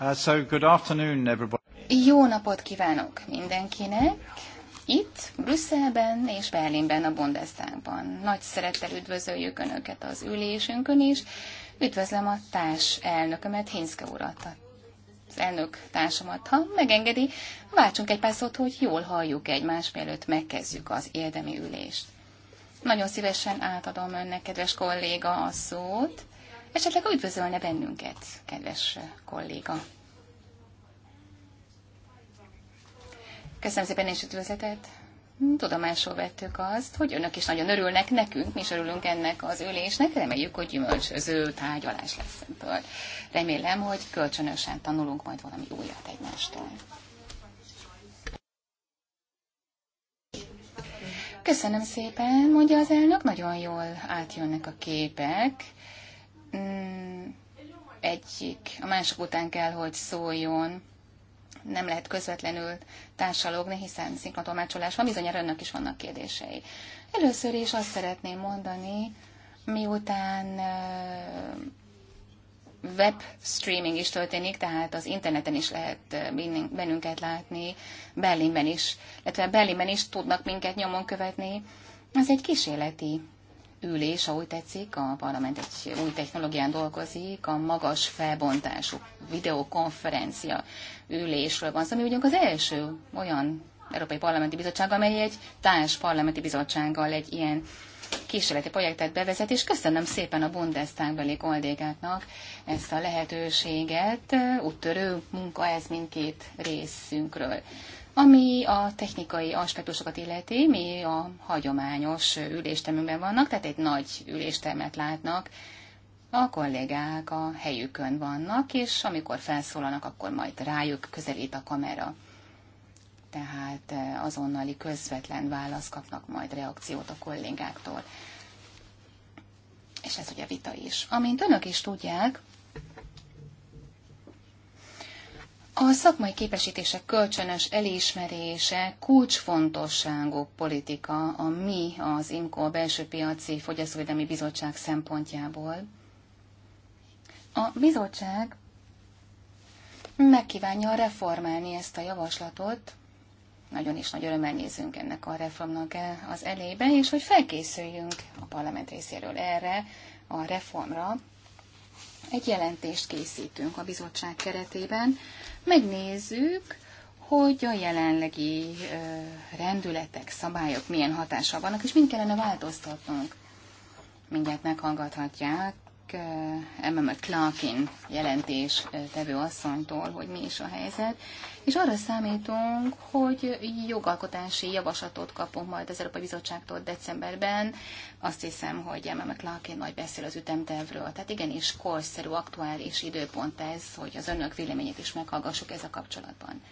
Uh, so good afternoon, everybody. Jó napot kívánok mindenkinek! Itt, Brüsszelben és Berlinben, a Bundestagban. Nagy szeretettel üdvözöljük Önöket az ülésünkön is. Üdvözlöm a társ elnökömet, Hinszke urat, az elnök társamat. Ha megengedi, váltsunk egy pár szót, hogy jól halljuk egymást, mielőtt megkezdjük az érdemi ülést. Nagyon szívesen átadom önnek, kedves kolléga, a szót esetleg üdvözölne bennünket, kedves kolléga. Köszönöm szépen és üdvözletet. Tudomásul vettük azt, hogy önök is nagyon örülnek nekünk, mi is örülünk ennek az ülésnek, reméljük, hogy gyümölcsöző tárgyalás lesz ebből. Remélem, hogy kölcsönösen tanulunk majd valami újat egymástól. Köszönöm szépen, mondja az elnök, nagyon jól átjönnek a képek. Mm, egyik a másik után kell, hogy szóljon. Nem lehet közvetlenül társalogni, hiszen szinkrontolmácsolás van, bizonyára önök is vannak kérdései. Először is azt szeretném mondani, miután web streaming is történik, tehát az interneten is lehet bennünket látni, Berlinben is, illetve Berlinben is tudnak minket nyomon követni. Ez egy kísérleti ülés, ahogy tetszik, a parlament egy új technológián dolgozik, a magas felbontású videokonferencia ülésről van szó, ami ugyanak az első olyan Európai Parlamenti Bizottság, amely egy társ parlamenti bizottsággal egy ilyen kísérleti projektet bevezet, és köszönöm szépen a Bundestag beli kollégáknak ezt a lehetőséget, úttörő munka ez mindkét részünkről. Ami a technikai aspektusokat illeti, mi a hagyományos üléstermünkben vannak, tehát egy nagy üléstermet látnak, a kollégák a helyükön vannak, és amikor felszólalnak, akkor majd rájuk közelít a kamera. Tehát eh, azonnali közvetlen választ kapnak majd reakciót a kollégáktól. És ez ugye vita is. Amint önök is tudják, A szakmai képesítések kölcsönös elismerése kulcsfontosságú politika a mi, az IMCO, a Belső Piaci Fogyasztóvédelmi Bizottság szempontjából. A bizottság megkívánja reformálni ezt a javaslatot, nagyon is nagy örömmel nézünk ennek a reformnak az elébe, és hogy felkészüljünk a parlament részéről erre a reformra. Egy jelentést készítünk a bizottság keretében, megnézzük, hogy a jelenlegi rendületek, szabályok milyen hatással vannak, és mind kellene változtatnunk. Mindjárt meghallgathatják Eh, Emma McClarkin jelentés eh, tevő asszonytól, hogy mi is a helyzet, és arra számítunk, hogy jogalkotási javaslatot kapunk majd az Európai Bizottságtól decemberben. Azt hiszem, hogy Emma McClarkin majd beszél az ütemtervről. Tehát igenis korszerű, aktuális időpont ez, hogy az önök véleményét is meghallgassuk ez a kapcsolatban.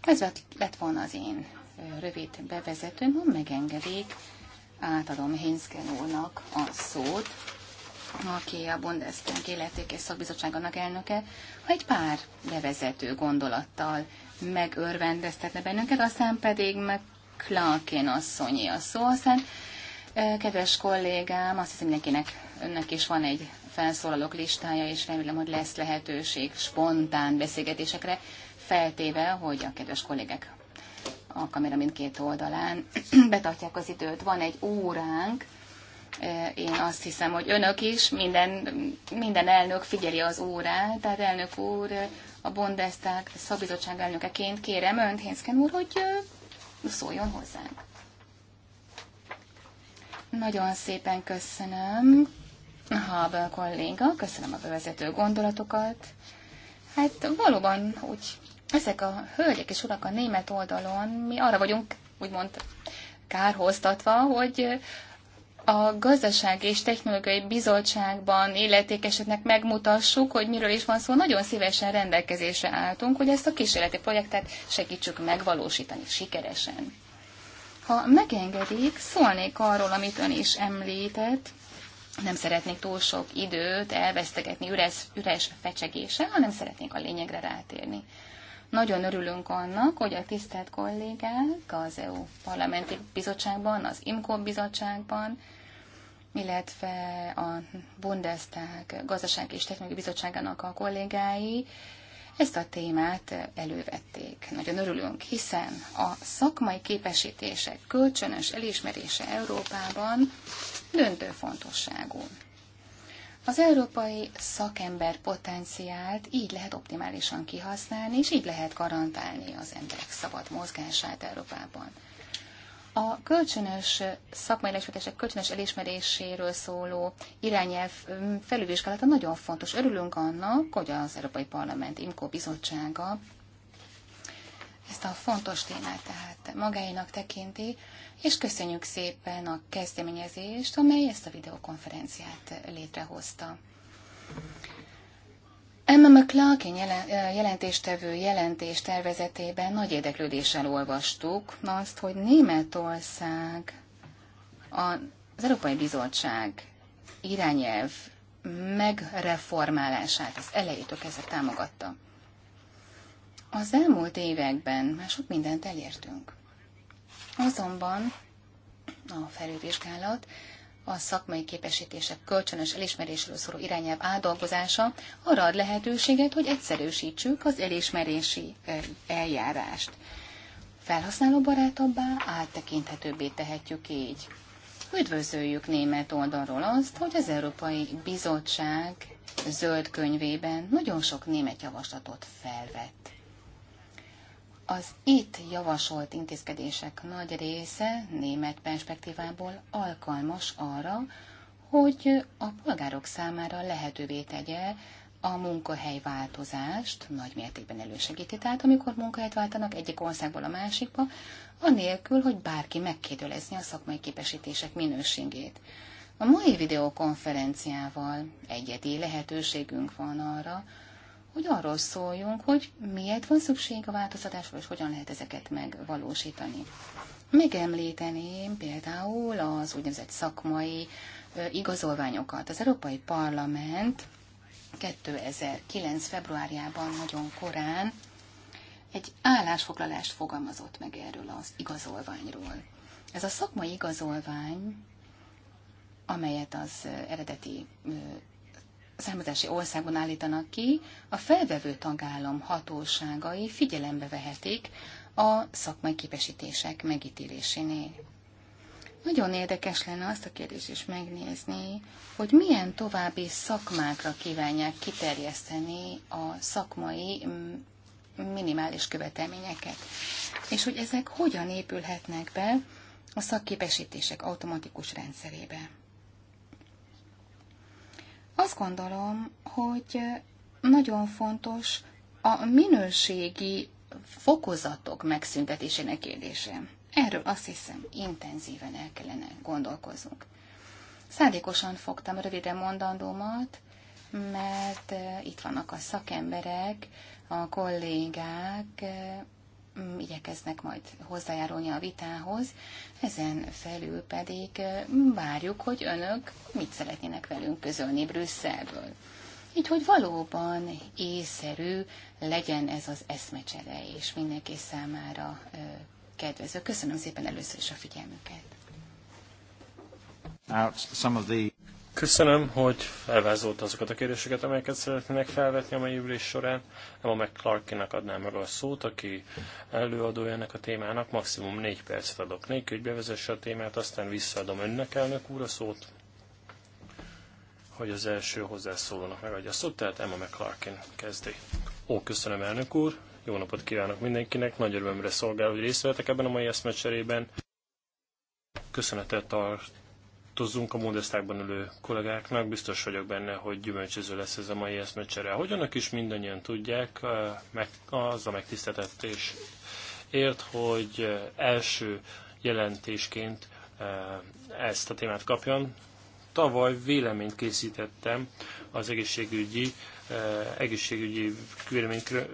Ez lett volna az én eh, rövid bevezetőm, ha megengedik, átadom Hinszken úrnak a szót aki a Bundestag életékes szakbizottságának elnöke, egy pár bevezető gondolattal megörvendeztetne bennünket, aztán pedig meg Clarkén asszonyi a szó, aztán kedves kollégám, azt hiszem mindenkinek önnek is van egy felszólalók listája, és remélem, hogy lesz lehetőség spontán beszélgetésekre, feltéve, hogy a kedves kollégek a kamera mindkét oldalán betartják az időt. Van egy óránk, Eh, én azt hiszem, hogy önök is, minden, minden elnök figyeli az órát, tehát elnök úr, a Bundestag szabizottság elnökeként kérem önt, Hénszken úr, hogy eh, szóljon hozzánk. Nagyon szépen köszönöm, Haber kolléga, köszönöm a bevezető gondolatokat. Hát valóban úgy, ezek a hölgyek és urak a német oldalon, mi arra vagyunk, úgymond kárhoztatva, hogy a gazdaság és technológiai bizottságban illetékeseknek megmutassuk, hogy miről is van szó, nagyon szívesen rendelkezésre álltunk, hogy ezt a kísérleti projektet segítsük megvalósítani sikeresen. Ha megengedik, szólnék arról, amit ön is említett, nem szeretnék túl sok időt elvesztegetni üres, üres fecsegéssel, hanem szeretnék a lényegre rátérni. Nagyon örülünk annak, hogy a tisztelt kollégák az EU parlamenti bizottságban, az IMCO bizottságban illetve a Bundestag Gazdaság és Technológiai Bizottságának a kollégái ezt a témát elővették. Nagyon örülünk, hiszen a szakmai képesítések kölcsönös elismerése Európában döntő fontosságú. Az európai szakember potenciált így lehet optimálisan kihasználni, és így lehet garantálni az emberek szabad mozgását Európában. A kölcsönös szakmai elismerések kölcsönös elismeréséről szóló irányelv felülvizsgálata nagyon fontos. Örülünk annak, hogy az Európai Parlament IMCO bizottsága ezt a fontos témát tehát magáinak tekinti, és köszönjük szépen a kezdeményezést, amely ezt a videokonferenciát létrehozta. Emma McClarkin jelentéstevő jelentés tervezetében nagy érdeklődéssel olvastuk azt, hogy Németország az Európai Bizottság irányelv megreformálását az elejétől kezdve támogatta. Az elmúlt években már sok mindent elértünk. Azonban a felülvizsgálat a szakmai képesítések kölcsönös elismeréséről szóló irányelv átdolgozása arra ad lehetőséget, hogy egyszerűsítsük az elismerési eljárást. Felhasználóbarátabbá, áttekinthetőbbé tehetjük így. Üdvözöljük német oldalról azt, hogy az Európai Bizottság zöld könyvében nagyon sok német javaslatot felvett. Az itt javasolt intézkedések nagy része német perspektívából alkalmas arra, hogy a polgárok számára lehetővé tegye a munkahelyváltozást, nagy mértékben elősegíti. Tehát amikor munkahelyet váltanak egyik országból a másikba, anélkül, hogy bárki megkérdőlezni a szakmai képesítések minőségét. A mai videokonferenciával egyedi lehetőségünk van arra, hogy arról szóljunk, hogy miért van szükség a változtatásra, és hogyan lehet ezeket megvalósítani. Megemlíteném például az úgynevezett szakmai igazolványokat. Az Európai Parlament 2009. februárjában nagyon korán egy állásfoglalást fogalmazott meg erről az igazolványról. Ez a szakmai igazolvány, amelyet az eredeti származási országban állítanak ki, a felvevő tagállam hatóságai figyelembe vehetik a szakmai képesítések megítélésénél. Nagyon érdekes lenne azt a kérdést is megnézni, hogy milyen további szakmákra kívánják kiterjeszteni a szakmai mm, minimális követelményeket, és hogy ezek hogyan épülhetnek be a szakképesítések automatikus rendszerébe. Azt gondolom, hogy nagyon fontos a minőségi fokozatok megszüntetésének kérdése. Erről azt hiszem intenzíven el kellene gondolkoznunk. Szándékosan fogtam rövide mondandómat, mert eh, itt vannak a szakemberek, a kollégák, eh, Mm, igyekeznek majd hozzájárulni a vitához, ezen felül pedig várjuk, hogy önök mit szeretnének velünk közölni Brüsszelből. Így, hogy valóban észszerű legyen ez az eszmecsere, és mindenki számára kedvező. Köszönöm szépen először is a figyelmüket. Köszönöm, hogy felvázolt azokat a kérdéseket, amelyeket szeretnének felvetni a mai ülés során. Nem a McClarkinak adnám meg a szót, aki előadója ennek a témának. Maximum négy percet adok neki, hogy bevezesse a témát, aztán visszaadom önnek, elnök úr, a szót, hogy az első hozzászólónak megadja a szót, tehát Emma McClarkin kezdi. Ó, köszönöm, elnök úr. Jó napot kívánok mindenkinek. Nagy örömre szolgál, hogy részt vettek ebben a mai eszmecserében. Köszönetet tart tartozzunk a Mondesztákban ülő kollégáknak. Biztos vagyok benne, hogy gyümölcsöző lesz ez a mai eszmecsere. Ahogy annak is mindannyian tudják, meg, az a megtiszteltetés ért, hogy első jelentésként ezt a témát kapjon, Tavaly véleményt készítettem az egészségügyi eh, egészségügyi eh,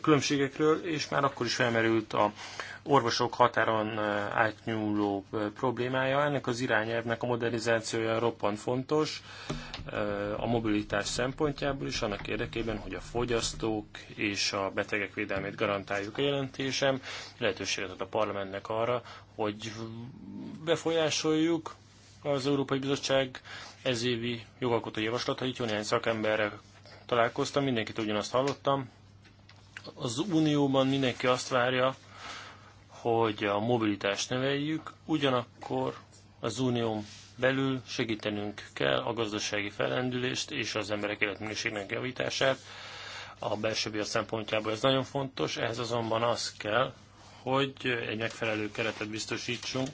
különbségekről, és már akkor is felmerült a orvosok határon eh, átnyúló problémája. Ennek az irányelvnek a modernizációja roppant fontos a mobilitás szempontjából is, annak érdekében, hogy a fogyasztók és a betegek védelmét garantáljuk a jelentésem. Lehetőséget ad a parlamentnek arra, hogy befolyásoljuk az Európai Bizottság ezévi jogalkotói javaslatait, jó néhány szakemberrel találkoztam, mindenkit ugyanazt hallottam. Az Unióban mindenki azt várja, hogy a mobilitást neveljük. ugyanakkor az Unión belül segítenünk kell a gazdasági felendülést és az emberek életminőségének javítását. A belső bia szempontjából ez nagyon fontos, ehhez azonban az kell, hogy egy megfelelő keretet biztosítsunk,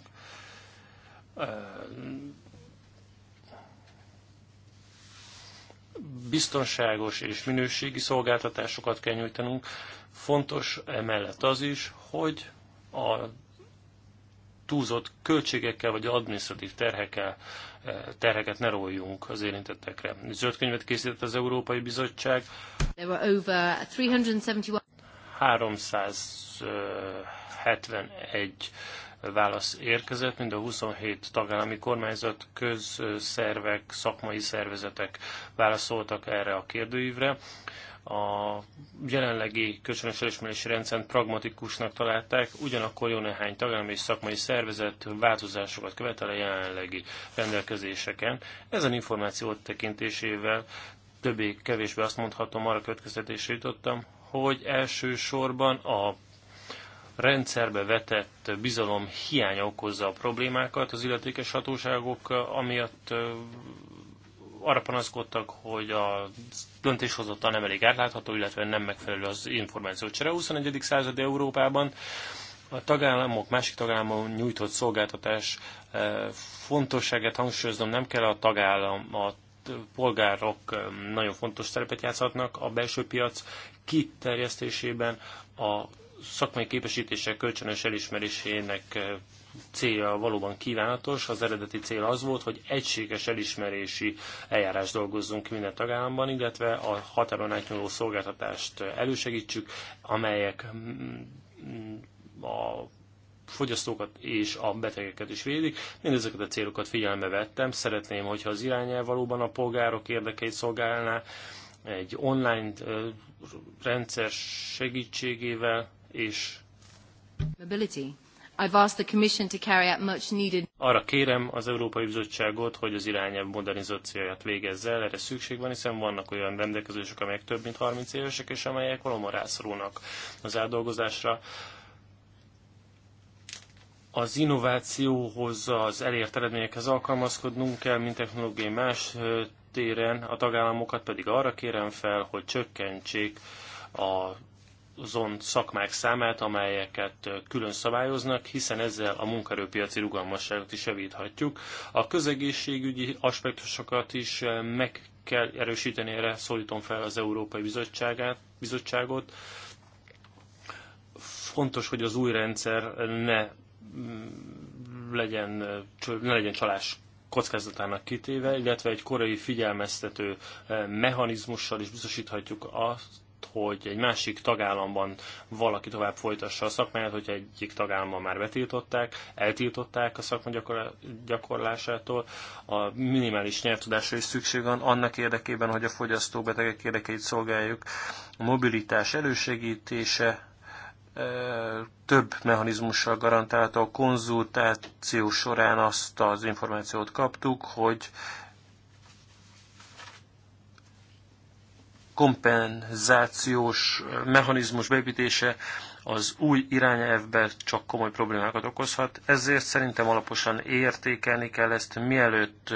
biztonságos és minőségi szolgáltatásokat kell nyújtanunk. Fontos emellett az is, hogy a túlzott költségekkel vagy adminisztratív terhekkel, eh, terheket ne róljunk az érintettekre. Zöld könyvet készített az Európai Bizottság. 371 válasz érkezett, mind a 27 tagállami kormányzat, közszervek, szakmai szervezetek válaszoltak erre a kérdőívre. A jelenlegi kölcsönös elismerési rendszert pragmatikusnak találták, ugyanakkor jó néhány tagállami és szakmai szervezet változásokat követel a jelenlegi rendelkezéseken. Ezen információt tekintésével többé-kevésbé azt mondhatom, arra következtetésre jutottam, hogy elsősorban a rendszerbe vetett bizalom hiánya okozza a problémákat. Az illetékes hatóságok eh, amiatt eh, arra panaszkodtak, hogy a döntéshozatal nem elég átlátható, illetve nem megfelelő az információcsere. A 21. század Európában a tagállamok, másik tagállamok nyújtott szolgáltatás eh, fontosságát hangsúlyoznom, nem kell a tagállam, a polgárok nagyon fontos szerepet játszhatnak a belső piac kiterjesztésében, a szakmai képesítések kölcsönös elismerésének eh, célja valóban kívánatos. Az eredeti cél az volt, hogy egységes elismerési eljárás dolgozzunk minden tagállamban, illetve a határon átnyúló szolgáltatást eh, elősegítsük, amelyek mm, mm, a fogyasztókat és a betegeket is védik. Mindezeket a célokat figyelembe vettem. Szeretném, hogyha az irányel valóban a polgárok érdekeit szolgálná, egy online eh, rendszer segítségével és arra kérem az Európai Bizottságot, hogy az irányelv modernizációját végezze el, erre szükség van, hiszen vannak olyan rendelkezések, amelyek több mint 30 évesek, és amelyek valóban rászorulnak az átdolgozásra. Az innovációhoz, az elért eredményekhez alkalmazkodnunk kell, mint technológiai más téren, a tagállamokat pedig arra kérem fel, hogy csökkentsék a azon szakmák számát, amelyeket külön szabályoznak, hiszen ezzel a munkaerőpiaci rugalmasságot is javíthatjuk. A közegészségügyi aspektusokat is meg kell erősíteni, erre szólítom fel az Európai Bizottságát, Bizottságot. Fontos, hogy az új rendszer ne mm, legyen, ne legyen csalás kockázatának kitéve, illetve egy korai figyelmeztető mechanizmussal is biztosíthatjuk azt, hogy egy másik tagállamban valaki tovább folytassa a szakmáját, hogyha egyik tagállamban már betiltották, eltiltották a szakma gyakorlásától. A minimális nyelvtudásra is szükség van annak érdekében, hogy a fogyasztó betegek érdekeit szolgáljuk. A mobilitás elősegítése, több mechanizmussal garantálta a konzultáció során azt az információt kaptuk, hogy kompenzációs mechanizmus beépítése az új irányelvbe csak komoly problémákat okozhat, ezért szerintem alaposan értékelni kell ezt, mielőtt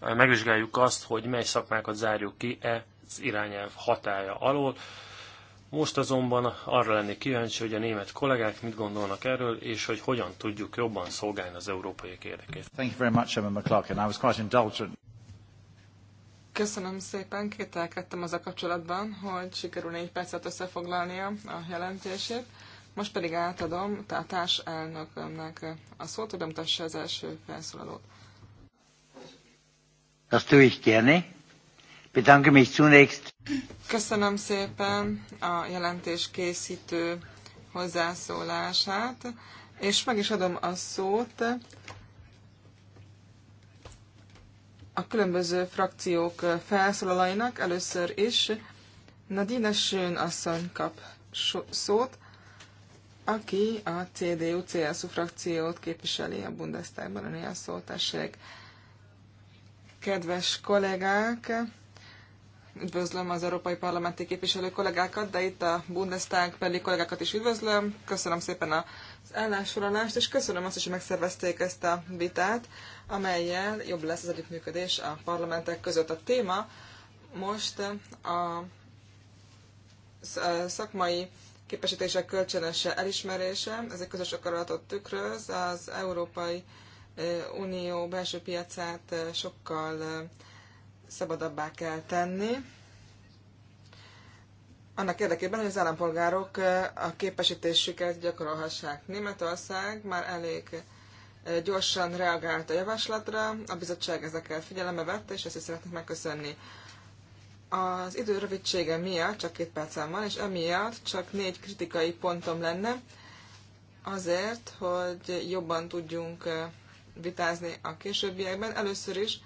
megvizsgáljuk azt, hogy mely szakmákat zárjuk ki e az irányelv hatája alól. Most azonban arra lennék kíváncsi, hogy a német kollégák mit gondolnak erről, és hogy hogyan tudjuk jobban szolgálni az európaiak érdekét. Thank you very much, Emma I was quite indulgent. Köszönöm szépen, kételkedtem az a kapcsolatban, hogy sikerül négy percet összefoglalnia a jelentését. Most pedig átadom a elnökömnek a szót, hogy bemutassa az első felszólalót. Azt ő is kérni. Bedanke mich zunächst. Köszönöm szépen a jelentés készítő hozzászólását, és meg is adom a szót a különböző frakciók felszólalainak. Először is Nadine Schön asszony kap szót, aki a CDU-CSU frakciót képviseli a Bundestagban, a néha szótesség. Kedves kollégák, üdvözlöm az európai parlamenti képviselő kollégákat, de itt a Bundestag pedig kollégákat is üdvözlöm. Köszönöm szépen a állásfoglalást, és köszönöm azt is, hogy megszervezték ezt a vitát, amelyel jobb lesz az együttműködés a parlamentek között. A téma most a szakmai képesítések kölcsönös elismerése, ez egy közös akaratot tükröz, az Európai Unió belső piacát sokkal szabadabbá kell tenni annak érdekében, hogy az állampolgárok a képesítésüket gyakorolhassák. Németország már elég gyorsan reagált a javaslatra, a bizottság ezekkel figyelembe vette, és ezt is szeretnék megköszönni. Az idő rövidsége miatt csak két percem van, és emiatt csak négy kritikai pontom lenne, azért, hogy jobban tudjunk vitázni a későbbiekben. Először is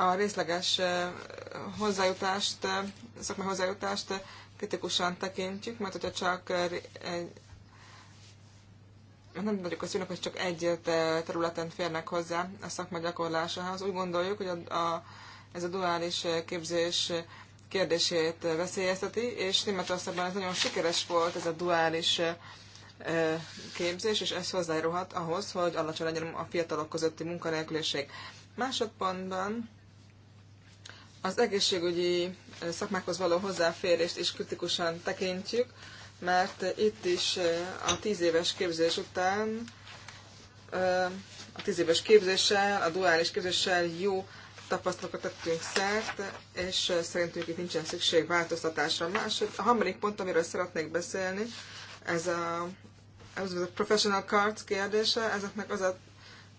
a részleges hozzájutást, szakmai hozzájutást kritikusan tekintjük, mert hogyha csak egy, nem vagyok azt hogy csak egy területen férnek hozzá a szakma gyakorlásához. Úgy gondoljuk, hogy a, a, ez a duális képzés kérdését veszélyezteti, és Németországban ez nagyon sikeres volt, ez a duális képzés, és ez hozzájárulhat ahhoz, hogy alacsony legyen a fiatalok közötti munkanélküliség. Másodpontban az egészségügyi szakmákhoz való hozzáférést is kritikusan tekintjük, mert itt is a tíz éves képzés után a tíz éves képzéssel, a duális képzéssel jó tapasztalatokat tettünk szert, és szerintünk itt nincsen szükség változtatásra. Másod, a harmadik pont, amiről szeretnék beszélni, ez a, ez a professional cards kérdése, ezeknek az a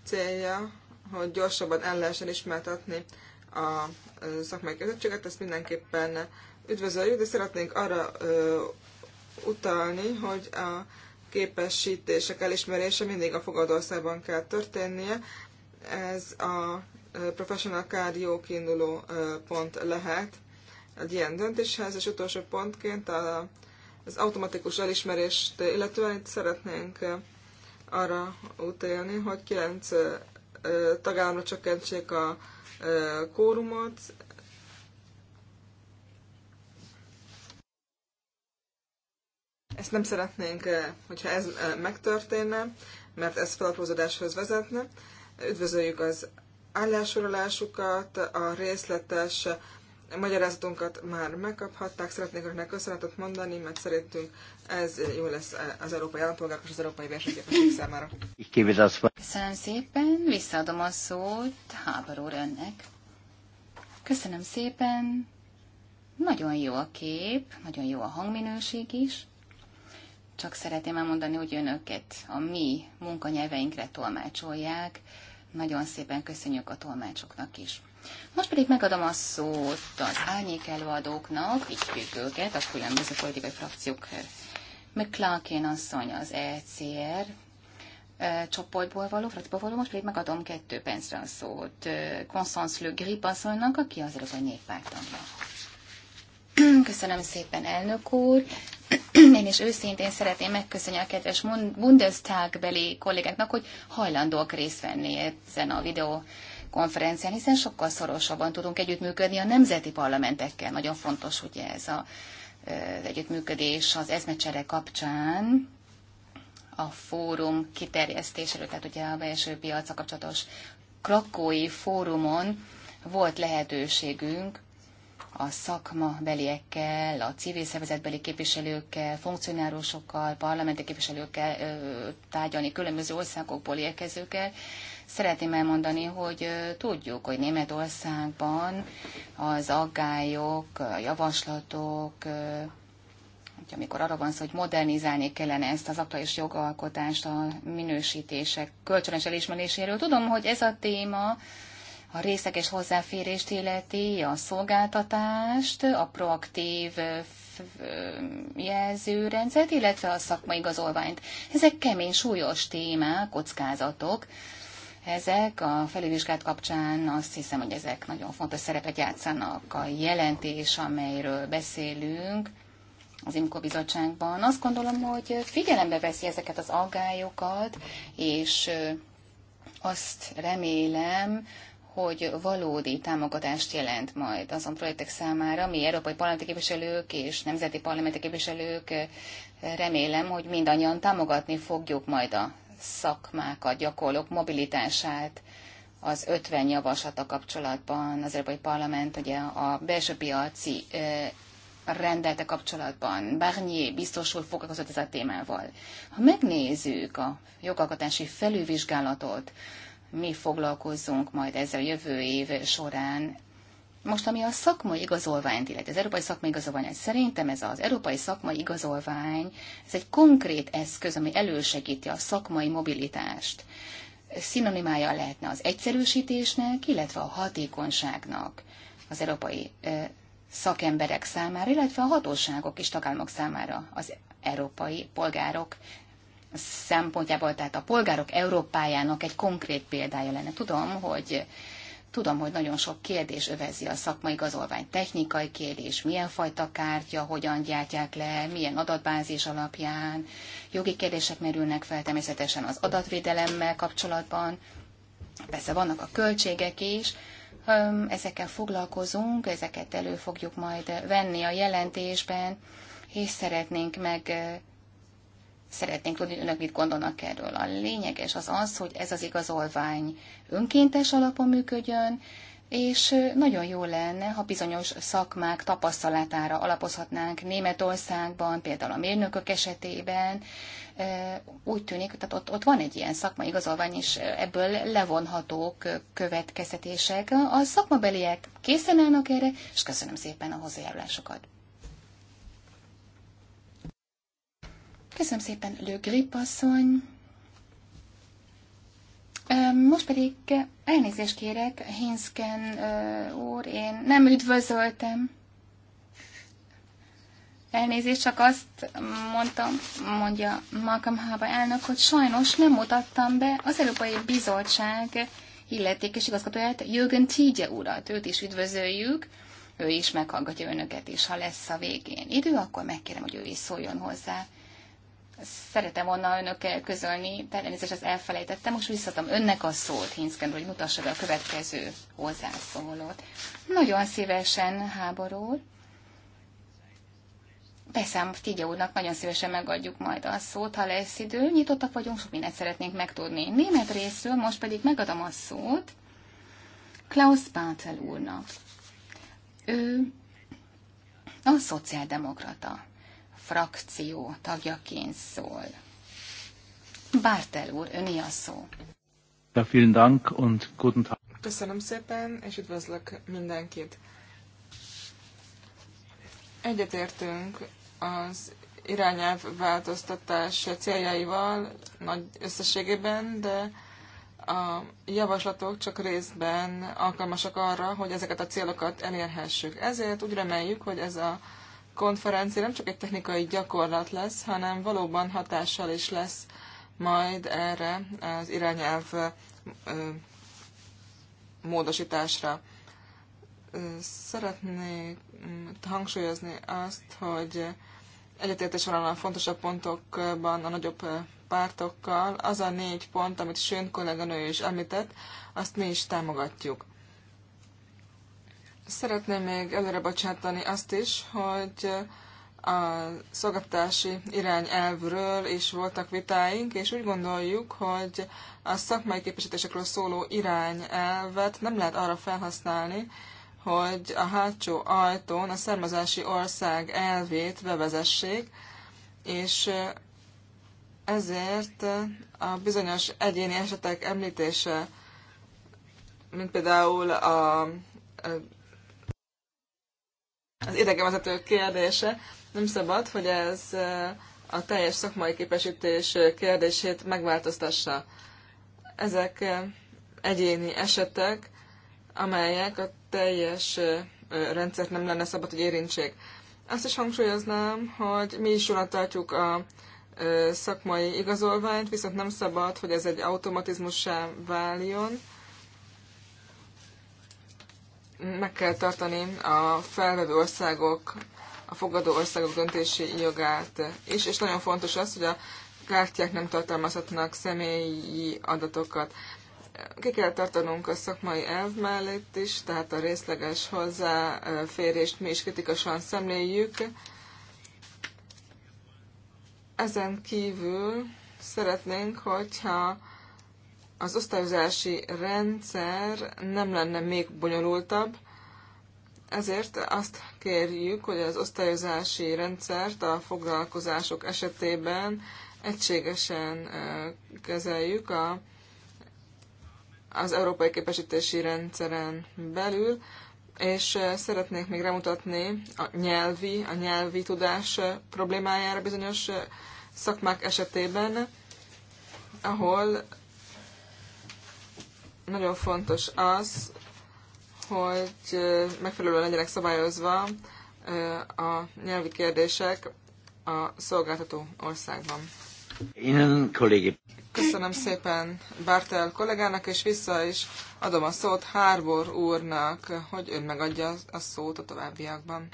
célja, hogy gyorsabban el lehessen ismertetni a szakmai kezdettséget, ezt mindenképpen üdvözöljük, de szeretnénk arra ö, utalni, hogy a képesítések elismerése mindig a fogadországban kell történnie. Ez a professional card jó kiinduló pont lehet egy ilyen döntéshez, és utolsó pontként a, az automatikus elismerést illetően itt szeretnénk arra utélni, hogy 9 tagállamra csökkentsék a kórumot. Ezt nem szeretnénk, hogyha ez megtörténne, mert ez felaprózódáshoz vezetne. Üdvözöljük az állásorolásukat, a részletes magyarázatunkat már megkaphatták, szeretnék önöknek köszönetet mondani, mert szerintünk ez jó lesz az európai állampolgárok és az európai versenyképesség számára. Köszönöm szépen, visszaadom a szót Hábor önnek. Köszönöm szépen, nagyon jó a kép, nagyon jó a hangminőség is. Csak szeretném elmondani, hogy önöket a mi munkanyelveinkre tolmácsolják. Nagyon szépen köszönjük a tolmácsoknak is. Most pedig megadom a szót az árnyék előadóknak, így függ őket, a különböző politikai frakciók. McClarkin asszony az ECR csoportból való, frakcióból való, most pedig megadom kettő pénzre a szót. Constance Le Grip asszonynak, aki az a Néppárt Köszönöm szépen, elnök úr! Én is őszintén szeretném megköszönni a kedves Bundestag beli kollégáknak, hogy hajlandóak részt venni ezen a videó konferencián, hiszen sokkal szorosabban tudunk együttműködni a nemzeti parlamentekkel. Nagyon fontos ugye ez a, az együttműködés az eszmecsere kapcsán, a fórum kiterjesztéséről, tehát ugye a belső piaca kapcsolatos krakói fórumon volt lehetőségünk a szakma beliekkel, a civil szervezetbeli képviselőkkel, funkcionárusokkal, parlamenti képviselőkkel tárgyalni, különböző országokból érkezőkkel, Szeretném elmondani, hogy tudjuk, hogy Németországban az aggályok, a javaslatok, amikor arra van szó, hogy modernizálni kellene ezt az aktuális jogalkotást a minősítések kölcsönös elismeréséről. Tudom, hogy ez a téma a részleges hozzáférést illeti, a szolgáltatást, a proaktív jelzőrendszert, illetve a szakmai igazolványt. Ezek kemény, súlyos témák, kockázatok, ezek a felülvizsgált kapcsán azt hiszem, hogy ezek nagyon fontos szerepet játszanak. A jelentés, amelyről beszélünk az IMCO bizottságban, azt gondolom, hogy figyelembe veszi ezeket az aggályokat, és azt remélem, hogy valódi támogatást jelent majd azon projektek számára, mi európai parlamenti képviselők és nemzeti parlamenti képviselők remélem, hogy mindannyian támogatni fogjuk majd a szakmákat, gyakorlók mobilitását, az 50 javaslata kapcsolatban, az Európai Parlament ugye a belső piaci rendelte kapcsolatban. Barnier biztos, úr foglalkozott ez a témával. Ha megnézzük a jogalkotási felülvizsgálatot, mi foglalkozunk majd ezzel a jövő év során, most, ami a szakmai igazolványt illeti, az európai szakmai igazolvány, szerintem ez az európai szakmai igazolvány, ez egy konkrét eszköz, ami elősegíti a szakmai mobilitást. Szinonimája lehetne az egyszerűsítésnek, illetve a hatékonyságnak az európai szakemberek számára, illetve a hatóságok és tagállamok számára az európai polgárok szempontjából, tehát a polgárok Európájának egy konkrét példája lenne. Tudom, hogy Tudom, hogy nagyon sok kérdés övezi a szakmai igazolvány, technikai kérdés, milyen fajta kártya, hogyan gyártják le, milyen adatbázis alapján, jogi kérdések merülnek fel természetesen az adatvédelemmel kapcsolatban, persze vannak a költségek is, ezekkel foglalkozunk, ezeket elő fogjuk majd venni a jelentésben, és szeretnénk meg Szeretnénk tudni, hogy önök mit gondolnak erről. A lényeges az az, hogy ez az igazolvány önkéntes alapon működjön, és nagyon jó lenne, ha bizonyos szakmák tapasztalatára alapozhatnánk Németországban, például a mérnökök esetében. Úgy tűnik, tehát ott, ott van egy ilyen szakmai igazolvány, és ebből levonhatók következtetések. A szakmabeliek készen állnak erre, és köszönöm szépen a hozzájárulásokat. Köszönöm szépen, Lő Grip asszony. Most pedig elnézést kérek, Hinsken úr, én nem üdvözöltem. Elnézést, csak azt mondtam, mondja Malcolm Hába elnök, hogy sajnos nem mutattam be az Európai Bizottság illetékes igazgatóját, Jürgen Tígye urat, őt is üdvözöljük, ő is meghallgatja önöket, és ha lesz a végén idő, akkor megkérem, hogy ő is szóljon hozzá szeretem volna önökkel közölni, természetesen ezt elfelejtettem, most visszatom önnek a szót, Hinszken, hogy mutassa be a következő hozzászólót. Nagyon szívesen háborúl. Beszám, hát Tigya úrnak, nagyon szívesen megadjuk majd a szót, ha lesz idő. Nyitottak vagyunk, sok mindent szeretnénk megtudni. Német részről most pedig megadom a szót Klaus Pátel úrnak. Ő a szociáldemokrata frakció tagjaként szól. Bártel úr, öné a szó. Ja, vielen Dank und guten Tag. Köszönöm szépen, és üdvözlök mindenkit. Egyetértünk az irányelv változtatás céljaival nagy összességében, de a javaslatok csak részben alkalmasak arra, hogy ezeket a célokat elérhessük. Ezért úgy reméljük, hogy ez a konferencia nem csak egy technikai gyakorlat lesz, hanem valóban hatással is lesz majd erre az irányelv módosításra. Szeretnék mm, hangsúlyozni azt, hogy egyetértés van a fontosabb pontokban a nagyobb pártokkal. Az a négy pont, amit Sőn kolléganő is említett, azt mi is támogatjuk. Szeretném még előre bocsátani azt is, hogy a szolgáltatási irányelvről is voltak vitáink, és úgy gondoljuk, hogy a szakmai képesítésekről szóló irányelvet nem lehet arra felhasználni, hogy a hátsó ajtón a származási ország elvét bevezessék, és ezért a bizonyos egyéni esetek említése, mint például a az idegenvezető kérdése. Nem szabad, hogy ez eh, a teljes szakmai képesítés eh, kérdését megváltoztassa. Ezek eh, egyéni esetek, amelyek a teljes rendszert nem lenne szabad, hogy érintsék. Azt is hangsúlyoznám, hogy mi is jól tartjuk a szakmai igazolványt, viszont nem szabad, hogy ez egy automatizmussá váljon meg kell tartani a felvevő országok, a fogadó országok döntési jogát is, és nagyon fontos az, hogy a kártyák nem tartalmazhatnak személyi adatokat. Ki kell tartanunk a szakmai elv mellett is, tehát a részleges hozzáférést mi is kritikusan szemléljük. Ezen kívül szeretnénk, hogyha az osztályozási rendszer nem lenne még bonyolultabb, ezért azt kérjük, hogy az osztályozási rendszert a foglalkozások esetében egységesen kezeljük a, az európai képesítési rendszeren belül, és szeretnék még remutatni a nyelvi, a nyelvi tudás problémájára bizonyos szakmák esetében, ahol nagyon fontos az, hogy megfelelően legyenek szabályozva a nyelvi kérdések a szolgáltató országban. Innen Köszönöm szépen Bártel kollégának, és vissza is adom a szót Harbor úrnak, hogy ön megadja a szót a továbbiakban.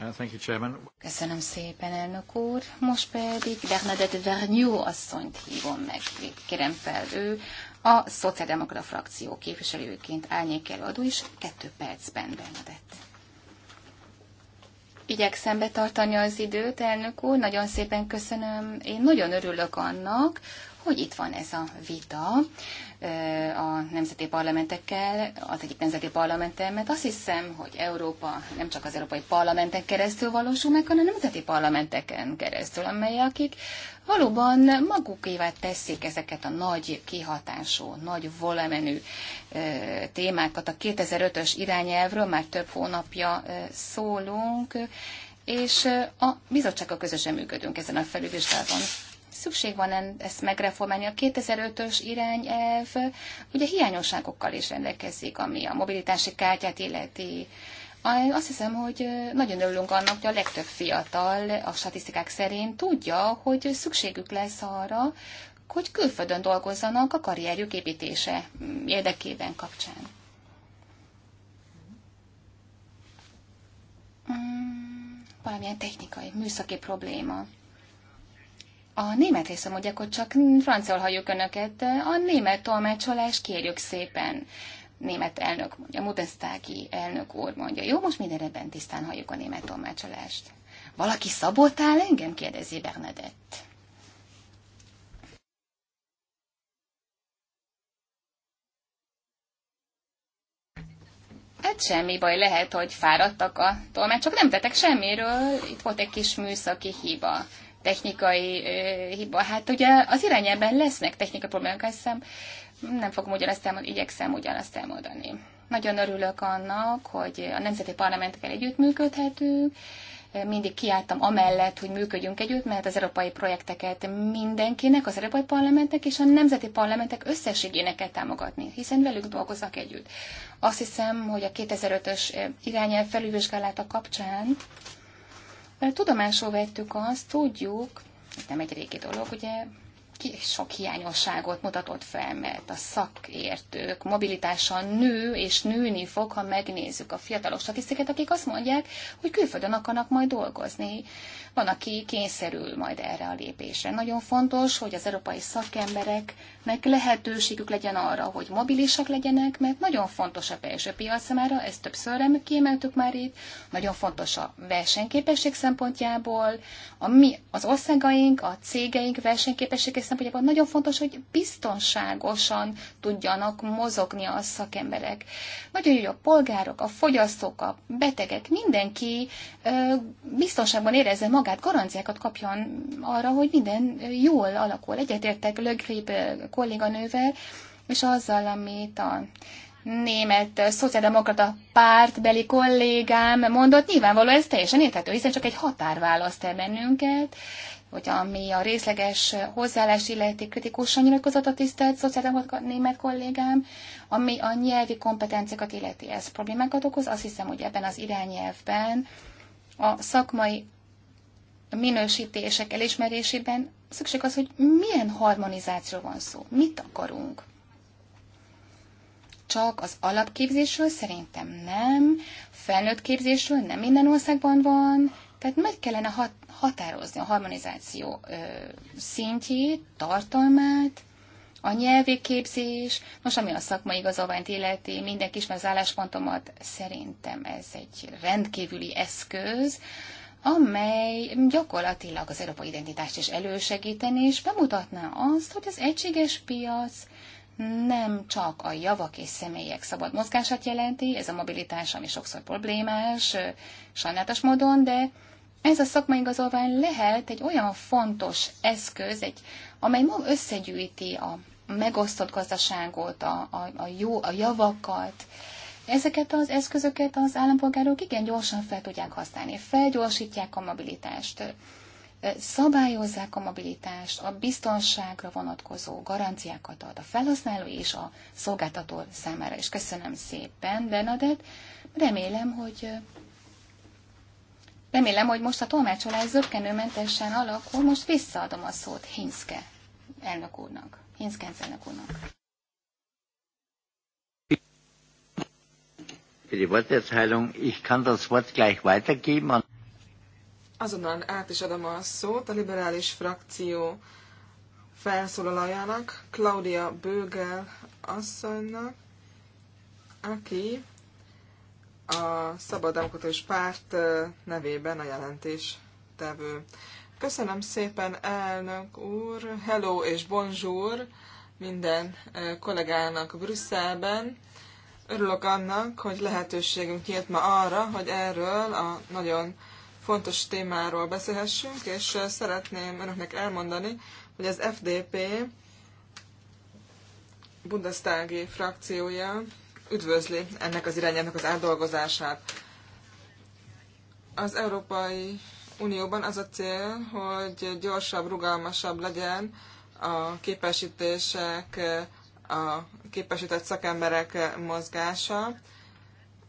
Uh, thank you, Chairman. Köszönöm szépen, elnök úr. Most pedig Bernadette Vernyó asszonyt hívom meg. Kérem fel, ő a Szociáldemokrata frakció képviselőként árnyék előadó is kettő percben Bernadett. Igyekszem betartani az időt, elnök úr, nagyon szépen köszönöm. Én nagyon örülök annak, hogy itt van ez a vita a nemzeti parlamentekkel, az egyik nemzeti parlamenttel, mert azt hiszem, hogy Európa nem csak az európai parlamentek keresztül valósul meg, hanem a nemzeti parlamenteken keresztül, amelyek akik valóban magukévá teszik ezeket a nagy kihatású, nagy volemenű témákat. A 2005-ös irányelvről már több hónapja szólunk, és a bizottsággal közösen működünk ezen a felülvizsgálaton szükség van ezt megreformálni. A 2005-ös irányelv ugye hiányosságokkal is rendelkezik, ami a mobilitási kártyát illeti. Azt hiszem, hogy nagyon örülünk annak, hogy a legtöbb fiatal a statisztikák szerint tudja, hogy szükségük lesz arra, hogy külföldön dolgozzanak a karrierjük építése mm, érdekében kapcsán. Mm, valamilyen technikai, műszaki probléma. A német része mondják, hogy csak francol halljuk önöket, a német tolmácsolás kérjük szépen. Német elnök mondja, Mudesztági elnök úr mondja. Jó, most minden ebben tisztán halljuk a német tolmácsolást. Valaki szabotál engem? kérdezi Bernadett. Hát semmi baj, lehet, hogy fáradtak a tolmácsok, nem tettek semmiről, itt volt egy kis műszaki hiba technikai hiba. Hát ugye az irányában lesznek technikai problémák, azt hiszem, nem fogom ugyanazt elmondani, igyekszem ugyanazt elmondani. Nagyon örülök annak, hogy a nemzeti parlamentekkel együttműködhetünk, mindig kiálltam amellett, hogy működjünk együtt, mert az európai projekteket mindenkinek, az európai parlamentnek és a nemzeti parlamentek összességének kell támogatni, hiszen velük dolgoznak együtt. Azt hiszem, hogy a 2005-ös irányelv felülvizsgálata kapcsán Tudomásul vettük azt, tudjuk, ez nem egy régi dolog, ugye sok hiányosságot mutatott fel, mert a szakértők mobilitása nő és nőni fog, ha megnézzük a fiatalok statisztikát, akik azt mondják, hogy külföldön akarnak majd dolgozni. Van, aki kényszerül majd erre a lépésre. Nagyon fontos, hogy az európai szakembereknek lehetőségük legyen arra, hogy mobilisak legyenek, mert nagyon fontos a belső piac számára, ezt többször kiemeltük már itt, nagyon fontos a versenyképesség szempontjából, a mi, az országaink, a cégeink versenyképessége szempontjából nagyon fontos, hogy biztonságosan tudjanak mozogni a szakemberek. Nagyon jó, hogy a polgárok, a fogyasztók, a betegek, mindenki biztonságban érezze magát, garanciákat kapjon arra, hogy minden jól alakul. Egyetértek Lögrébe kolléganővel, és azzal, amit a német szociáldemokrata pártbeli kollégám mondott, nyilvánvaló ez teljesen érthető, hiszen csak egy határ választ el bennünket, hogy ami a részleges hozzáállás illeti kritikusan nyilatkozott a tisztelt szociáldemokrata német kollégám, ami a nyelvi kompetenciákat illeti, ez problémákat okoz. Azt hiszem, hogy ebben az irányelvben a szakmai minősítések elismerésében szükség az, hogy milyen harmonizáció van szó, mit akarunk. Csak az alapképzésről szerintem nem, felnőtt képzésről nem minden országban van, tehát meg kellene hat, határozni a harmonizáció ö, szintjét, tartalmát, a nyelvi képzés, most ami a szakmai igazolványt illeti, mindenki ismer az álláspontomat, szerintem ez egy rendkívüli eszköz, amely gyakorlatilag az európai identitást is elősegíteni, és bemutatná azt, hogy az egységes piac nem csak a javak és személyek szabad mozgását jelenti, ez a mobilitás, ami sokszor problémás, sajnálatos módon, de ez a igazolvány lehet egy olyan fontos eszköz, egy, amely maga összegyűjti a megosztott gazdaságot, a, a, a, jó, a javakat. Ezeket az eszközöket az állampolgárok igen gyorsan fel tudják használni, felgyorsítják a mobilitást, szabályozzák a mobilitást, a biztonságra vonatkozó garanciákat ad a felhasználó és a szolgáltató számára. És köszönöm szépen, Bernadett. Remélem, hogy Remélem, hogy most a tolmácsolás zöggenőmentesen alakul, most visszaadom a szót Hinszke elnök úrnak, Hinszke elnök úrnak. azonnal át is adom a szót a liberális frakció felszólalójának, Claudia Bögel asszonynak, aki a Szabad Demokratikus Párt nevében a jelentés tevő. Köszönöm szépen, elnök úr, hello és bonjour minden kollégának Brüsszelben. Örülök annak, hogy lehetőségünk nyílt ma arra, hogy erről a nagyon fontos témáról beszélhessünk, és szeretném önöknek elmondani, hogy az FDP Bundestagi frakciója üdvözli ennek az irányának az átdolgozását. Az Európai Unióban az a cél, hogy gyorsabb, rugalmasabb legyen a képesítések, a képesített szakemberek mozgása.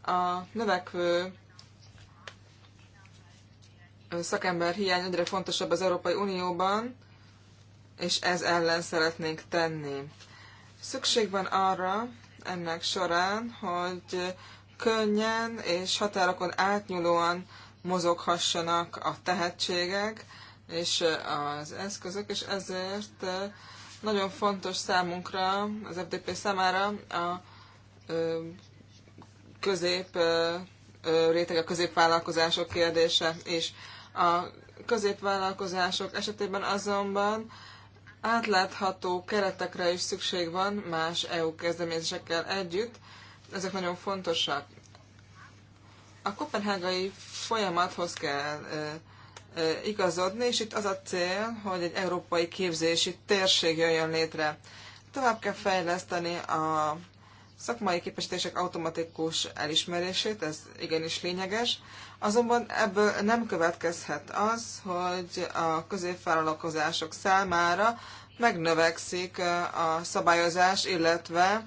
A növekvő szakember hiány egyre fontosabb az Európai Unióban, és ez ellen szeretnénk tenni. Szükség van arra, ennek során, hogy könnyen és határokon átnyúlóan mozoghassanak a tehetségek és az eszközök, és ezért nagyon fontos számunkra, az FDP számára a közép réteg, a középvállalkozások kérdése is. A középvállalkozások esetében azonban Átlátható keretekre is szükség van más EU kezdeményezésekkel együtt, ezek nagyon fontosak. A kopenhágai folyamathoz kell igazodni, és itt az a cél, hogy egy európai képzési térség jöjjön létre. Tovább kell fejleszteni a szakmai képesítések automatikus elismerését, ez igenis lényeges, azonban ebből nem következhet az, hogy a középvállalkozások számára megnövekszik a szabályozás, illetve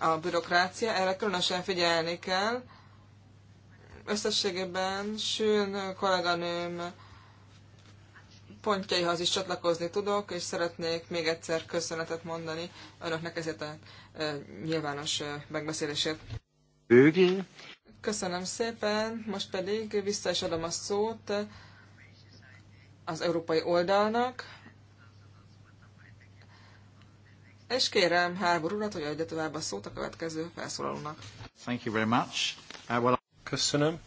a bürokrácia, erre különösen figyelni kell. Összességében Sűn kolléganőm pontjaihoz is csatlakozni tudok, és szeretnék még egyszer köszönetet mondani önöknek ezért a nyilvános megbeszélésért. Bőgi. Köszönöm szépen, most pedig vissza is adom a szót az európai oldalnak, és kérem Hábor urat, hogy adja tovább a szót a következő felszólalónak. Thank you very much. Uh, Köszönöm.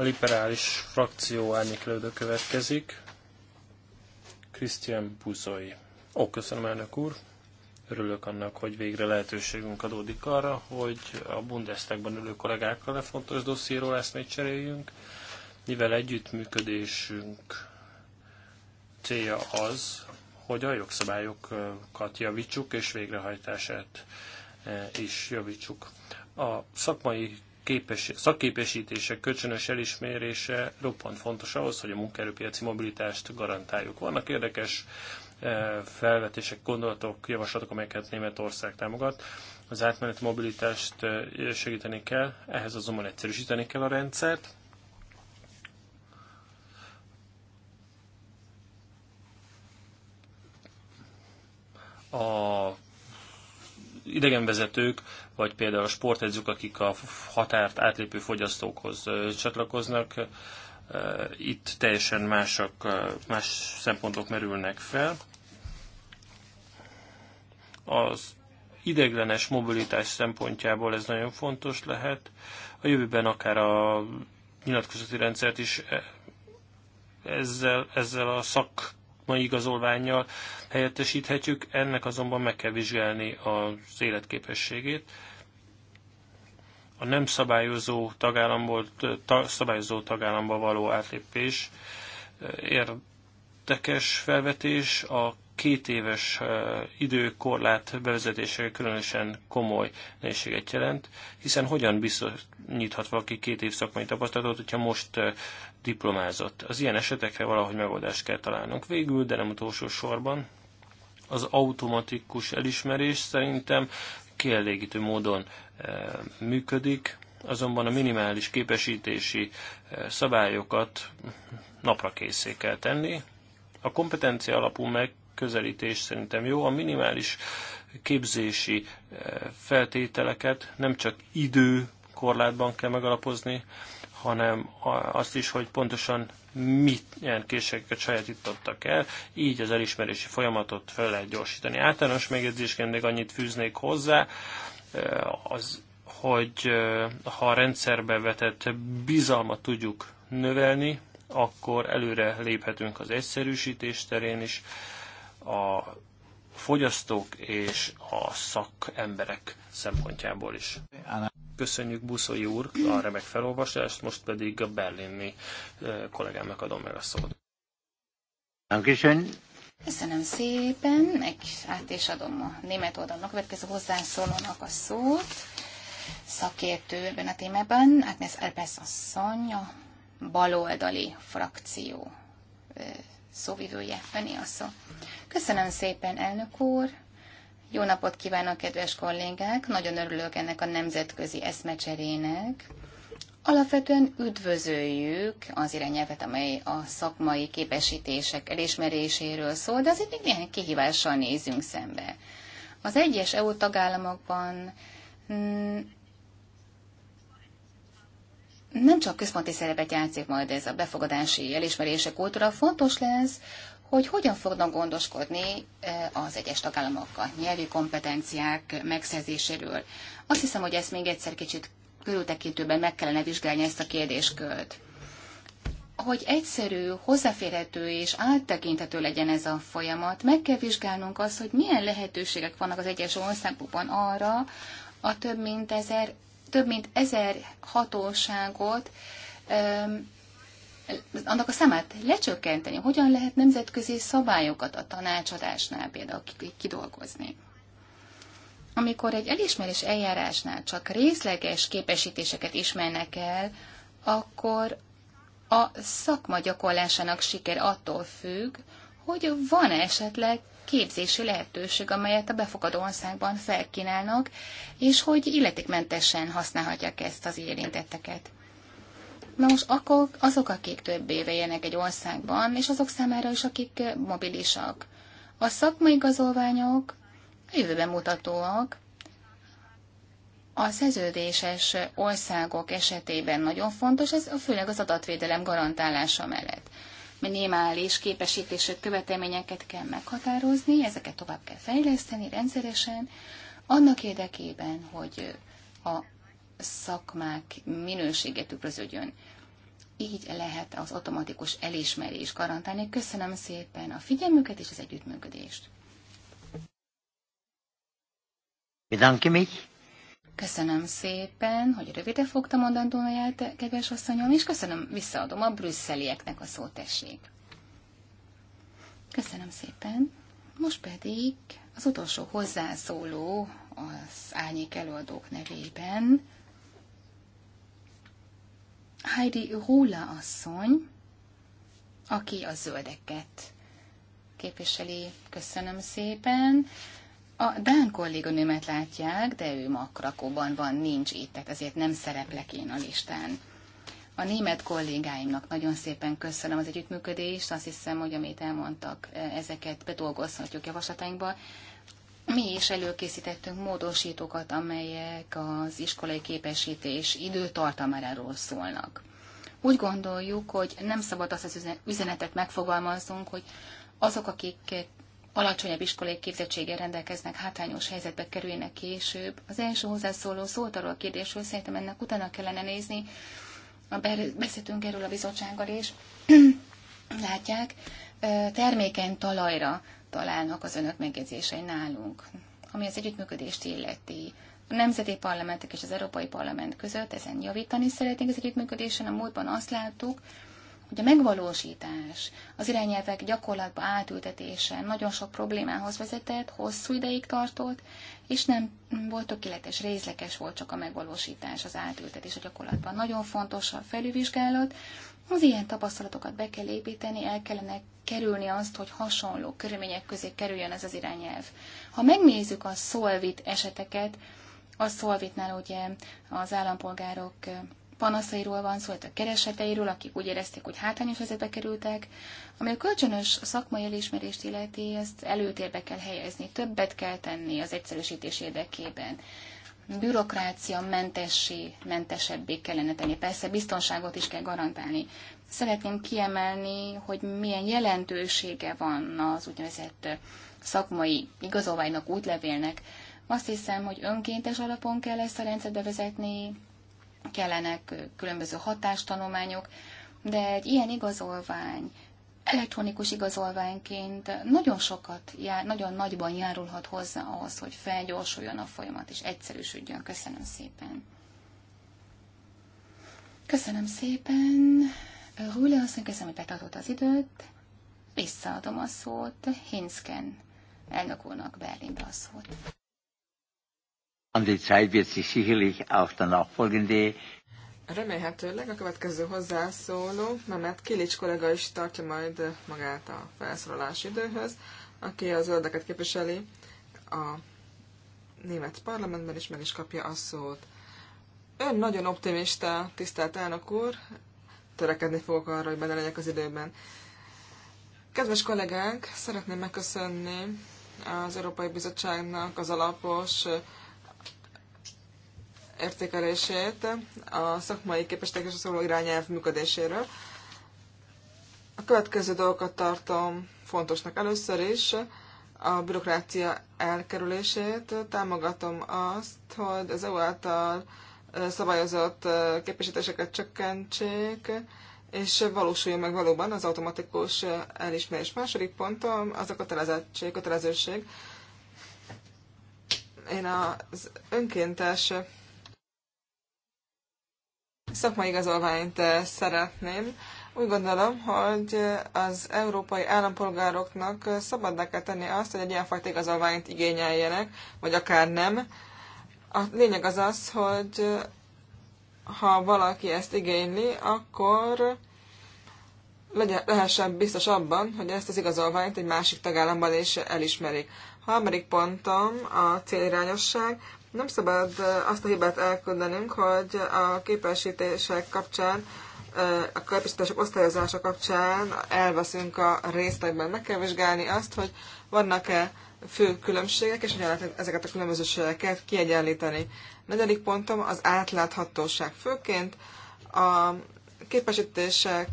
A liberális frakció árnyékelődő következik. Krisztián Buzoi. Ó, köszönöm elnök úr. Örülök annak, hogy végre lehetőségünk adódik arra, hogy a Bundestagban ülő kollégákkal a fontos dossziéról eszmét cseréljünk, mivel együttműködésünk célja az, hogy a jogszabályokat javítsuk, és végrehajtását eh, is javítsuk. A szakmai képes, szakképesítések kölcsönös elismerése roppant fontos ahhoz, hogy a munkaerőpiaci mobilitást garantáljuk. Vannak érdekes eh, felvetések, gondolatok, javaslatok, amelyeket Németország támogat. Az átmeneti mobilitást eh, segíteni kell, ehhez azonban egyszerűsíteni kell a rendszert, a idegenvezetők, vagy például a sportedzők, akik a határt átlépő fogyasztókhoz csatlakoznak, itt teljesen másak, más szempontok merülnek fel. Az ideglenes mobilitás szempontjából ez nagyon fontos lehet. A jövőben akár a nyilatkozati rendszert is e, ezzel, ezzel a szak szakmai igazolványjal helyettesíthetjük, ennek azonban meg kell vizsgálni az életképességét. A nem szabályozó tagállamból ta, szabályozó tagállamba való átlépés eh, érdekes felvetés, a két éves eh, időkorlát bevezetése különösen komoly nehézséget jelent, hiszen hogyan biztosíthat valaki két év szakmai tapasztalatot, hogyha most eh, diplomázott. Az ilyen esetekre valahogy megoldást kell találnunk végül, de nem utolsó sorban. Az automatikus elismerés szerintem kielégítő módon eh, működik, azonban a minimális képesítési eh, szabályokat napra készé kell tenni. A kompetencia alapú megközelítés szerintem jó, a minimális képzési eh, feltételeket nem csak idő korlátban kell megalapozni, hanem azt is, hogy pontosan milyen készségeket sajátítottak el, így az elismerési folyamatot fel lehet gyorsítani. Általános megjegyzésként még annyit fűznék hozzá, az, hogy ha a rendszerbe vetett bizalmat tudjuk növelni, akkor előre léphetünk az egyszerűsítés terén is, a fogyasztók és a szakemberek szempontjából is. Köszönjük Buszói úr a remek felolvasást, most pedig a berlini kollégámnak adom meg a szót. Köszönöm szépen, meg át is adom a német oldalnak, következő hozzászólónak a szót. Szakértő ebben a témában, Agnes Elbesz asszony, a baloldali frakció szóvivője, öné a szó. Köszönöm szépen, elnök úr! Jó napot kívánok, kedves kollégák! Nagyon örülök ennek a nemzetközi eszmecserének. Alapvetően üdvözöljük az irányelvet, amely a szakmai képesítések elismeréséről szól, de azért még néhány kihívással nézünk szembe. Az egyes EU tagállamokban nem csak központi szerepet játszik majd ez a befogadási elismerése kultúra, fontos lesz, hogy hogyan fognak gondoskodni e, az egyes tagállamokkal, nyelvi kompetenciák megszerzéséről. Azt hiszem, hogy ezt még egyszer kicsit körültekintőben meg kellene vizsgálni ezt a kérdéskört. Hogy egyszerű, hozzáférhető és áttekinthető legyen ez a folyamat, meg kell vizsgálnunk azt, hogy milyen lehetőségek vannak az egyes országokban arra, a több mint ezer, több mint ezer hatóságot annak a számát lecsökkenteni, hogyan lehet nemzetközi szabályokat a tanácsadásnál például kidolgozni. Amikor egy elismerés eljárásnál csak részleges képesítéseket ismernek el, akkor a szakma gyakorlásának siker attól függ, hogy van -e esetleg képzési lehetőség, amelyet a befogadó országban felkínálnak, és hogy illetékmentesen használhatják ezt az érintetteket. Na most akkor azok, akik több éve élnek egy országban, és azok számára is, akik mobilisak. A szakmai igazolványok jövőben mutatóak, a szerződéses országok esetében nagyon fontos, ez főleg az adatvédelem garantálása mellett. Minimális képesítésű követelményeket kell meghatározni, ezeket tovább kell fejleszteni rendszeresen, annak érdekében, hogy a szakmák minősége tükröződjön. Így lehet az automatikus elismerés garantálni. Köszönöm szépen a figyelmüket és az együttműködést. Köszönöm szépen, hogy rövide fogta mondandóját, kedves asszonyom, és köszönöm, visszaadom a brüsszelieknek a szót, tessék. Köszönöm szépen. Most pedig az utolsó hozzászóló az árnyék előadók nevében, Heidi Rula asszony, aki a zöldeket képviseli. Köszönöm szépen. A Dán kolléganőmet látják, de ő ma Krakóban van, nincs itt, tehát ezért nem szereplek én a listán. A német kollégáimnak nagyon szépen köszönöm az együttműködést, azt hiszem, hogy amit elmondtak, eh, ezeket bedolgozhatjuk javaslatainkba. Mi is előkészítettünk módosítókat, amelyek az iskolai képesítés időtartamáról szólnak. Úgy gondoljuk, hogy nem szabad azt az üzenetet megfogalmaznunk, hogy azok, akik alacsonyabb iskolai képzettséggel rendelkeznek, hátrányos helyzetbe kerüljenek később. Az első hozzászóló szólt arról a kérdésről, szerintem ennek utána kellene nézni. a Beszéltünk erről a bizottsággal is. Látják, termékeny talajra találnak az önök megjegyzései nálunk. Ami az együttműködést illeti, a nemzeti parlamentek és az Európai Parlament között ezen javítani szeretnénk az együttműködésen. A múltban azt láttuk, hogy a megvalósítás, az irányelvek gyakorlatba átültetése nagyon sok problémához vezetett, hosszú ideig tartott, és nem volt tökéletes, részleges volt csak a megvalósítás, az átültetés a gyakorlatban. Nagyon fontos a felülvizsgálat, az ilyen tapasztalatokat be kell építeni, el kellene kerülni azt, hogy hasonló körülmények közé kerüljön ez az irányelv. Ha megnézzük a szolvit eseteket, a szolvitnál ugye az állampolgárok panaszairól van szó, a kereseteiről, akik úgy érezték, hogy hátrányos helyzetbe kerültek. Ami a kölcsönös szakmai elismerést illeti, ezt előtérbe kell helyezni, többet kell tenni az egyszerűsítés érdekében bürokrácia mentessé, mentesebbé kellene tenni. Persze biztonságot is kell garantálni. Szeretném kiemelni, hogy milyen jelentősége van az úgynevezett szakmai igazolványnak, útlevélnek. Azt hiszem, hogy önkéntes alapon kell ezt a rendszert bevezetni, kellenek különböző hatástanulmányok, de egy ilyen igazolvány elektronikus igazolványként nagyon sokat, jár, nagyon nagyban járulhat hozzá ahhoz, hogy felgyorsuljon a folyamat és egyszerűsödjön. Köszönöm szépen. Köszönöm szépen. Rúle asszony, köszönöm, hogy betartott az időt. Visszaadom a szót Hinsken elnök úrnak Berlinbe a szót. An die Zeit wird sich sicherlich auf der nachfolgende Remélhetőleg a következő hozzászóló, mert Kilics kollega is tartja majd magát a felszólalási időhöz, aki az zöldeket képviseli a német parlamentben, és meg is kapja a szót. Ön nagyon optimista, tisztelt elnök úr, törekedni fogok arra, hogy benne legyek az időben. Kedves kollégánk, szeretném megköszönni az Európai Bizottságnak az alapos értékelését a szakmai a szóló irányelv működéséről. A következő dolgokat tartom fontosnak először is, a bürokrácia elkerülését. Támogatom azt, hogy az EU által szabályozott képesítéseket csökkentsék, és valósuljon meg valóban az automatikus elismerés. Második pontom az a kötelezettség, kötelezőség. Én az önkéntes szakmai igazolványt eh, szeretném. Úgy gondolom, hogy eh, az európai állampolgároknak eh, szabadnak kell tenni azt, hogy egy ilyenfajta igazolványt igényeljenek, vagy akár nem. A lényeg az az, hogy ha valaki ezt igényli, akkor lehessen biztos abban, hogy ezt az igazolványt egy másik tagállamban is elismerik. Harmadik pontom a célirányosság. Nem szabad azt a hibát elküldenünk, hogy a képesítések kapcsán, a képesítések osztályozása kapcsán elveszünk a részlegben. Meg kell vizsgálni azt, hogy vannak-e fő különbségek, és hogyan lehet ezeket a különbözőségeket kiegyenlíteni. Negyedik pontom az átláthatóság. Főként a képesítések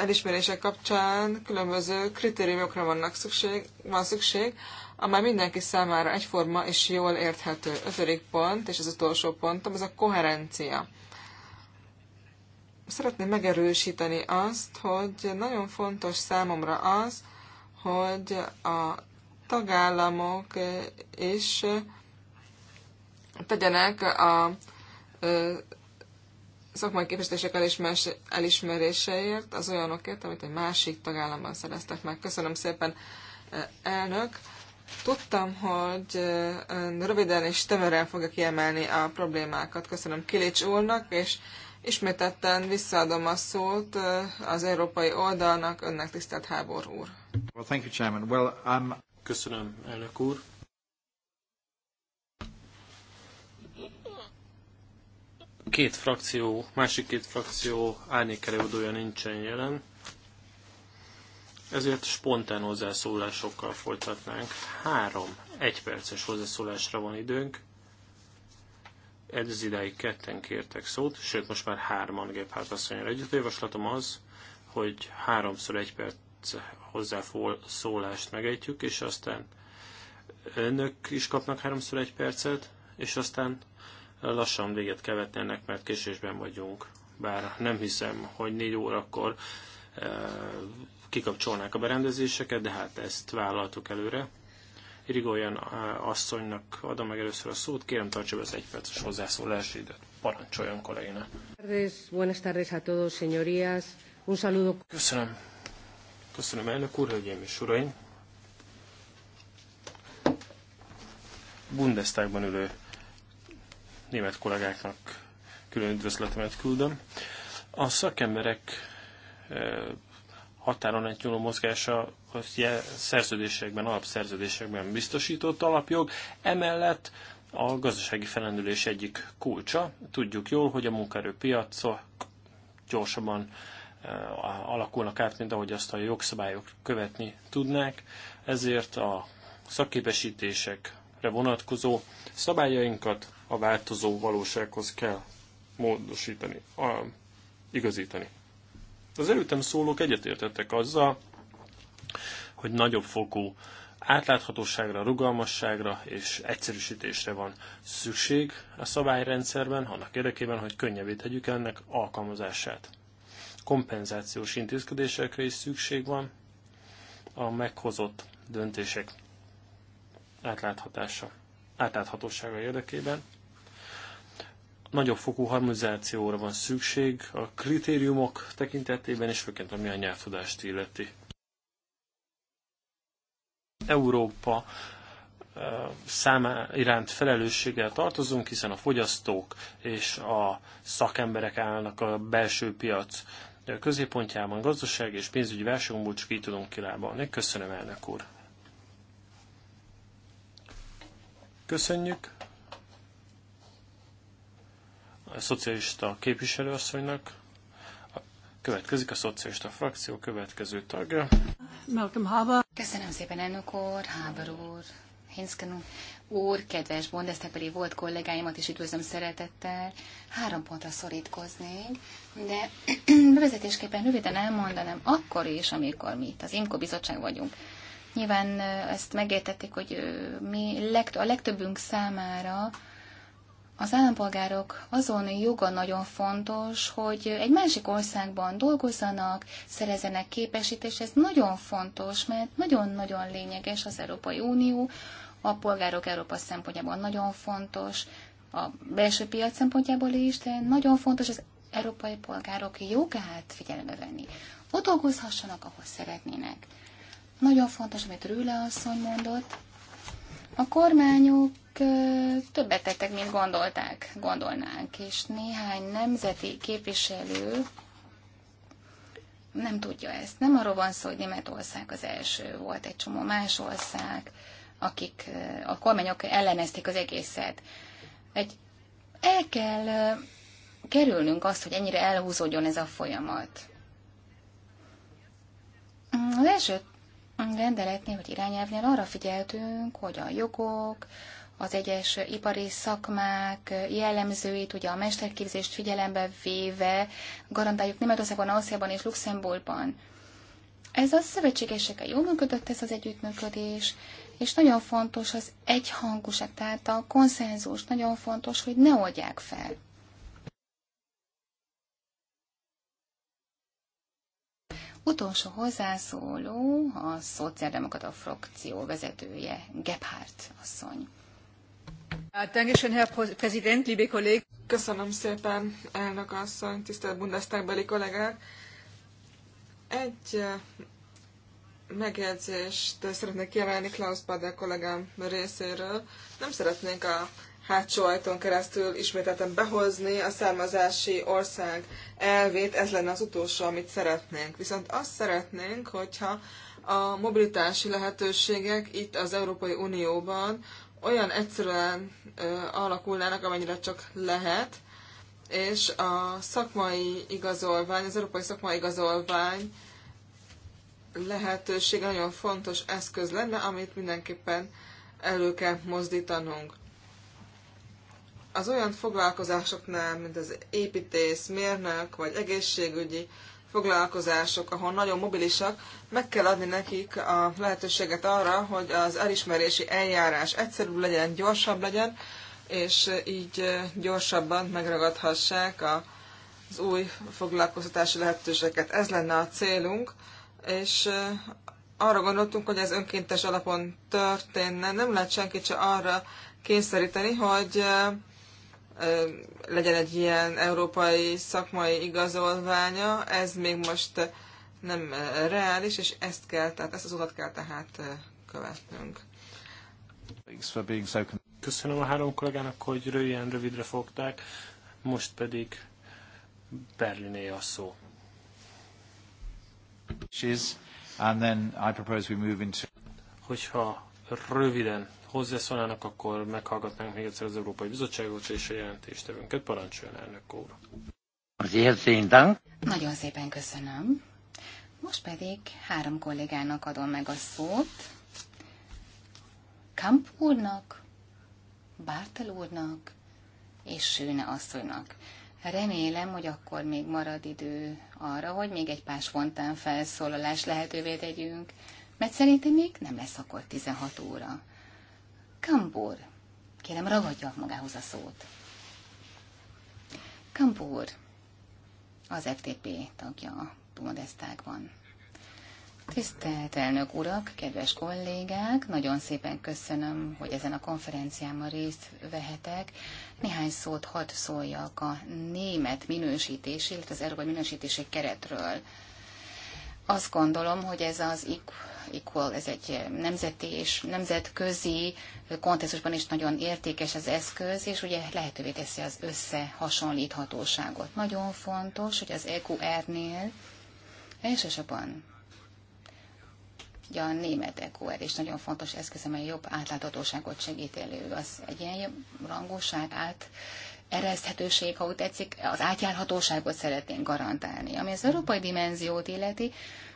elismerések kapcsán különböző kritériumokra vannak szükség, van szükség, amely mindenki számára egyforma és jól érthető. Ötödik pont, és az utolsó pontom, ez a koherencia. Szeretném megerősíteni azt, hogy nagyon fontos számomra az, hogy a tagállamok is tegyenek a szakmai képesítések elismeréseért, az olyanokért, amit egy másik tagállamban szereztek meg. Köszönöm szépen, elnök! Tudtam, hogy röviden és tömören fogja kiemelni a problémákat. Köszönöm Kilics úrnak, és ismételten visszaadom a szót az európai oldalnak, önnek tisztelt Hábor úr. Well, thank you, Chairman. Well, I'm. Köszönöm, elnök úr. Két frakció, másik két frakció árnyékelődője nincsen jelen ezért spontán hozzászólásokkal folytatnánk. Három egyperces hozzászólásra van időnk. Ez idáig ketten kértek szót, sőt most már hárman Gephardt asszonyra együtt. A javaslatom az, hogy háromszor egy perc hozzászólást megejtjük, és aztán önök is kapnak háromszor egy percet, és aztán lassan véget kell vetni ennek, mert késésben vagyunk. Bár nem hiszem, hogy négy órakor eh, kikapcsolnák a berendezéseket, de hát ezt vállaltuk előre. Irigolyan asszonynak adom meg először a szót, kérem tartsa be az egyperces hozzászólási időt. Parancsoljon kollégina. Buenas tardes a todos, señorías. Un saludo. Köszönöm. Köszönöm elnök úr, hölgyeim és uraim. Bundestagban ülő német kollégáknak külön üdvözletemet küldöm. A szakemberek határon átnyúló mozgása szerződésekben, alapszerződésekben biztosított alapjog, emellett a gazdasági felendülés egyik kulcsa. Tudjuk jól, hogy a munkaerőpiacok gyorsabban eh, alakulnak át, mint ahogy azt a jogszabályok követni tudnák, ezért a szakképesítésekre vonatkozó szabályainkat a változó valósághoz kell módosítani, igazítani. Az előttem szólók egyetértettek azzal, hogy nagyobb fokú átláthatóságra, rugalmasságra és egyszerűsítésre van szükség a szabályrendszerben, annak érdekében, hogy könnyebbé tegyük ennek alkalmazását. Kompenzációs intézkedésekre is szükség van a meghozott döntések átláthatása, átláthatósága érdekében nagyobb fokú harmonizációra van szükség a kritériumok tekintetében, és főként ami a nyelvtudást illeti. Európa számá iránt felelősséggel tartozunk, hiszen a fogyasztók és a szakemberek állnak a belső piac középpontjában gazdaság és pénzügyi válságunkból csak így tudunk kilábalni. Köszönöm, elnök úr! Köszönjük! szocialista képviselőasszonynak. Következik a szocialista frakció következő tagja. Malcolm Haber. Köszönöm szépen, elnök úr, Haber úr, Hinsken úr, kedves Bundestagpeli volt kollégáimat is üdvözlöm szeretettel. Három pontra szorítkoznék, de bevezetésképpen röviden elmondanám akkor is, amikor mi itt az IMKO bizottság vagyunk. Nyilván ezt megértették, hogy mi legt- a legtöbbünk számára az állampolgárok azon joga nagyon fontos, hogy egy másik országban dolgozzanak, szerezenek képesítést, ez nagyon fontos, mert nagyon-nagyon lényeges az Európai Unió, a polgárok Európa szempontjából nagyon fontos, a belső piac szempontjából is, de nagyon fontos az európai polgárok jogát figyelembe venni. Ott dolgozhassanak, ahol szeretnének. Nagyon fontos, amit Rüle asszony mondott, a kormányok többet tettek, mint gondolták, gondolnánk, és néhány nemzeti képviselő nem tudja ezt. Nem arról van szó, hogy Németország az első volt, egy csomó más ország, akik a kormányok ellenezték az egészet. Egy, el kell kerülnünk azt, hogy ennyire elhúzódjon ez a folyamat. Mm, az első rendeletnél vagy irányelvnél arra figyeltünk, hogy a jogok, az egyes ipari szakmák jellemzőit, ugye a mesterképzést figyelembe véve garantáljuk Németországban, Ausztriában és Luxemburgban. Ez a szövetségesekkel jól működött ez az együttműködés, és nagyon fontos az egyhangúság, tehát a konszenzus, nagyon fontos, hogy ne oldják fel. Utolsó hozzászóló a szociáldemokrata frakció vezetője, Gebhardt asszony. Köszönöm szépen, elnök asszony, tisztelt Bundestagbeli kollégák. Egy eh, megjegyzést szeretnék kiemelni Klaus Bader kollégám részéről. Nem szeretnénk a hátsó ajtón keresztül ismételten behozni a származási ország elvét, ez lenne az utolsó, amit szeretnénk. Viszont azt szeretnénk, hogyha a mobilitási lehetőségek itt az Európai Unióban olyan egyszerűen ö, alakulnának, amennyire csak lehet, és a szakmai igazolvány, az európai szakmai igazolvány lehetősége nagyon fontos eszköz lenne, amit mindenképpen elő kell mozdítanunk az olyan foglalkozásoknál, mint az építész, mérnök vagy egészségügyi foglalkozások, ahol nagyon mobilisak, meg kell adni nekik a lehetőséget arra, hogy az elismerési eljárás egyszerűbb legyen, gyorsabb legyen, és így gyorsabban megragadhassák az új foglalkoztatási lehetőségeket. Ez lenne a célunk, és arra gondoltunk, hogy ez önkéntes alapon történne. Nem lehet senkit se arra kényszeríteni, hogy legyen egy ilyen európai szakmai igazolványa, ez még most nem reális, és ezt kell, tehát ezt az utat kell tehát követnünk. Köszönöm a három kollégának, hogy röviden rövidre fogták, most pedig Berliné a szó. Hogyha röviden hozzászólnának, akkor meghallgatnánk még egyszer az Európai Bizottságot és a jelentéstevőnket. Parancsoljon elnök úr! Nagyon szépen köszönöm. Most pedig három kollégának adom meg a szót. Kamp úrnak, Bártel úrnak és Sőne asszonynak. Remélem, hogy akkor még marad idő arra, hogy még egy pár spontán felszólalás lehetővé tegyünk, mert szerintem még nem lesz akkor 16 óra. Kambur, kérem ragadja magához a szót. Kambur, az FTP tagja a Pumodesztákban. Tisztelt elnök urak, kedves kollégák, nagyon szépen köszönöm, hogy ezen a konferenciámon részt vehetek. Néhány szót hadd szóljak a német minősítés, illetve az európai minősítési keretről. Azt gondolom, hogy ez az Equal, ez egy nemzeti és nemzetközi kontextusban is nagyon értékes az eszköz, és ugye lehetővé teszi az összehasonlíthatóságot. Nagyon fontos, hogy az EQR-nél elsősorban ugye a német EQR is nagyon fontos eszköz, amely jobb átláthatóságot segít elő az egyenrangúság át ereszthetőség, ha úgy tetszik, az átjárhatóságot szeretnénk garantálni. Ami az európai dimenziót illeti,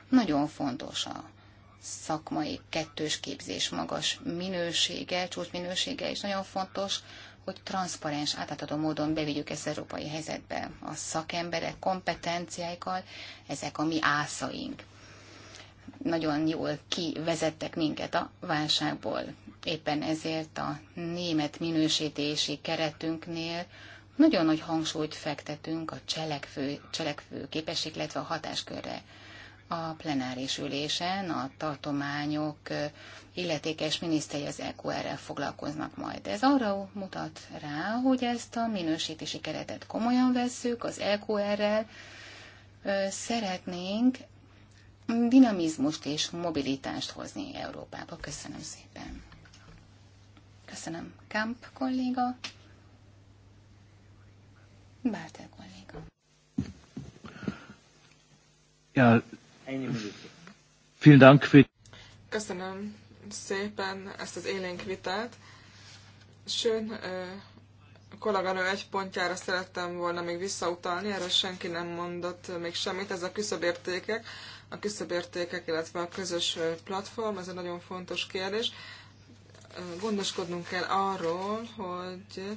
nagyon fontos a szakmai kettős képzés magas minősége, csúcsminősége, és nagyon fontos, hogy transzparens, átadható módon bevigyük ezt európai helyzetbe a szakemberek kompetenciáikkal, ezek a mi ászaink nagyon jól kivezettek minket a válságból. Éppen ezért a német minősítési keretünknél nagyon nagy hangsúlyt fektetünk a cselekvő, cselekvő képesség, illetve a hatáskörre. A plenáris ülésen a tartományok illetékes miniszteri az EQR-rel foglalkoznak majd. Ez arra mutat rá, hogy ezt a minősítési keretet komolyan vesszük az EQR-rel, szeretnénk dinamizmust és mobilitást hozni Európába. Köszönöm szépen. Köszönöm. Kamp kolléga. Bártel kolléga. Ja, vielen Dank für... Köszönöm szépen ezt az élénk vitát. Sőn, kolléganő egy pontjára szerettem volna még visszautalni, erről senki nem mondott még semmit, ez a küszöbértékek. értékek a küszöbértékek, illetve a közös platform, ez egy nagyon fontos kérdés. Gondoskodnunk kell arról, hogy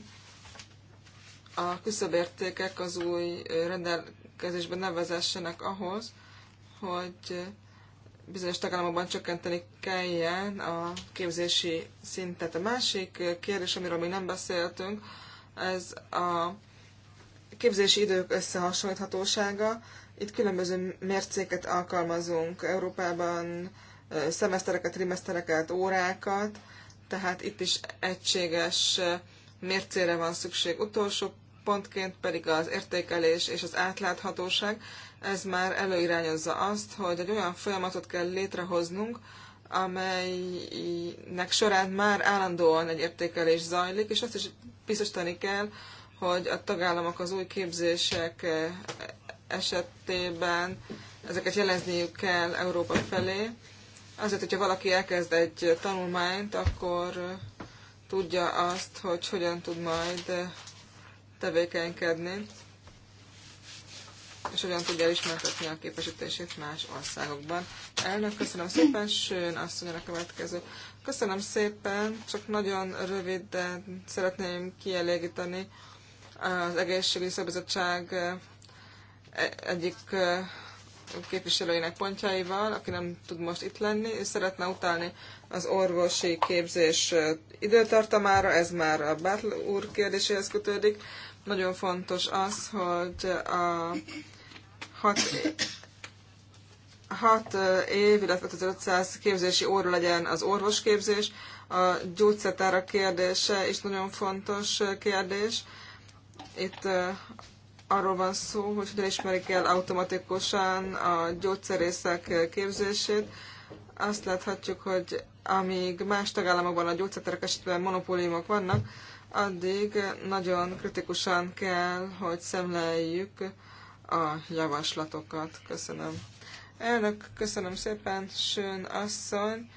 a küszöbértékek az új rendelkezésben nevezessenek ahhoz, hogy bizonyos tagállamokban csökkenteni kelljen a képzési szintet. A másik kérdés, amiről még nem beszéltünk, ez a képzési idők összehasonlíthatósága. Itt különböző mércéket alkalmazunk Európában, szemesztereket, trimesztereket, órákat, tehát itt is egységes mércére van szükség. Utolsó pontként pedig az értékelés és az átláthatóság. Ez már előirányozza azt, hogy egy olyan folyamatot kell létrehoznunk, amelynek során már állandóan egy értékelés zajlik, és azt is biztosítani kell, hogy a tagállamok az új képzések esetében ezeket jelezniük kell Európa felé. Azért, hogyha valaki elkezd egy tanulmányt, akkor tudja azt, hogy hogyan tud majd tevékenykedni, és hogyan tudja ismertetni a képesítését más országokban. Elnök, köszönöm szépen, Sőn mondja a következő. Köszönöm szépen, csak nagyon röviden szeretném kielégíteni az egészségügyi szabizottság egyik képviselőjének pontjaival, aki nem tud most itt lenni, és szeretne utálni az orvosi képzés időtartamára, ez már a Bátl úr kérdéséhez kötődik. Nagyon fontos az, hogy a hat, hat év, illetve 500 képzési óra legyen az orvosképzés. A gyógyszertára kérdése is nagyon fontos kérdés. Itt arról van szó, hogy hogyan ismerik el automatikusan a gyógyszerészek képzését. Azt láthatjuk, hogy amíg más tagállamokban a gyógyszerek esetben monopóliumok vannak, addig nagyon kritikusan kell, hogy szemleljük a javaslatokat. Köszönöm. Elnök, köszönöm szépen, Sőn asszony.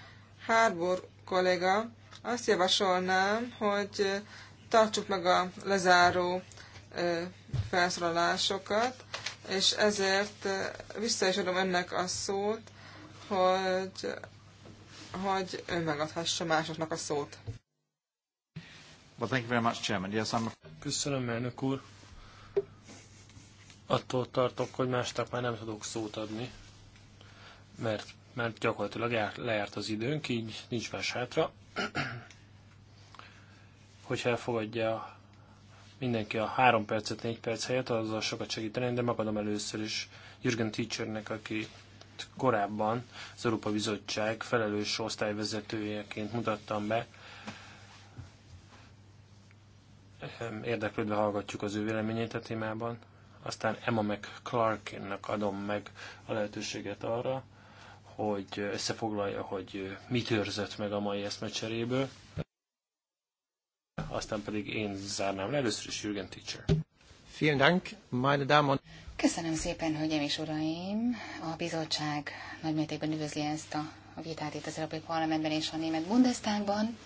Harbor kolléga, azt javasolnám, hogy tartsuk meg a lezáró felszólalásokat, és ezért vissza is adom önnek a szót, hogy, hogy ön megadhassa másoknak a szót. Well, thank you very much, Chairman. Yes, I'm... Köszönöm, elnök úr. Attól tartok, hogy másnak már nem tudok szót adni, mert mert gyakorlatilag lejárt az időnk, így nincs más hátra. Hogyha elfogadja mindenki a három percet, négy perc helyett, azzal sokat segíteni, de megadom először is Jürgen Teachernek, aki korábban az Európa Bizottság felelős osztályvezetőjeként mutattam be. Ehm, érdeklődve hallgatjuk az ő véleményét a témában. Aztán Emma McClarkinnak adom meg a lehetőséget arra, hogy összefoglalja, hogy mit őrzött meg a mai eszmecseréből aztán pedig én zárnám le. Először is Jürgen Teacher. Vielen Dank, meine Damen Köszönöm szépen, hölgyeim és uraim! A bizottság nagymértékben üdvözli ezt a, vitát itt az Európai Parlamentben és a Német Bundestagban.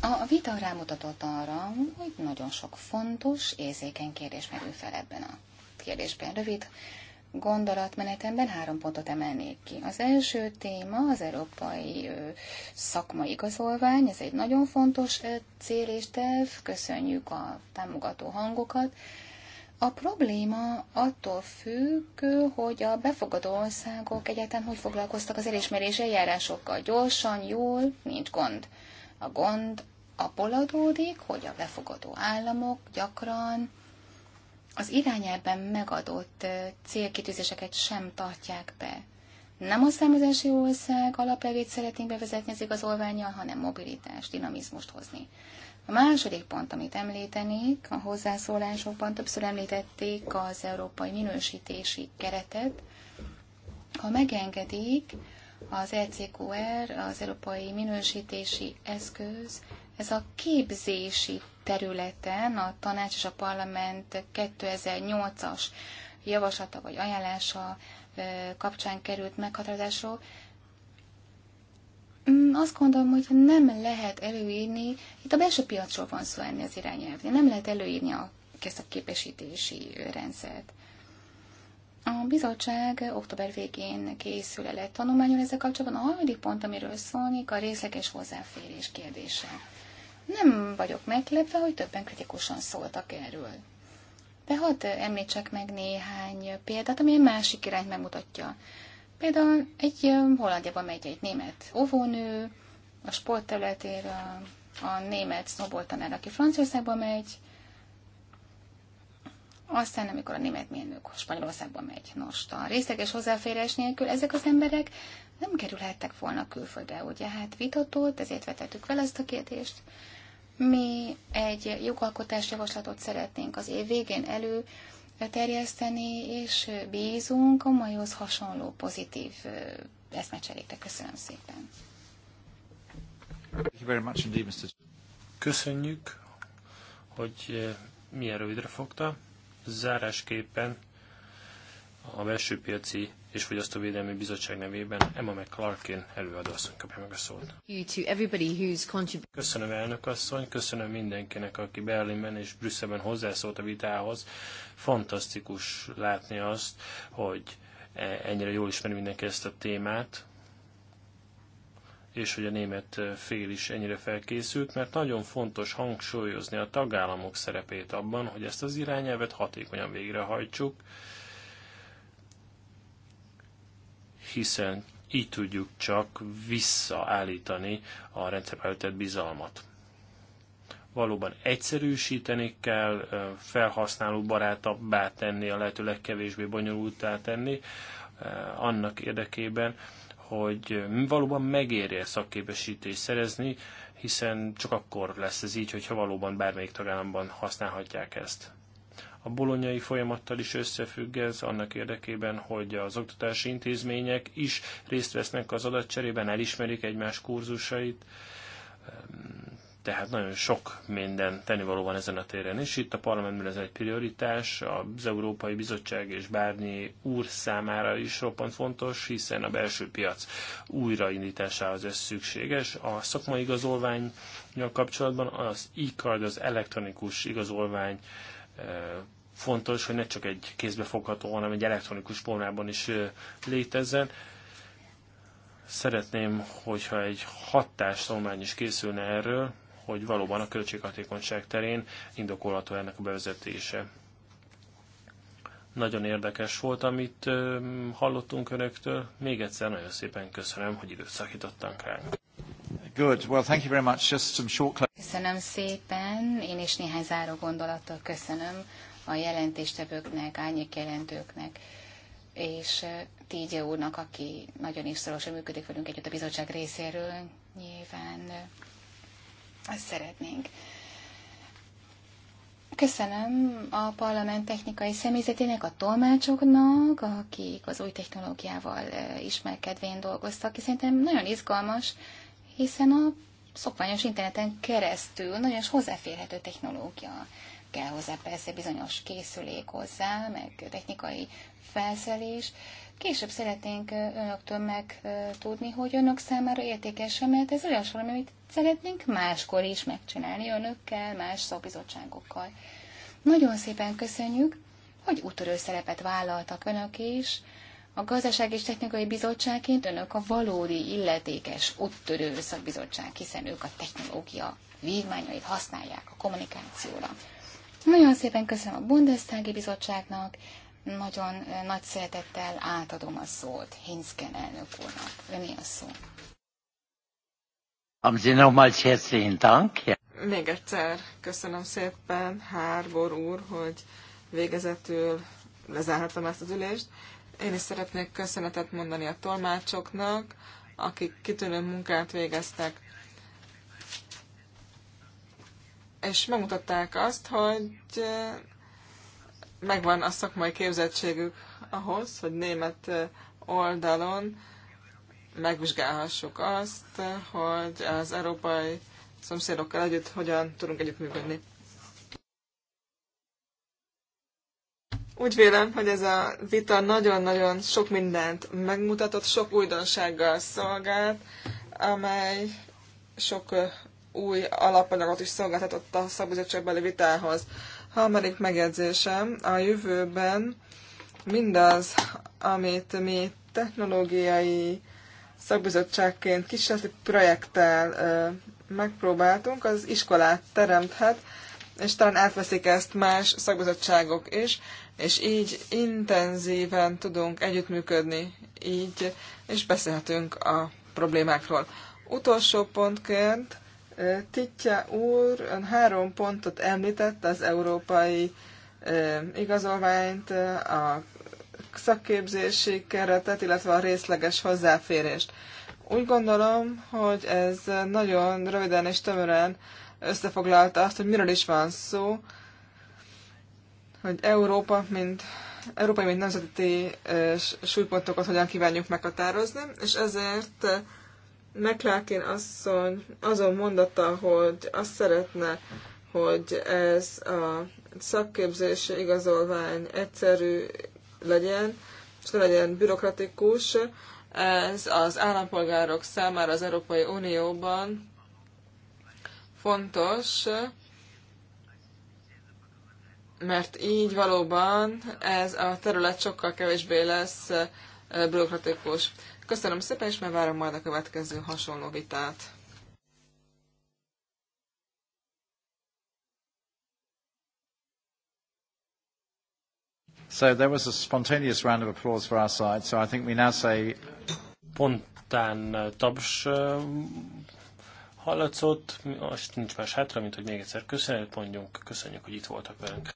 A, a vita rámutatott arra, hogy nagyon sok fontos, érzékeny kérdés merül fel ebben a kérdésben. Rövid gondolatmenetemben három pontot emelnék ki. Az első téma az európai szakmai igazolvány, ez egy nagyon fontos cél és terv, köszönjük a támogató hangokat. A probléma attól függ, hogy a befogadó országok egyáltalán hogy foglalkoztak az elismerés eljárásokkal. Gyorsan, jól, nincs gond. A gond abból adódik, hogy a befogadó államok gyakran az irányelben megadott célkitűzéseket sem tartják be. Nem a számozási ország alapelvét szeretnénk bevezetni az igazolványjal, hanem mobilitást, dinamizmust hozni. A második pont, amit említenék, a hozzászólásokban többször említették az európai minősítési keretet. Ha megengedik, az ECQR, az európai minősítési eszköz, ez a képzési területen a tanács és a parlament 2008-as javaslata vagy ajánlása kapcsán került meghatározásról. Mm, azt gondolom, hogy nem lehet előírni, itt a belső piacról van szó enni az irányelvnél, nem lehet előírni a, ezt a képesítési rendszert. A bizottság október végén készül el egy tanulmányon ezzel kapcsolatban. A harmadik pont, amiről szólnék, a részleges hozzáférés kérdése. Nem vagyok meglepve, hogy többen kritikusan szóltak erről. De hadd említsek meg néhány példát, ami egy másik irányt megmutatja. Például egy Hollandiában megy egy német óvónő, a sportterületére a német snowboardtanár, aki Franciaországba megy, aztán, amikor a német mérnök Spanyolországba megy. Nos, a részleges hozzáférés nélkül ezek az emberek nem kerülhettek volna külföldre, ugye? Hát vitatott, ezért vetettük fel ezt a kérdést. Mi egy jogalkotás javaslatot szeretnénk az év végén elő terjeszteni, és bízunk a maihoz hasonló pozitív eszmecserékre. Köszönöm szépen. Köszönjük, hogy milyen rövidre fogta. Zárásképpen a belső piaci és Fogyasztóvédelmi Bizottság nevében Emma McClarkin előadóasszony kapja meg a szót. Köszönöm elnök asszony, köszönöm mindenkinek, aki Berlinben és Brüsszelben hozzászólt a vitához. Fantasztikus látni azt, hogy e, ennyire jól ismeri mindenki ezt a témát, és hogy a német e, fél is ennyire felkészült, mert nagyon fontos hangsúlyozni a tagállamok szerepét abban, hogy ezt az irányelvet hatékonyan végrehajtsuk, hiszen így tudjuk csak visszaállítani a rendszerbe vetett bizalmat. Valóban egyszerűsíteni kell, felhasználó barátabbá tenni, a lehető legkevésbé bonyolultá tenni, annak érdekében, hogy valóban megérje szakképesítést szerezni, hiszen csak akkor lesz ez így, hogyha valóban bármelyik tagállamban használhatják ezt. A bolonyai folyamattal is összefügg ez annak érdekében, hogy az oktatási intézmények is részt vesznek az adatcserében, elismerik egymás kurzusait, ehm, tehát nagyon sok minden tennivaló van ezen a téren is. Itt a parlamentben ez egy prioritás, az Európai Bizottság és Bárnyi úr számára is roppant fontos, hiszen a belső piac újraindításához ez szükséges. A szakmai igazolvány kapcsolatban az e-card, az elektronikus igazolvány fontos, hogy ne csak egy kézbefogható, hanem egy elektronikus formában is létezzen. Szeretném, hogyha egy hatástanulmány is készülne erről, hogy valóban a költséghatékonyság terén indokolható ennek a bevezetése. Nagyon érdekes volt, amit hallottunk önöktől. Még egyszer nagyon szépen köszönöm, hogy időt szakítottak ránk. Köszönöm szépen. Én is néhány záró gondolattal köszönöm a jelentéstevőknek, árnyék jelentőknek, és eh, Tígye úrnak, aki nagyon is szorosan működik velünk együtt a bizottság részéről, nyilván eh, azt szeretnénk. Köszönöm a parlament technikai személyzetének, a tolmácsoknak, akik az új technológiával eh, ismerkedvén dolgoztak, és szerintem nagyon izgalmas, hiszen a szokványos interneten keresztül nagyon hozzáférhető technológia kell hozzá persze bizonyos készülék hozzá, meg technikai felszerelés. Később szeretnénk önöktől meg tudni, hogy önök számára értékes mert ez olyan valami, amit szeretnénk máskor is megcsinálni önökkel, más szakbizottságokkal. Nagyon szépen köszönjük, hogy útörő szerepet vállaltak önök is, a Gazdaság és Technikai Bizottságként önök a valódi illetékes, úttörő szakbizottság, hiszen ők a technológia vívmányait használják a kommunikációra. Nagyon szépen köszönöm a Bundestagi Bizottságnak, nagyon eh, nagy szeretettel átadom a szót Hinszken elnök úrnak. Öné a szó. Még egyszer köszönöm szépen Hárbor úr, hogy végezetül lezárhatom ezt az ülést. Én is szeretnék köszönetet mondani a tolmácsoknak, akik kitűnő munkát végeztek. És megmutatták azt, hogy eh, megvan a szakmai képzettségük ahhoz, hogy német eh, oldalon megvizsgálhassuk azt, eh, hogy az európai szomszédokkal együtt hogyan tudunk együttműködni. Úgy vélem, hogy ez a vita nagyon-nagyon sok mindent megmutatott, sok újdonsággal szolgált, amely sok új alapanyagot is szolgáltatott a szakbizottságbeli vitához. Harmadik megjegyzésem, a jövőben mindaz, amit mi technológiai szakbizottságként kísérleti projekttel megpróbáltunk, az iskolát teremthet, és talán átveszik ezt más szakbizottságok is, és így intenzíven tudunk együttműködni, így, és beszélhetünk a problémákról. Utolsó pontként Titya úr ön három pontot említett, az európai igazolványt, a szakképzési keretet, illetve a részleges hozzáférést. Úgy gondolom, hogy ez nagyon röviden és tömören összefoglalta azt, hogy miről is van szó, hogy Európa, mint európai, mint nemzeti súlypontokat hogyan kívánjuk meghatározni, és ezért McLarkin asszony azon mondata, hogy azt szeretne, hogy ez a szakképzési igazolvány egyszerű legyen, és ne legyen bürokratikus, ez az állampolgárok számára az Európai Unióban fontos, mert így valóban ez a terület sokkal kevésbé lesz bürokratikus. Köszönöm szépen, és már várom majd a következő hasonló vitát. So there was a spontaneous round of applause for our side, so I think we now say... Pontán taps hallatszott, most nincs más hátra, mint hogy még egyszer köszönet mondjunk, köszönjük, hogy itt voltak velünk.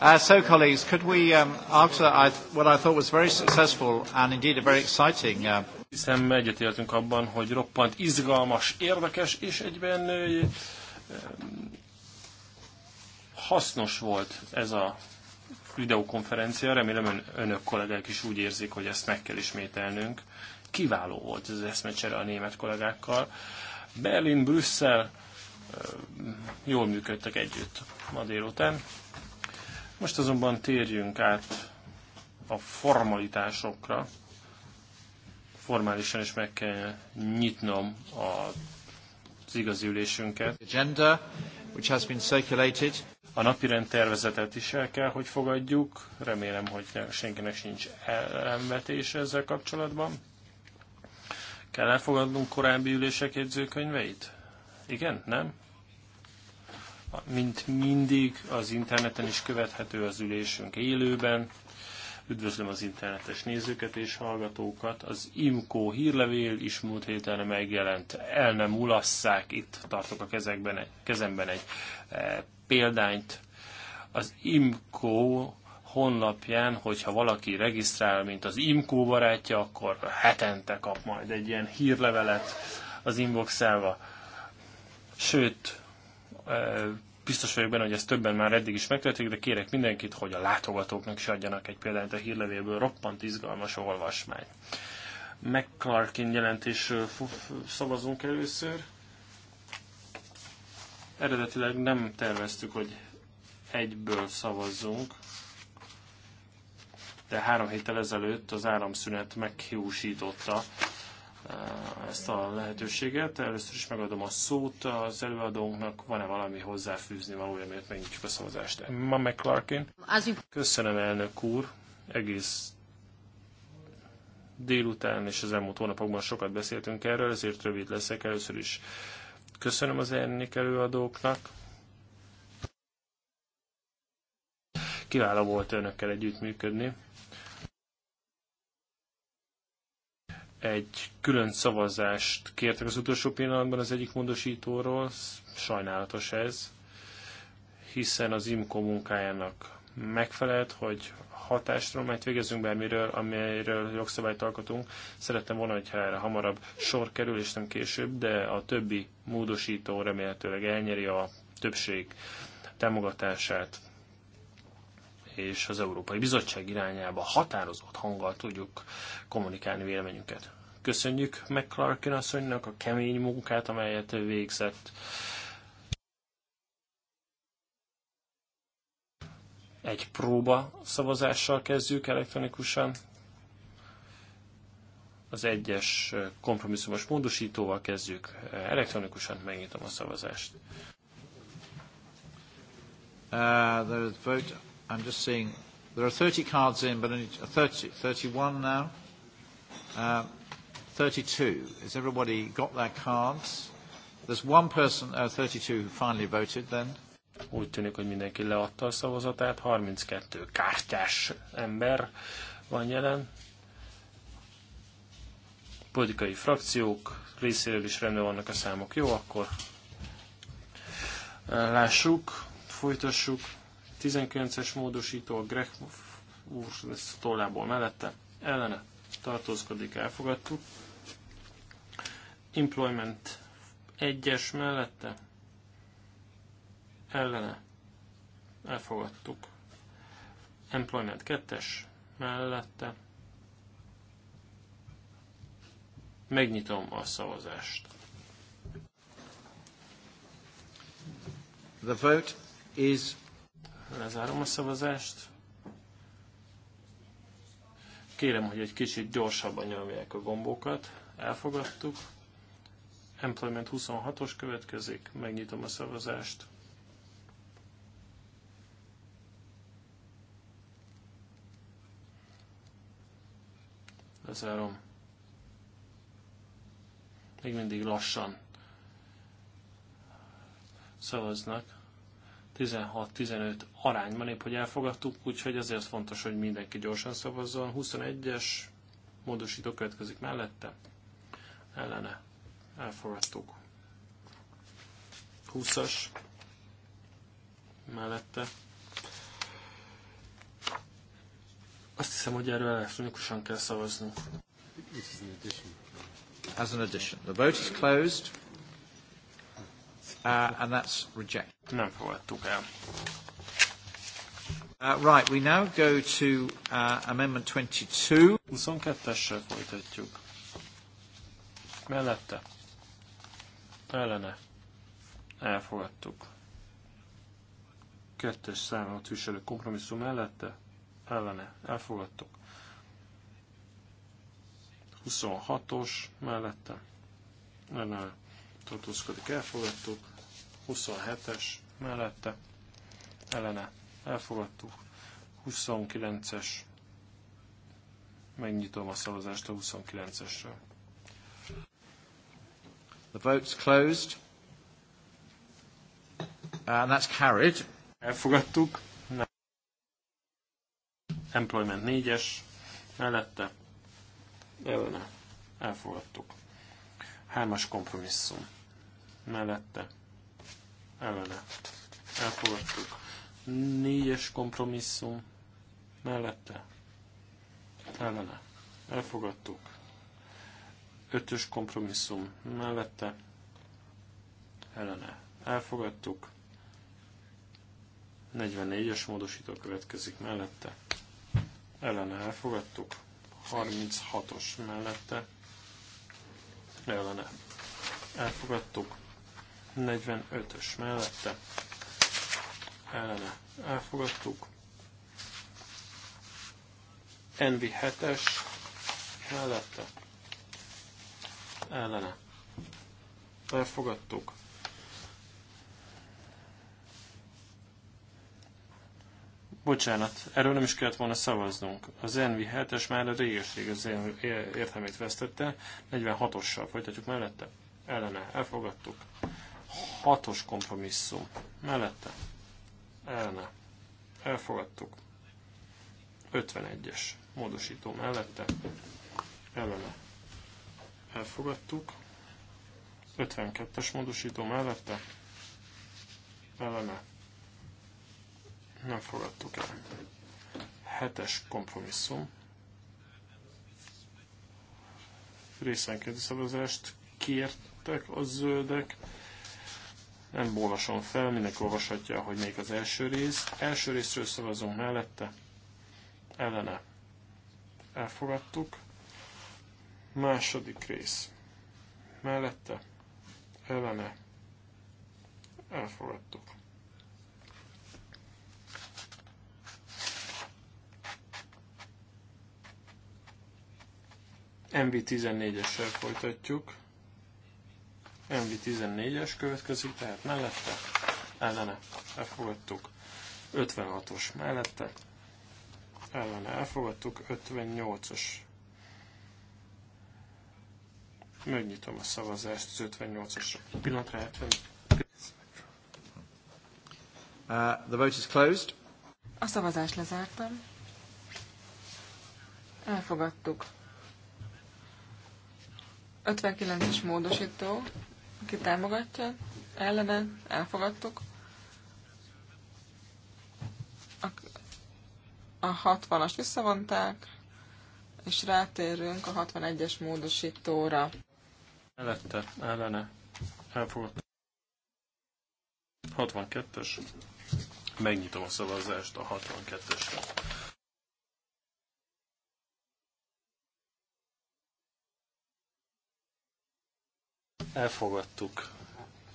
Uh, so, colleagues, could we, um, after I, what I thought was very successful and indeed a very exciting... Uh... Hiszen egyetértünk abban, hogy roppant izgalmas, érdekes és egyben uh, hasznos volt ez a videokonferencia. Remélem ön, önök kollégák is úgy érzik, hogy ezt meg kell ismételnünk. Kiváló volt ez az eszmecsere a német kollégákkal. Berlin, Brüsszel, jól működtek együtt ma délután. Most azonban térjünk át a formalitásokra. Formálisan is meg kell nyitnom a az igazi ülésünket. Agenda, which has been circulated. A napirend tervezetet is el kell, hogy fogadjuk. Remélem, hogy senkinek sincs ellenvetés ezzel kapcsolatban. Kell elfogadnunk korábbi ülések jegyzőkönyveit? Igen? Nem? Mint mindig, az interneten is követhető az ülésünk élőben. Üdvözlöm az internetes nézőket és hallgatókat. Az IMCO hírlevél is múlt héten megjelent. El nem ulasszák, itt tartok a kezekben, kezemben egy e, példányt. Az IMCO honlapján, hogyha valaki regisztrál, mint az IMCO barátja, akkor hetente kap majd egy ilyen hírlevelet az inboxelva. Sőt, biztos vagyok benne, hogy ezt többen már eddig is megtörténik, de kérek mindenkit, hogy a látogatóknak is adjanak egy példányt a hírlevélből, roppant izgalmas olvasmány. McClarkin jelentés szavazunk először. Eredetileg nem terveztük, hogy egyből szavazzunk, de három héttel ezelőtt az áramszünet meghiúsította ezt a lehetőséget. Először is megadom a szót az előadónknak. Van-e valami hozzáfűzni valója, miért megnyitjuk a szavazást? Ma McClarkin. Köszönöm, elnök úr. Egész délután és az elmúlt hónapokban sokat beszéltünk erről, ezért rövid leszek. Először is köszönöm az ennek előadóknak. Kiváló volt önökkel együttműködni. egy külön szavazást kértek az utolsó pillanatban az egyik módosítóról, sajnálatos ez, hiszen az IMCO munkájának megfelelt, hogy hatástudományt végezünk bármiről, amiről jogszabályt alkotunk. Szerettem volna, hogyha erre hamarabb sor kerül, és nem később, de a többi módosító remélhetőleg elnyeri a többség támogatását és az Európai Bizottság irányába határozott hanggal tudjuk kommunikálni véleményünket. Köszönjük McClarkin asszonynak a kemény munkát, amelyet végzett. Egy próba szavazással kezdjük elektronikusan. Az egyes kompromisszumos módosítóval kezdjük elektronikusan, megnyitom a szavazást. Uh, there is vote I'm just seeing there are 30 cards in, but only 30, 31 now. Uh, 32. Has everybody got their cards? There's one person, uh, 32, who finally voted then. Úgy tűnik, hogy mindenki leadta a szavazatát, 32 kártyás ember van jelen. Politikai frakciók részéről is rendben vannak a számok. Jó, akkor uh, lássuk, folytassuk. 19-es módosító, a Greg úr lesz tollából mellette, ellene tartózkodik, elfogadtuk. Employment 1-es mellette, ellene elfogadtuk. Employment 2-es mellette. Megnyitom a szavazást. The vote is Lezárom a szavazást. Kérem, hogy egy kicsit gyorsabban nyomják a gombokat. Elfogadtuk. Employment 26-os következik. Megnyitom a szavazást. Lezárom. Még mindig lassan szavaznak. 16-15 arányban épp, hogy elfogadtuk, úgyhogy azért fontos, hogy mindenki gyorsan szavazzon. 21-es módosító következik mellette, ellene elfogadtuk. 20-as mellette. Azt hiszem, hogy erről elektronikusan kell szavaznunk. As an addition. The vote is closed, uh, and that's rejected. Nem fogadtuk el. Uh, right, we now go to uh, Amendment 22. 22-essel folytatjuk. Mellette. Ellene. Elfogadtuk. Kettes számot viselő kompromisszum mellette. Ellene. Elfogadtuk. 26-os mellette. Ellene. Tartózkodik. Elfogadtuk. 27-es mellette ellene elfogadtuk, 29-es megnyitom a szavazást a 29-esről. The vote's closed. And that's carried. Elfogadtuk. Employment 4-es mellette ellene elfogadtuk. Hármas kompromisszum mellette ellene elfogadtuk. Négyes kompromisszum mellette ellene elfogadtuk. Ötös kompromisszum mellette ellene elfogadtuk. 44-es módosító következik mellette. Ellene elfogadtuk. 36-os mellette. Ellene elfogadtuk. 45-ös mellette ellene elfogadtuk. Envi 7 es mellette ellene elfogadtuk. Bocsánat, erről nem is kellett volna szavaznunk. Az Envi 7-es már a régeség az értelmét vesztette, 46-ossal folytatjuk mellette. Ellene, elfogadtuk. Hatos kompromisszum. Mellette. Elne. Elfogadtuk. 51-es módosító mellette. Ellene. Elfogadtuk. 52-es módosító mellette. Ellene. Nem fogadtuk el. 7-es kompromisszum. Részenkénti szavazást kértek a zöldek nem olvasom fel, mindenki olvashatja, hogy melyik az első rész. Első részről szavazunk mellette, ellene elfogadtuk. Második rész mellette, ellene elfogadtuk. MV14-essel folytatjuk. MV14-es következik, tehát mellette, ellene, elfogadtuk. 56-os mellette, ellene, elfogadtuk. 58-os. Megnyitom a szavazást az 58-osra. Pillanatra 70. Uh, the vote is closed. A szavazást lezártam. Elfogadtuk. 59-es módosító aki támogatja? Ellene? Elfogadtuk. A, 60-as visszavonták, és rátérünk a 61-es módosítóra. Mellette, ellene, elfogadtuk. 62-es. Megnyitom a szavazást a 62-esre. Elfogadtuk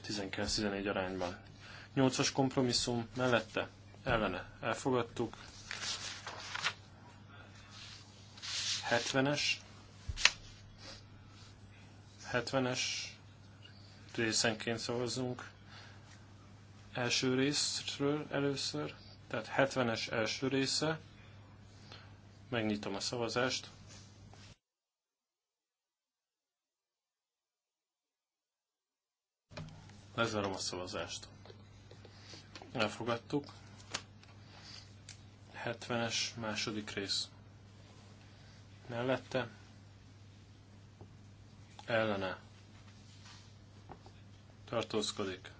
19-14 arányban. 8-as kompromisszum mellette, ellene elfogadtuk. 70-es, 70-es részenként szavazzunk első részről először, tehát 70-es első része, megnyitom a szavazást, Lezárom a szavazást. Elfogadtuk. 70-es második rész. Mellette. Ellene. Tartózkodik.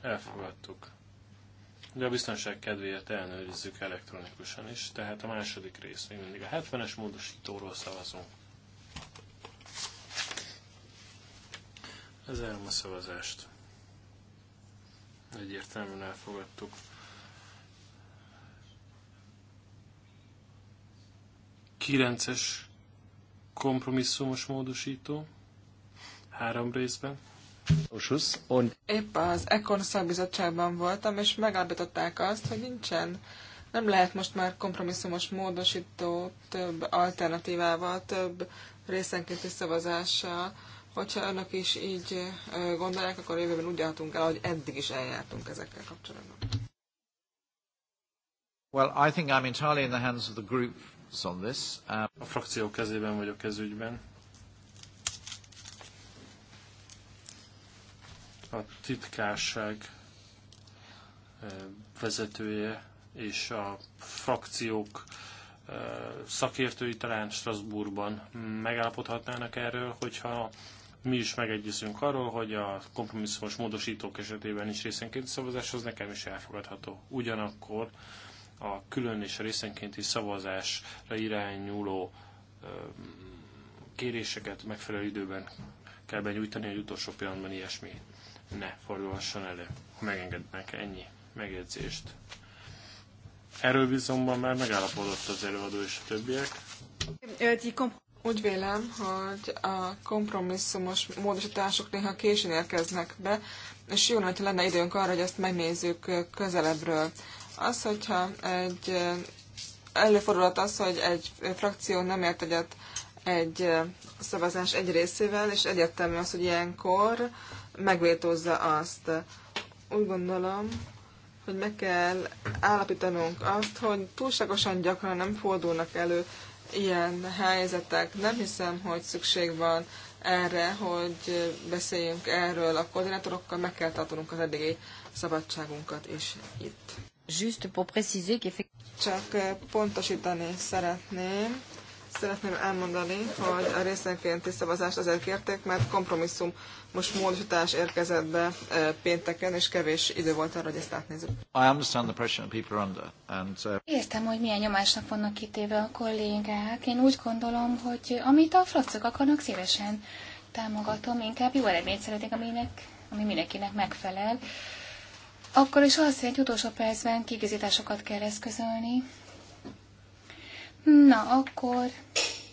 Elfogadtuk. De a biztonság kedvéért ellenőrizzük elektronikusan is, tehát a második rész még mindig a 70-es módosítóról szavazunk. Lezárom a szavazást egyértelműen elfogadtuk. Kilences kompromisszumos módosító, három részben. Épp az Ekon szakbizottságban voltam, és megállapították azt, hogy nincsen, nem lehet most már kompromisszumos módosító több alternatívával, több részenkéti szavazással Hogyha önök is így gondolják, akkor jövőben úgy járhatunk el, ahogy eddig is eljártunk ezekkel kapcsolatban. Well, I think I'm entirely in the hands of the group on this. Um... A frakció kezében vagyok ez ügyben. A titkárság vezetője és a frakciók szakértői talán Strasbourgban megállapodhatnának erről, hogyha mi is megegyezünk arról, hogy a kompromisszumos módosítók esetében is részenkénti az nekem is elfogadható. Ugyanakkor a külön és a részenkénti szavazásra irányuló kéréseket megfelelő időben kell benyújtani, hogy utolsó pillanatban ilyesmi ne fordulhasson elő, ha megengednek ennyi megjegyzést. Erről viszont már megállapodott az előadó és a többiek. Úgy vélem, hogy a kompromisszumos módosítások néha későn érkeznek be, és jó lenne, ha lenne időnk arra, hogy ezt megnézzük közelebbről. Az, hogyha egy előfordulhat az, hogy egy frakció nem ért egyet egy szavazás egy részével, és egyértelmű az, hogy ilyenkor megvétózza azt. Úgy gondolom, hogy meg kell állapítanunk azt, hogy túlságosan gyakran nem fordulnak elő ilyen helyzetek. Nem hiszem, hogy szükség van erre, hogy beszéljünk erről a koordinátorokkal, meg kell tartanunk az eddigi szabadságunkat is itt. Just pour préciser Csak eh, pontosítani szeretném, Szeretném elmondani, hogy a részenkénti szavazást azért kérték, mert kompromisszum most módosítás érkezett be pénteken, és kevés idő volt arra, hogy ezt átnézzük. I understand the pressure people are under, and, uh, Értem, hogy milyen nyomásnak vannak kitéve a kollégák. Én úgy gondolom, hogy amit a fracok akarnak, szívesen támogatom. Inkább jó eredményt szeretnék, aminek, ami mindenkinek megfelel. Akkor is az, hogy egy utolsó percben kigazításokat kell eszközölni, Na, akkor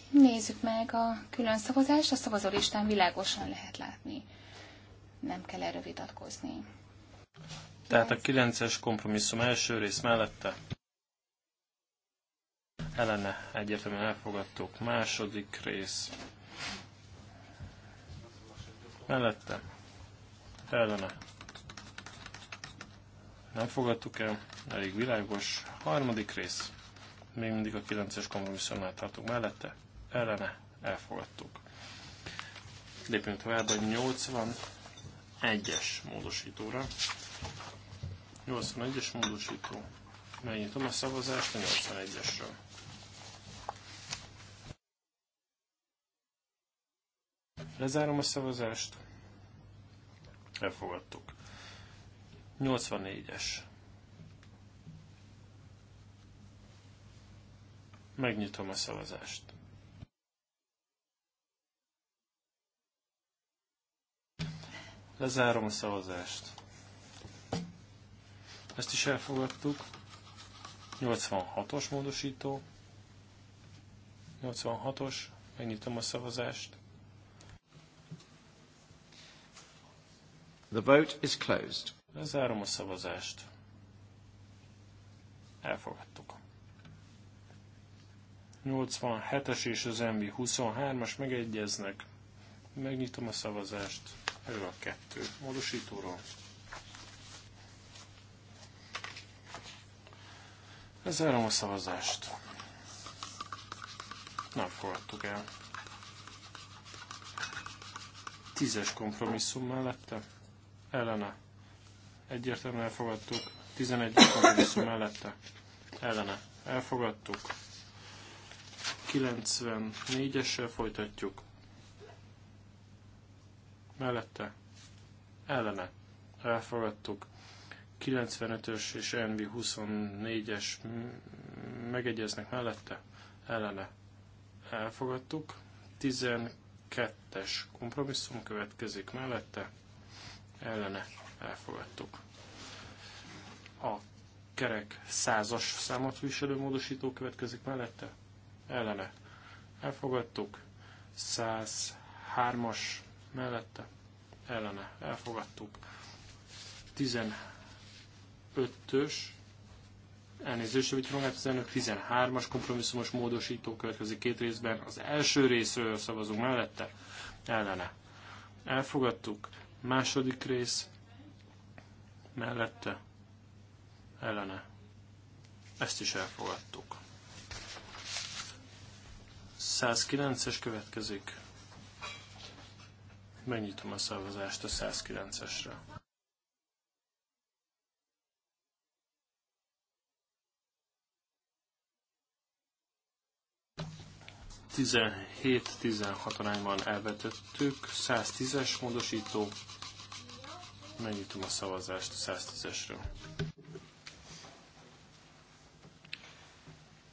nézzük meg a külön szavazást, a szavazólistán világosan lehet látni. Nem kell erről vitatkozni. Tehát a 9-es kompromisszum első rész mellette ellene egyértelműen elfogadtuk. Második rész mellette ellene nem fogadtuk el, elég világos. Harmadik rész még mindig a 9-es kompromisszumát tartunk mellette, ellene elfogadtuk. Lépjünk tovább a 81-es módosítóra. 81-es módosító. Megnyitom a szavazást a 81-esről. Lezárom a szavazást. Elfogadtuk. 84-es Megnyitom a szavazást. Lezárom a szavazást. Ezt is elfogadtuk. 86-os módosító. 86-os. Megnyitom a szavazást. The vote is closed. Lezárom a szavazást. Elfogadtuk. 87-es és az MV 23-as megegyeznek. Megnyitom a szavazást. Erről a kettő módosítóról. Lezárom a szavazást. Nem fogadtuk el. Tízes kompromisszum mellette. Ellene. Egyértelműen elfogadtuk. Tizenegy kompromisszum mellette. Ellene. Elfogadtuk. 94-essel folytatjuk. Mellette ellene elfogadtuk. 95-ös és NV 24-es megegyeznek mellette, ellene elfogadtuk. 12-es kompromisszum következik mellette, ellene elfogadtuk. A kerek százas számot viselő módosító következik mellette, ellene elfogadtuk, 103-as mellette ellene elfogadtuk, 15-ös, elnézést, hogy magát az elnök, 13-as kompromisszumos módosító következik két részben, az első részről szavazunk mellette, ellene elfogadtuk, második rész mellette ellene ezt is elfogadtuk. 109-es következik. Megnyitom a szavazást a 109-esre. Tizenhét, tizenhat arányban elvetettük, 110-es módosító, megnyitom a szavazást a 110-esről.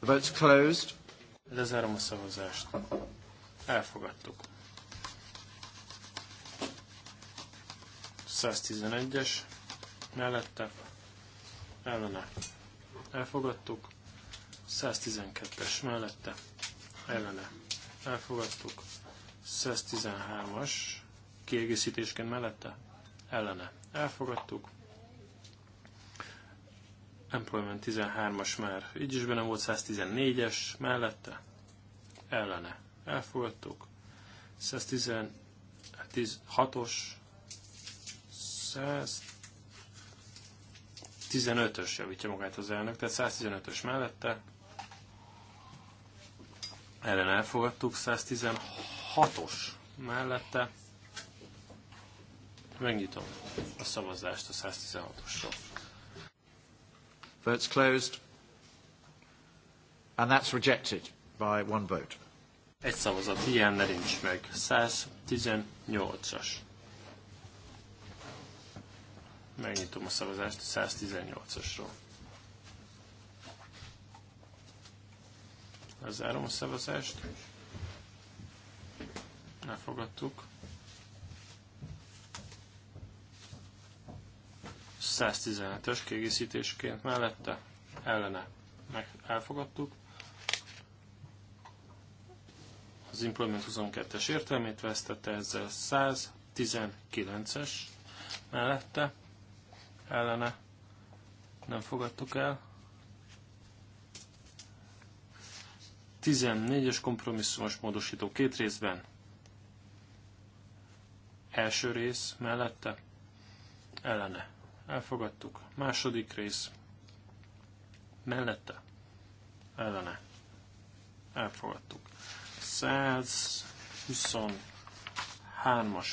The vote's closed. Lezárom a szavazást. Elfogadtuk. 111-es mellette ellene elfogadtuk, 112-es mellette ellene elfogadtuk, 113-as kiegészítésként mellette ellene elfogadtuk, Employment 13-as már így is benne volt, 114-es mellette, ellene elfogadtuk, 116-os, 115-ös javítja magát az elnök, tehát 115-ös mellette, ellen elfogadtuk, 116-os mellette, megnyitom a szavazást a 116-osról. Votes closed. And that's rejected by one vote. Egy szavazat ne nincs meg. 118-as. Megnyitom a szavazást 118-asról. Lezárom a szavazást. Elfogadtuk. 115-ös kiegészítésként mellette ellene meg elfogadtuk. Az Implement 22-es értelmét vesztette ezzel 119-es mellette ellene nem fogadtuk el. 14-es kompromisszumos módosító két részben. Első rész mellette ellene elfogadtuk. Második rész mellette, ellene, elfogadtuk. 123-as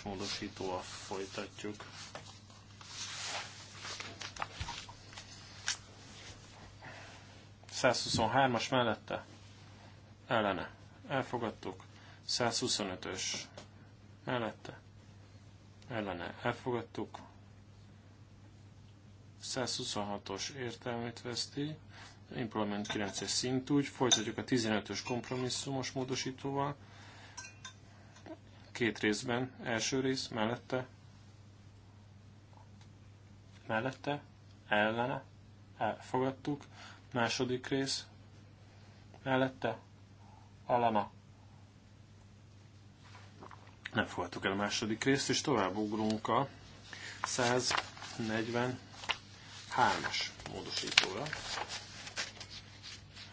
módosítóval folytatjuk. as mellette, ellene, elfogadtuk. 125-ös mellette, ellene, elfogadtuk. 126-os értelmét veszti, implement 9-es szint úgy, folytatjuk a 15-ös kompromisszumos módosítóval, két részben, első rész, mellette, mellette, ellene, elfogadtuk, második rész, mellette, alama. Nem fogadtuk el a második részt, és tovább ugrunk a 140 hármas módosítóra.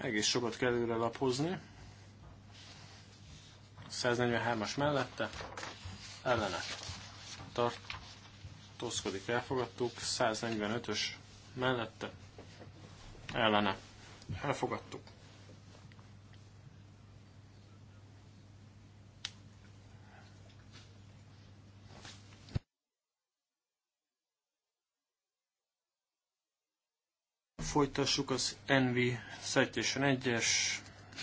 Egész sokat kell előre lapozni. 143-as mellette ellene tartózkodik, elfogadtuk. 145-ös mellette ellene elfogadtuk. folytassuk az NV Citation 1-es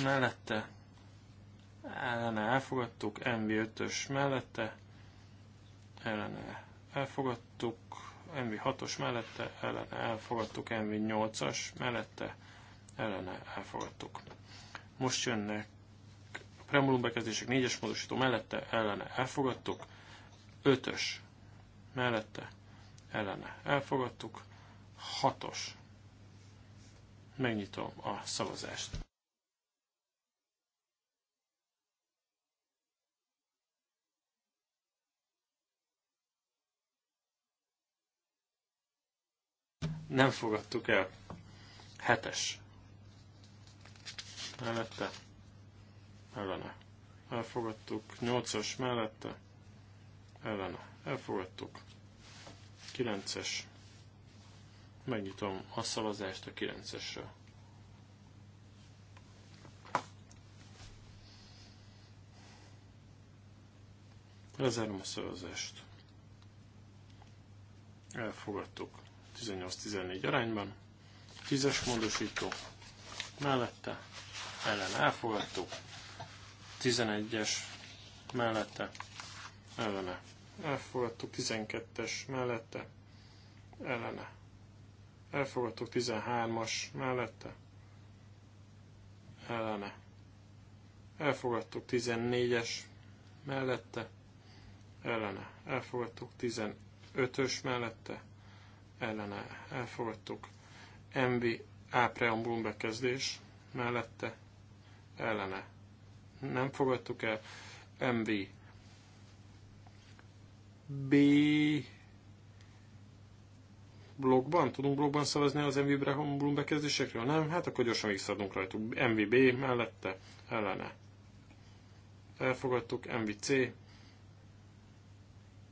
mellette ellene elfogadtuk, NV 5-ös mellette ellene elfogadtuk, NV 6-os mellette ellene elfogadtuk, NV 8-as mellette ellene elfogadtuk. Most jönnek a premolum bekezdések 4-es módosító mellette ellene elfogadtuk, 5-ös mellette ellene elfogadtuk, 6-os Megnyitom a szavazást. Nem fogadtuk el. Hetes. Mellette. Ellene. Elfogadtuk. Nyolcas mellette. Ellene. Elfogadtuk. Kilences Megnyitom a szavazást a 9-esről. Lezárom a szavazást. Elfogadtuk 18-14 arányban. 10-es módosító mellette, ellen elfogadtuk. 11-es mellette, ellene elfogadtuk. 12-es mellette, ellene Elfogadtuk 13-as mellette. Ellene. Elfogadtuk 14-es mellette. Ellene. Elfogadtuk 15-ös mellette. Ellene. Elfogadtuk MV A bekezdés mellette. Ellene. Nem fogadtuk el MV B blogban? Tudunk blogban szavazni az MVB Braham bekezdésekről? Nem? Hát akkor gyorsan visszadunk rajtuk. MVB mellette, ellene. Elfogadtuk. MVC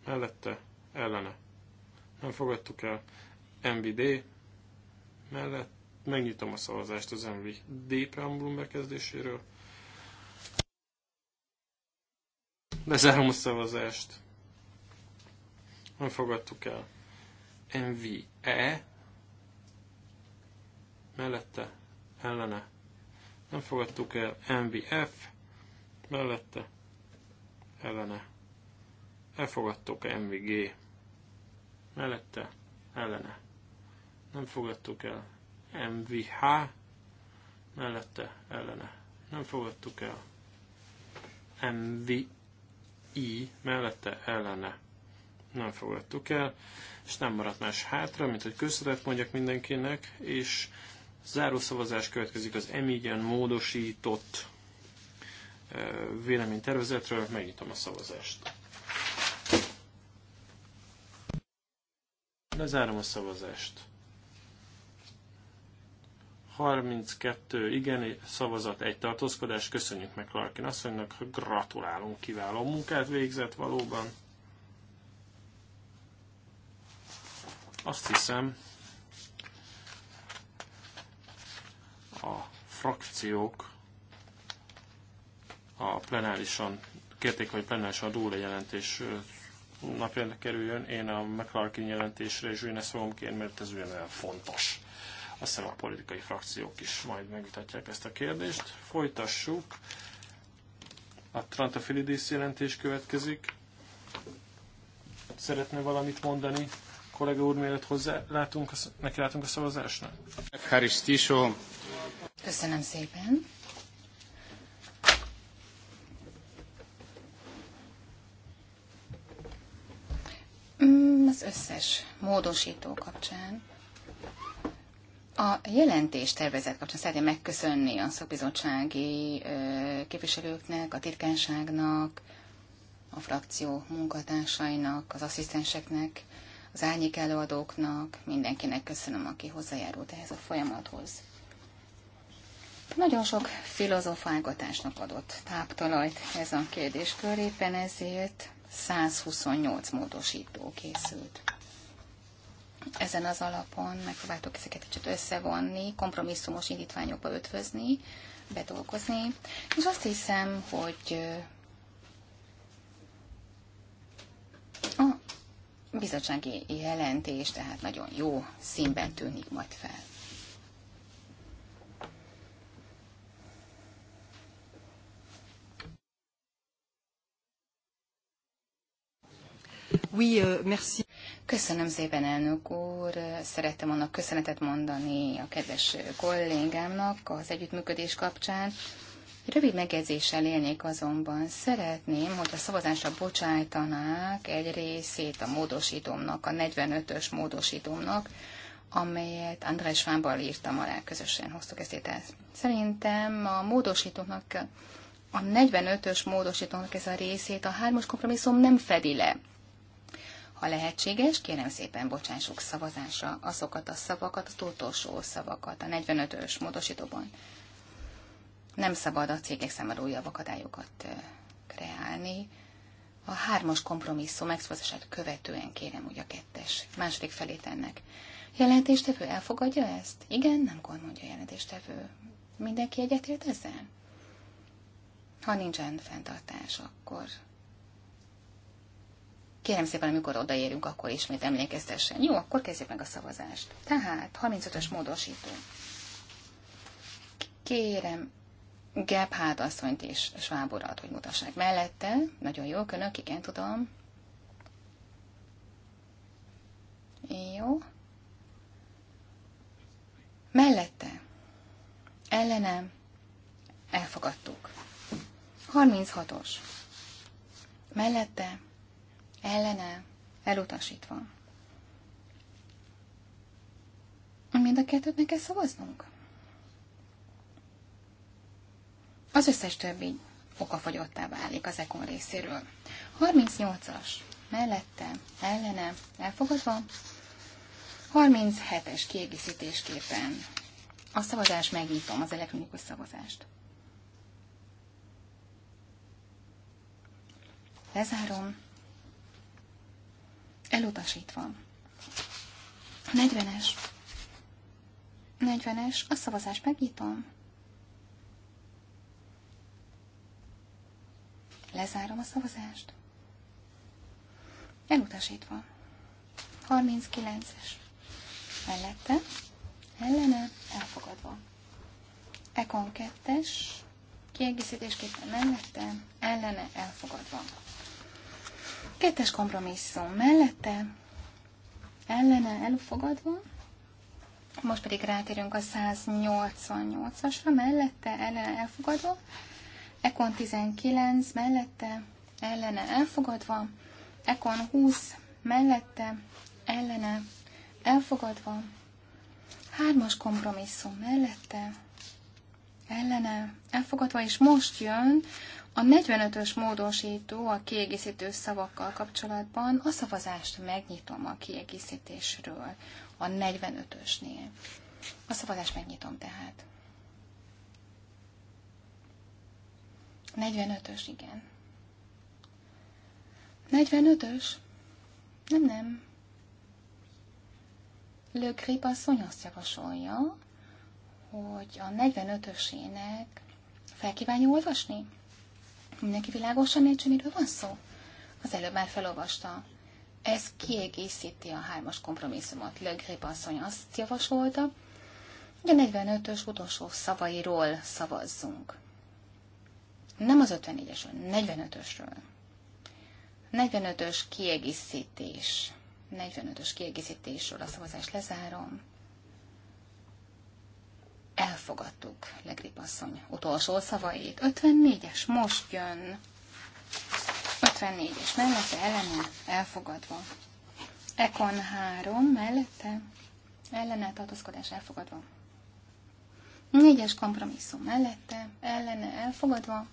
mellette, ellene. Nem fogadtuk el. MVD mellett. Megnyitom a szavazást az MVD Bloom bekezdéséről. Lezárom a szavazást. Nem fogadtuk el. NVE mellette ellene nem fogadtuk el NVF mellette ellene elfogadtuk NVG mellette ellene nem fogadtuk el MVH mellette ellene nem fogadtuk el MVI mellette ellene nem fogadtuk el, és nem maradt más hátra, mint hogy köszönet mondjak mindenkinek, és záró szavazás következik az emígyen módosított véleménytervezetről, megnyitom a szavazást. Lezárom a szavazást. 32 igen szavazat, egy tartózkodás. Köszönjük meg Larkin asszonynak, gratulálunk, kiváló munkát végzett valóban. Azt hiszem, a frakciók a plenárisan kérték, hogy plenárisan a Dúle jelentés napjára kerüljön. Én a McClarkin jelentésre is ugyanezt fogom kérni, mert ez olyan fontos. Azt hiszem a politikai frakciók is majd megvitatják ezt a kérdést. Folytassuk. A Trantafilidis jelentés következik. Szeretne valamit mondani? kollega úr, mielőtt hozzá látunk, neki látunk a szavazásnak. Köszönöm szépen. Mm, az összes módosító kapcsán a jelentés tervezet kapcsán szeretném megköszönni a szakbizottsági képviselőknek, a titkánságnak, a frakció munkatársainak, az asszisztenseknek, az árnyék előadóknak, mindenkinek köszönöm, aki hozzájárult ehhez a folyamathoz. Nagyon sok filozofálgatásnak adott táptalajt ez a kérdéskör, éppen ezért 128 módosító készült. Ezen az alapon megpróbáltuk ezeket kicsit összevonni, kompromisszumos indítványokba ötvözni, bedolgozni, és azt hiszem, hogy bizottsági jelentés, tehát nagyon jó színben tűnik majd fel. Oui, euh, merci. Köszönöm szépen, elnök úr. Szerettem volna köszönetet mondani a kedves kollégámnak az együttműködés kapcsán. Rövid megjegyzéssel élnék azonban. Szeretném, hogy a szavazásra bocsájtanák egy részét a módosítomnak, a 45-ös módosítomnak, amelyet András Schwabal írtam alá, közösen hoztuk ezt étel. Szerintem a módosítóknak, a 45-ös módosítónak ez a részét a hármas kompromisszum nem fedi le. Ha lehetséges, kérem szépen bocsássuk szavazásra azokat a szavakat, az utolsó szavakat a 45-ös módosítóban. Nem szabad a cégek számára újabb akadályokat kreálni. A hármas kompromisszum expozicsát követően kérem úgy a kettes, második felét ennek. Jelentéstevő elfogadja ezt? Igen, nem mondja jelentéstevő. Mindenki egyetért ezzel? Ha nincsen fenntartás, akkor Kérem szépen, amikor odaérünk, akkor ismét emlékeztessen. Jó, akkor kezdjük meg a szavazást. Tehát, 35-ös módosító. Kérem, Gebhard asszonyt és Schwab hogy mutassák mellette. Nagyon jó, önök, igen, tudom. Jó. Mellette. Ellenem. Elfogadtuk. 36-os. Mellette. Ellene. Elutasítva. Mind a kettőt meg kell szavaznunk? Az összes többi okafogyottá válik az ekon részéről. 38-as mellette, ellene, elfogadva. 37-es kiegészítésképpen a szavazás megnyitom, az elektronikus szavazást. Lezárom. Elutasítva. 40-es. 40-es, a szavazást megnyitom. Lezárom a szavazást. Elutasítva. 39-es. Mellette. Ellene. Elfogadva. Ekon 2-es. Kiegészítésképpen mellette. Ellene. Elfogadva. Kettes kompromisszum mellette. Ellene. Elfogadva. Most pedig rátérünk a 188-asra, mellette ellene elfogadva, Ekon 19 mellette, ellene elfogadva, Ekon 20 mellette, ellene elfogadva, hármas kompromisszum mellette, ellene elfogadva, és most jön a 45-ös módosító a kiegészítő szavakkal kapcsolatban a szavazást megnyitom a kiegészítésről a 45-ösnél. A szavazást megnyitom tehát. 45-ös, igen. 45-ös? Nem, nem. Le Grip asszony azt javasolja, hogy a 45-ösének felkívánja olvasni? Mindenki világosan értse, miről van szó? Az előbb már felolvasta. Ez kiegészíti a hármas kompromisszumot. Le Grip asszony azt javasolta, hogy a 45-ös utolsó szavairól szavazzunk nem az 54-esről, 45-ösről. 45-ös kiegészítés. 45-ös kiegészítésről a szavazást lezárom. Elfogadtuk Legrip asszony utolsó szavait. 54-es most jön. 54-es mellette ellene elfogadva. Ekon 3 mellette ellene tartózkodás elfogadva. 4-es kompromisszum mellette ellene elfogadva.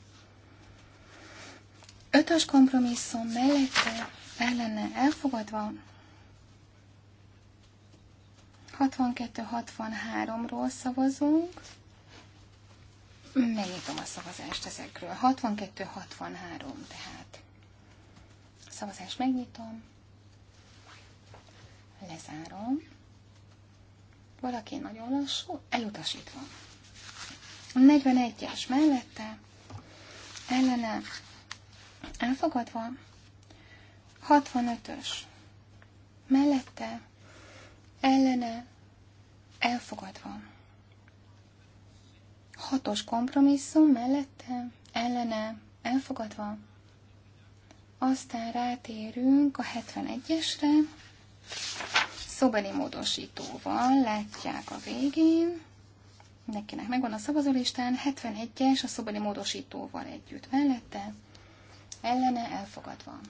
Ötös kompromisszum mellette lenne elfogadva 62-63-ról szavazunk. Megnyitom a szavazást ezekről. 62-63 tehát. Szavazást megnyitom. Lezárom. Valaki nagyon lassú, elutasítva. 41-es mellette, ellene Elfogadva. 65-ös. Mellette. Ellene. Elfogadva. Hatos kompromisszum mellette. Ellene. Elfogadva. Aztán rátérünk a 71-esre. Szobeli módosítóval látják a végén. Mindenkinek megvan a szavazolistán. 71-es a szobeli módosítóval együtt mellette ellene elfogadva.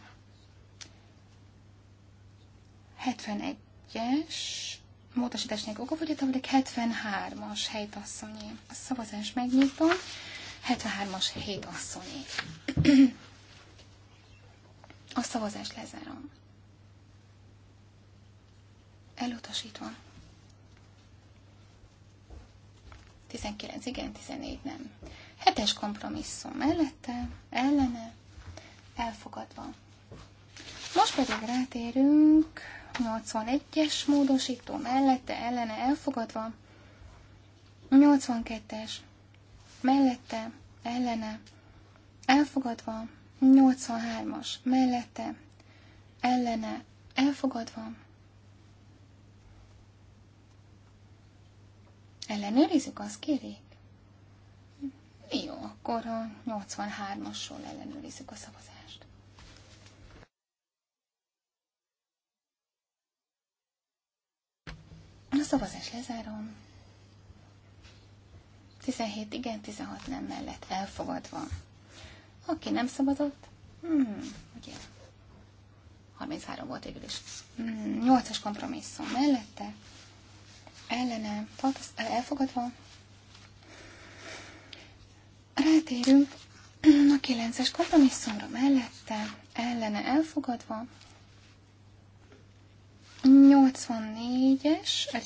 71-es módosítás nélkül okafogyatom, de 73-as helytasszonyi. A szavazás megnyitva. 73-as helytasszonyi. A szavazás lezárom. Elutasítva. 19 igen, 14 nem. Hetes kompromisszum mellette, ellene, elfogadva. Most pedig rátérünk 81-es módosító mellette ellene elfogadva, 82-es mellette ellene elfogadva, 83-as mellette ellene elfogadva. Ellenőrizzük, azt kérik? Jó, akkor a 83-asról ellenőrizzük a szavazást. A szavazás lezárom. 17 igen, 16 nem mellett elfogadva. Aki nem szavazott, hmm, ugye, 33 volt végül is. Hmm, 8-as kompromisszum mellette, ellene, tartoz, elfogadva. Rátérünk a 9-es kompromisszumra mellette, ellene elfogadva, 84-es,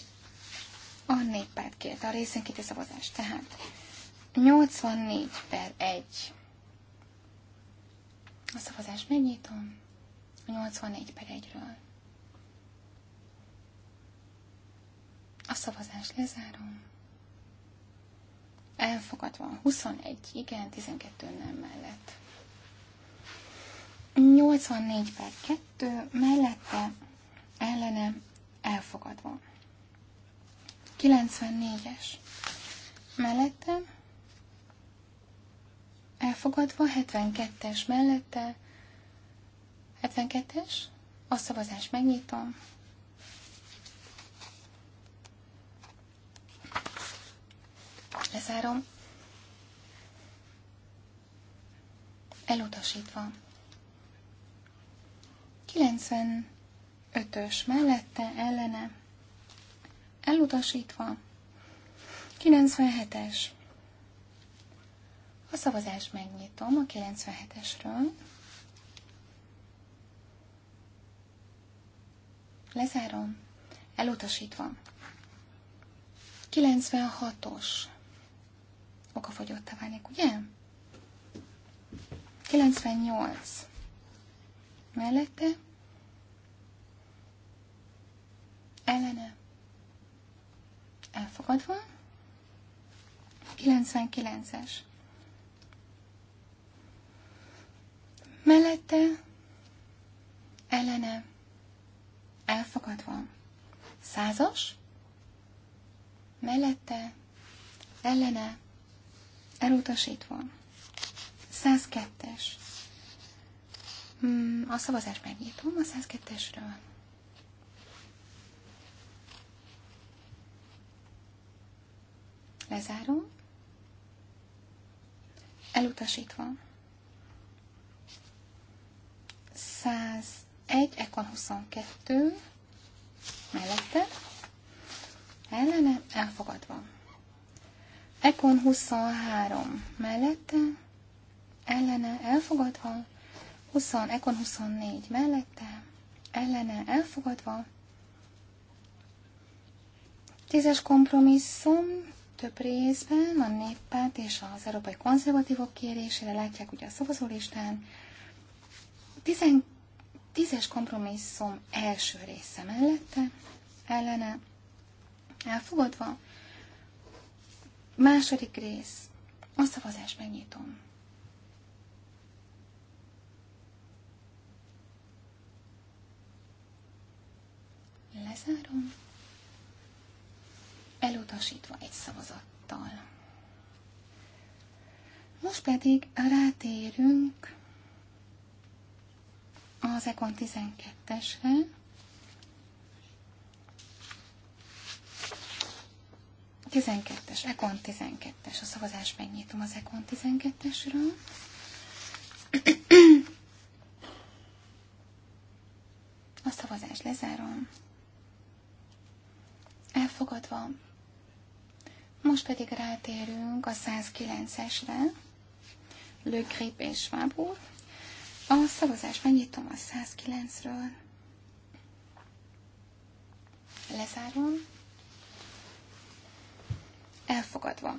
a néppárt kérte a részénkéti szavazást, tehát 84 per 1. A szavazást megnyitom. A 84 per 1-ről. A szavazást lezárom. Elfogadva 21, igen, 12 nem mellett. 84 per 2 mellette ellene elfogadva. 94-es mellette elfogadva, 72-es mellette, 72-es, a szavazás megnyitom. Lezárom. Elutasítva. 90 Ötös mellette, ellene, elutasítva. 97-es. A szavazást megnyitom a 97-esről. Lezárom. Elutasítva. 96-os. Okafogyottá válik, ugye? 98. Mellette ellene elfogadva. 99-es mellette ellene elfogadva. Százas mellette ellene elutasítva. 102-es. Hmm, a szavazást megnyitom a 102-esről. Lezárom. Elutasítva. 101, Ekon 22, mellette, ellene, elfogadva. Ekon 23, mellette, ellene, elfogadva. 20, Ekon 24, mellette, ellene, elfogadva. Tízes kompromisszum, több részben a néppárt és az európai konzervatívok kérésére látják ugye a szavazólistán. Tizen tízes kompromisszum első része mellette, ellene elfogadva. Második rész. A szavazás megnyitom. Lezárom elutasítva egy szavazattal. Most pedig rátérünk az Ekon 12-esre. Tizenkettes, Ekon 12-es, a szavazás megnyitom az Ekon 12-esről. A szavazás lezárom. Elfogadva most pedig rátérünk a 109-esre. Le Grip és Schwab A szavazás megnyitom a 109-ről. Lezárom. Elfogadva.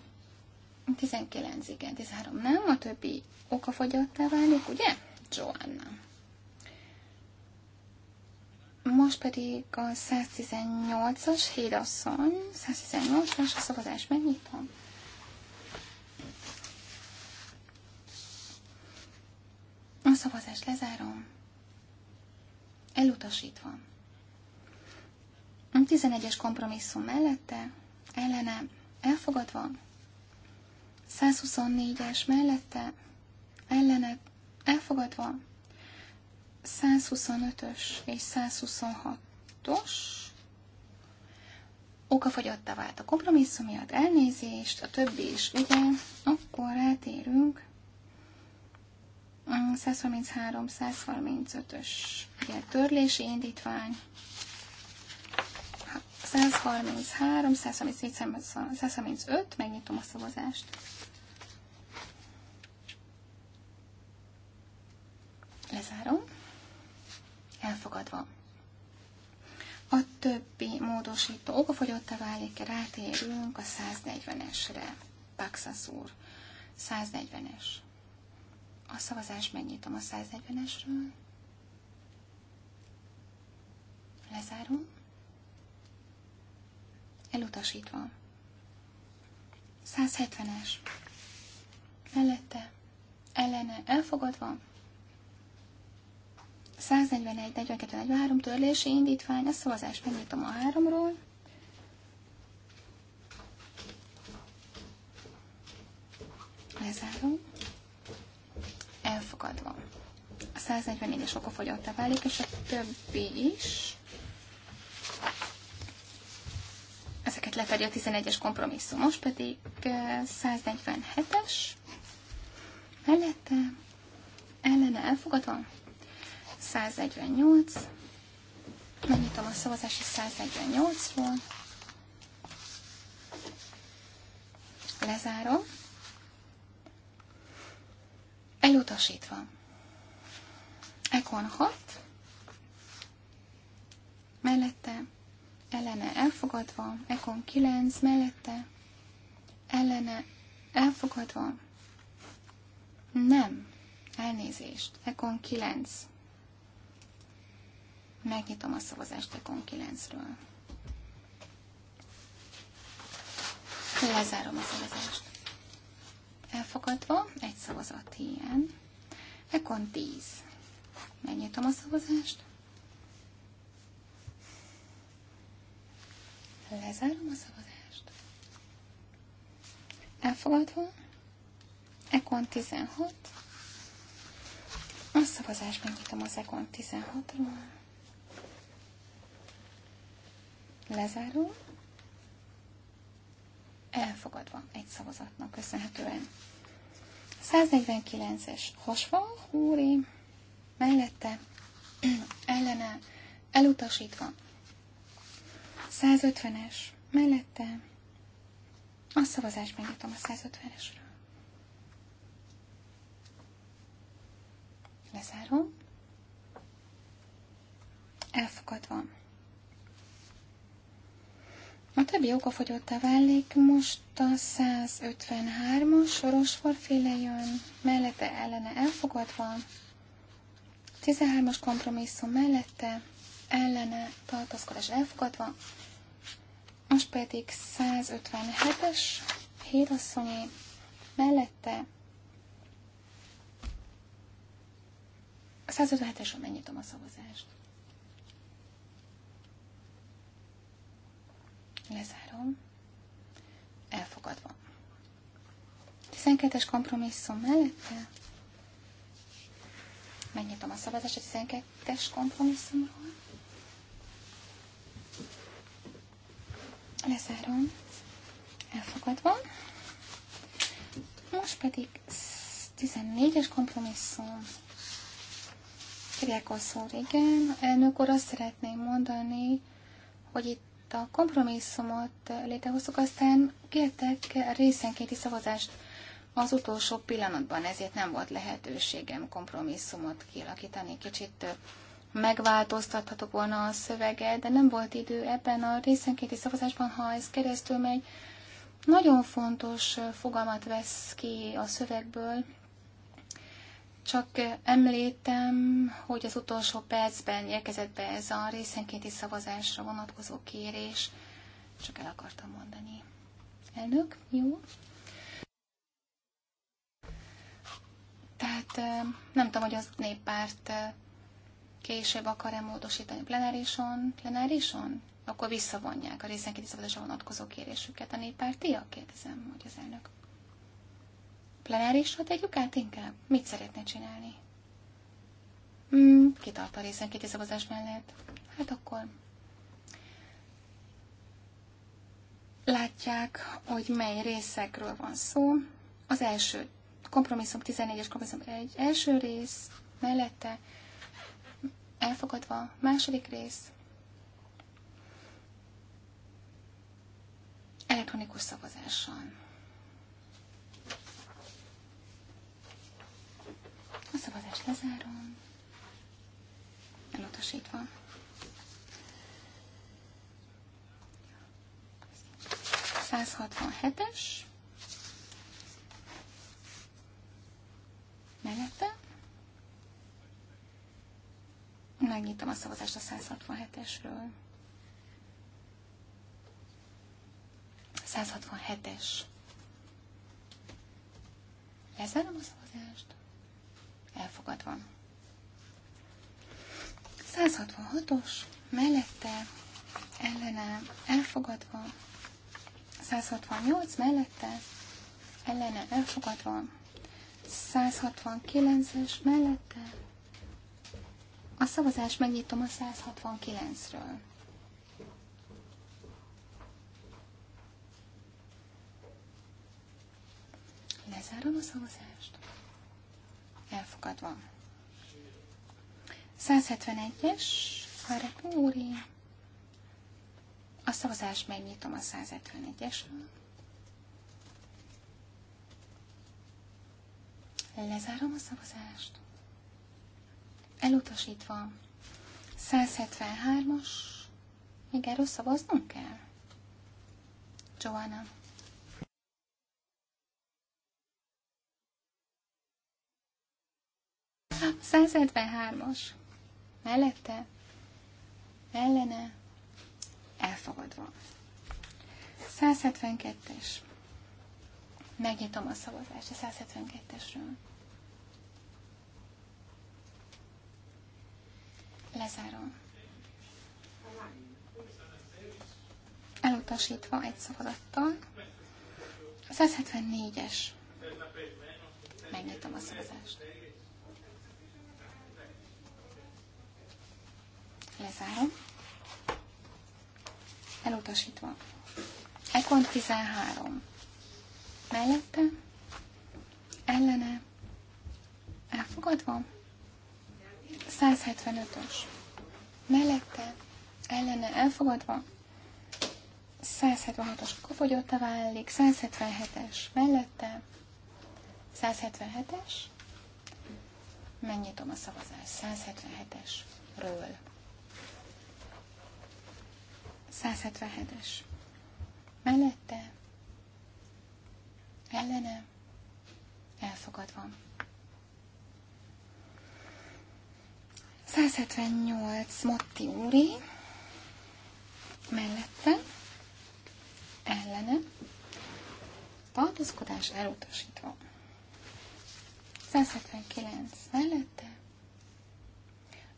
19 igen, 13 nem, a többi okafogyottá válik, ugye? Joanna. Most pedig a 118-as hídasszony, 118-as, a szabadás megnyitom. A szavazást lezárom. Elutasítva. A 11-es kompromisszum mellette, ellene, elfogadva. 124-es mellette, ellene, elfogadva. 125-ös és 126-os okafogyottá vált a kompromisszum miatt elnézést, a többi is ugye, akkor rátérünk 133-135-ös ugye, törlési indítvány, 133, 134, 135, megnyitom a szavazást. Lezárom elfogadva. A többi módosító okafogyottá válik, rátérünk a 140-esre. Paxas úr, 140-es. A szavazás megnyitom a 140-esről. Lezárom. Elutasítva. 170-es. Mellette, ellene, elfogadva. 141, 42, 43 törlési indítvány, a szavazást megnyitom a háromról. Lezárom. Elfogadva. A 144-es okafogyottá válik, és a többi is. Ezeket lefedi a 11-es kompromisszum. Most pedig 147-es. Mellette ellene elfogadva 148. Megnyitom a szavazási 148-ról. Lezárom. Elutasítva. Ekon 6. Mellette ellene elfogadva. Ekon 9 mellette ellene elfogadva. Nem. Elnézést. Ekon 9. Megnyitom a szavazást Ekon 9-ről. Lezárom a szavazást. Elfogadva, egy szavazat ilyen. Ekon 10. Megnyitom a szavazást. Lezárom a szavazást. Elfogadva. Ekon 16. A szavazást megnyitom az Ekon 16-ról. lezárul Elfogadva egy szavazatnak köszönhetően. 149-es hasva, húri, mellette, ellene, elutasítva. 150-es, mellette, a szavazást megnyitom a 150-esről. Lezárom. Elfogadva. A többi a vállék, most a 153-as sorosforféle jön, mellette ellene elfogadva, 13-as kompromisszum mellette ellene tartaszkodás elfogadva, most pedig 157-es hétasszonyi mellette 157-es, amennyitom a szavazást. Lezárom. Elfogadva. 12-es kompromisszum mellett, Megnyitom a szavazást a 12-es kompromisszumról. Lezárom. Elfogadva. Most pedig 14-es kompromisszum. Kiriakos úr, igen. Elnök úr, azt szeretném mondani, hogy itt a kompromisszumot létrehoztuk, aztán kértek részenkéti szavazást az utolsó pillanatban, ezért nem volt lehetőségem kompromisszumot kialakítani. Kicsit megváltoztathatok volna a szöveget, de nem volt idő ebben a részenkéti szavazásban, ha ez keresztül megy. Nagyon fontos fogalmat vesz ki a szövegből, csak említem, hogy az utolsó percben érkezett be ez a részenkénti szavazásra vonatkozó kérés. Csak el akartam mondani. Elnök, jó? Tehát nem tudom, hogy az néppárt később akar-e módosítani plenárison. Plenárison? Akkor visszavonják a részenkénti szavazásra vonatkozó kérésüket a néppártiak? Kérdezem, hogy az elnök plenárisra tegyük át inkább? Mit szeretne csinálni? Hmm, kitart a részen két szavazás mellett. Hát akkor látják, hogy mely részekről van szó. Az első kompromisszum 14-es kompromisszum egy első rész, mellette elfogadva második rész, elektronikus szavazással. lezárom. Elutasítva. Száz 167-es. Mellette. Megnyitom a szavazást a 167-esről. 167-es. Lezárom a szavazást elfogadva. 166-os mellette ellene elfogadva, 168 mellette ellene elfogadva, 169-es mellette. A szavazást megnyitom a 169-ről. Lezárom a szavazást elfogadva. 171-es, Harapúri. A szavazást megnyitom a 171 es Lezárom a szavazást. Elutasítva. 173-as. Még erről szavaznunk kell? Joanna. 173-as. Mellette, ellene, elfogadva. 172-es. Megnyitom a szavazást a 172-esről. Lezárom. Elutasítva egy szavazattal. 174-es. Megnyitom a szavazást. Lezárom. Elutasítva. Ekon 13. Mellette, ellene, elfogadva. 175-ös. Mellette, ellene, elfogadva. 176-os kofogyotta válik, 177-es mellette, 177-es, Mennyitom a szavazást 177-esről. 177-es. Mellette, ellene, elfogadva. 178 Motti úri, mellette, ellene, tartózkodás elutasítva. 179 mellette,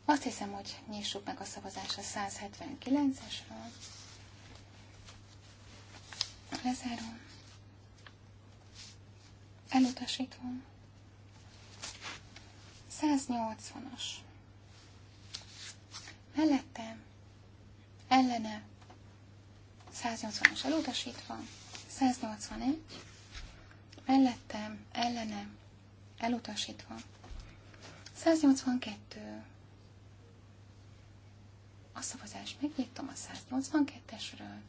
azt hiszem, hogy nyissuk meg a szavazás a 179-esről. Lezárom. Elutasítom. 180-as. Mellette, ellene, 180-as elutasítva, 181, mellettem, Ellene. elutasítva. 182, a szavazást megnyitom a 182-esről.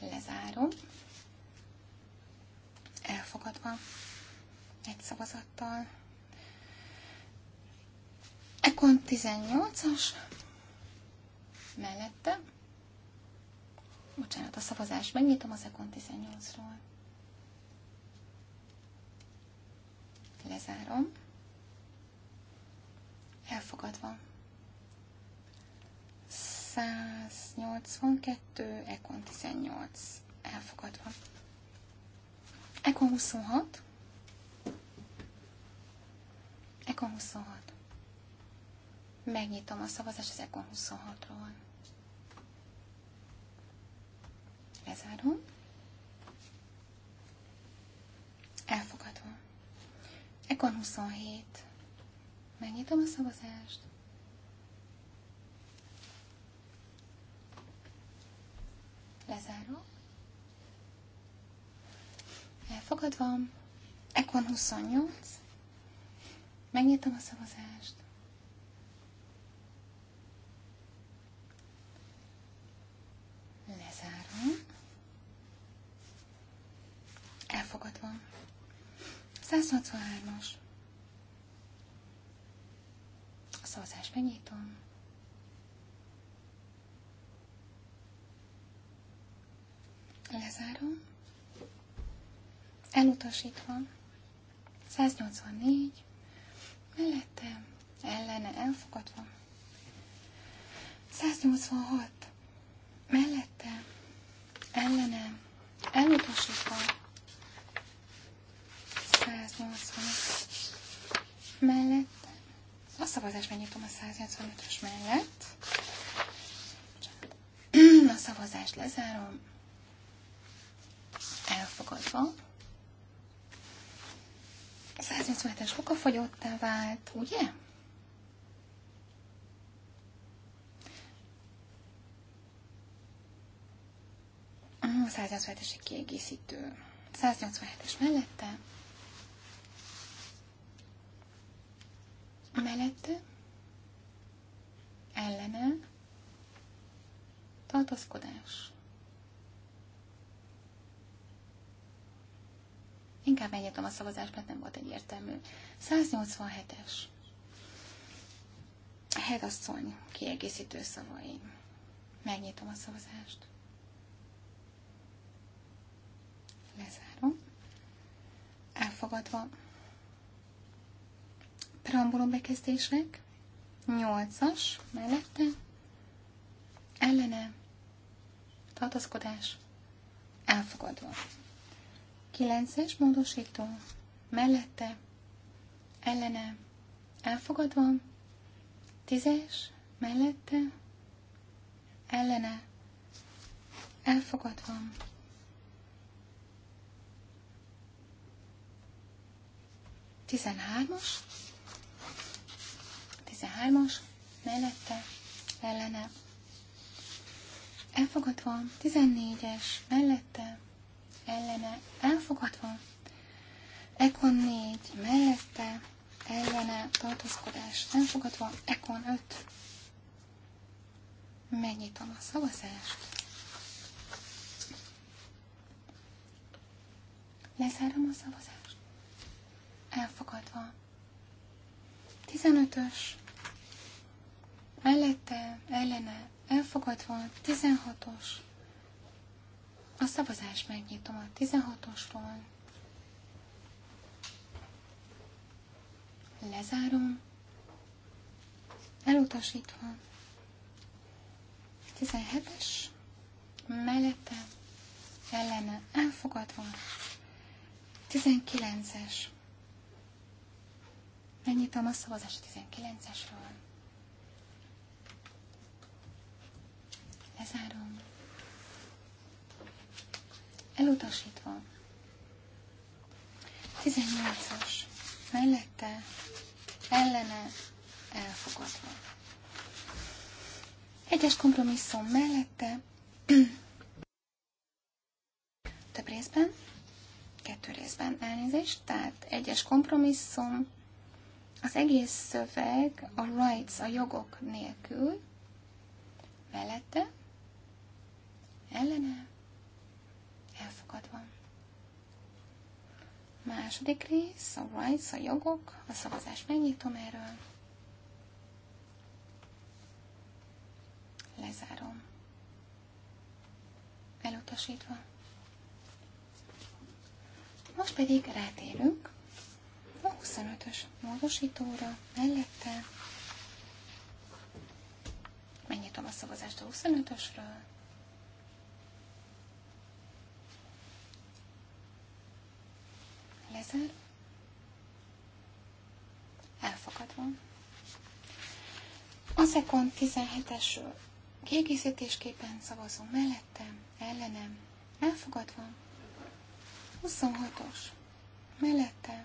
Lezárom. Elfogadva egy szavazattal. Ekon 18-as mellette. Bocsánat, a szavazás megnyitom az Ekon 18-ról. Lezárom. Elfogadva. 182, Econ 18. Elfogadva. Econ 26. Econ 26. Megnyitom a szavazást az Econ 26-ról. Lezárom. Elfogadva. Econ 27. Megnyitom a szavazást. Lezárom. Elfogadva. Ekon 28. Megnyitom a szavazást. Lezárom. Elfogadva. 163-as szavazást megnyitom. Lezárom. Elutasítva. 184. Mellette ellene elfogadva. 186. Mellette ellene elutasítva. A szavazás megnyitom a 185-ös mellett. A szavazást lezárom. Elfogadva. 187-es okafogyottá vált, ugye? A 187-es kiegészítő. 187-es mellette mellette, ellene, tartozkodás. Inkább megnyitom a szavazást, mert nem volt egyértelmű. 187-es. Hegasszony kiegészítő szavai. Megnyitom a szavazást. Lezárom. Elfogadva preambulum bekezdések, 8-as mellette, ellene, tartaszkodás, elfogadva. 9-es módosító, mellette, ellene, elfogadva, 10-es, mellette, ellene, elfogadva. Tizenhármas, 13-as mellette ellene. Elfogadva 14-es mellette ellene. Elfogadva. Ekon 4 mellette ellene tartózkodás. Elfogadva. Ekon 5. Megnyitom a szavazást. Lezárom a szavazást. Elfogadva. 15-ös mellette, ellene, elfogadva, 16-os. A szavazást megnyitom a 16-osról. Lezárom. Elutasítva. 17-es. Mellette, ellene, elfogadva. 19-es. Megnyitom a szavazást 19-esről. Lezárom. Elutasítva. 18-as. Mellette, ellene, elfogadva. Egyes kompromisszum mellette, több részben, kettő részben elnézést, tehát egyes kompromisszum, az egész szöveg a rights, a jogok nélkül, mellette, ellene, elfogadva. Második rész, a rights, a jogok, a szavazás megnyitom erről. Lezárom. Elutasítva. Most pedig rátérünk a 25-ös módosítóra, mellette megnyitom a szavazást a 25-ösről, lezár. Elfogadva. A szekon 17-es kiegészítésképpen szavazom mellettem, ellenem, elfogadva. 26-os mellette,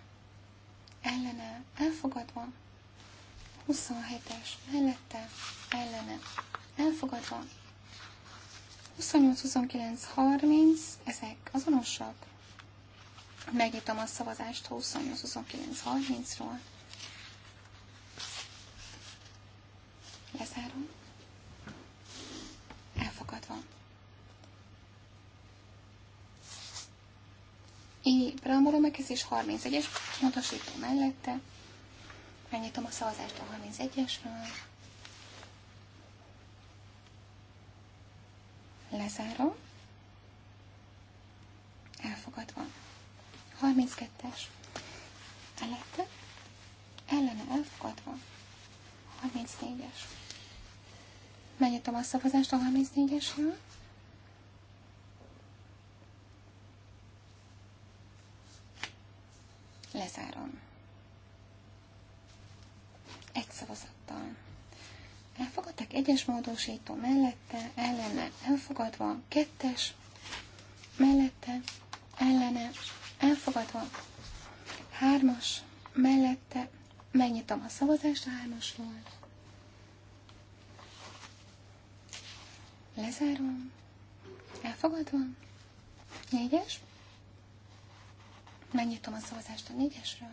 ellene, elfogadva. 27-es mellette, ellene, elfogadva. 28, 29, 30, ezek azonosak, Megnyitom a szavazást 28-29-30-ról. Lezárom. Elfogadva. Így preambulum megkezdés 31-es mutasító mellette. Megnyitom a szavazást a 31-esről. Lezárom. Elfogadva. 32-es mellette ellene elfogadva. 34-es. Megnyitom a szavazást a 34-esről. Lezárom. Egy szavazattal. Elfogadták egyes módosító mellette, ellene elfogadva, kettes mellette, ellene elfogadva. Hármas, mellette megnyitom a szavazást a hármasról. Lezárom. Elfogadva. Négyes. Megnyitom a szavazást a négyesről.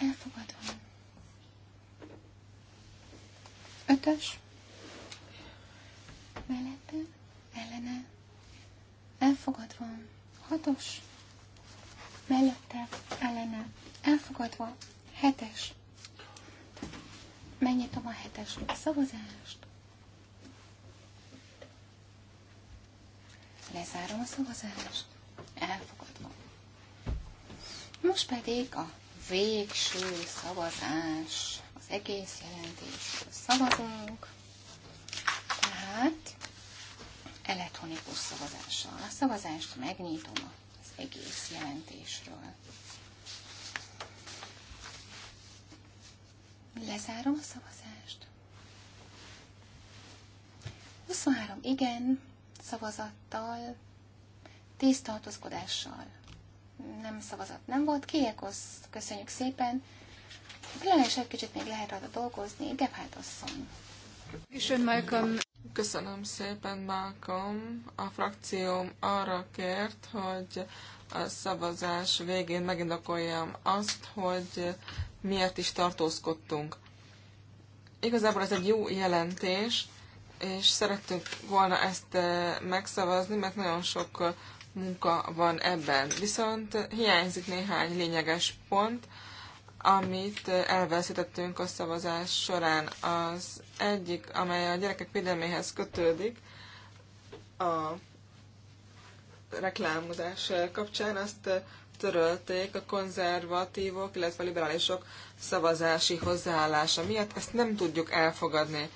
Elfogadva. Ötös. Mellette. Ellene elfogadva. Hatos, mellette, ellene, elfogadva. Hetes. Megnyitom a hetes szavazást. Lezárom a szavazást. Elfogadva. Most pedig a végső szavazás, az egész jelentés. szavazunk. elektronikus szavazással. A szavazást megnyitom az egész jelentésről. Lezárom a szavazást. 23 igen szavazattal, 10 tartózkodással. Nem szavazat nem volt. Kiekhoz köszönjük szépen. Különösen kicsit még lehet rajta dolgozni. Gebhardt asszony. Köszönöm, Köszönöm szépen, Malcolm. A frakcióm arra kért, hogy a szavazás végén megindokoljam azt, hogy miért is tartózkodtunk. Igazából ez egy jó jelentés, és szerettünk volna ezt eh, megszavazni, mert nagyon sok eh, munka van ebben. Viszont hiányzik néhány lényeges pont, amit elveszítettünk a szavazás során. Az egyik, amely a gyerekek védelméhez kötődik, a reklámozás kapcsán, azt törölték a konzervatívok, illetve a liberálisok szavazási hozzáállása miatt. Ezt nem tudjuk elfogadni.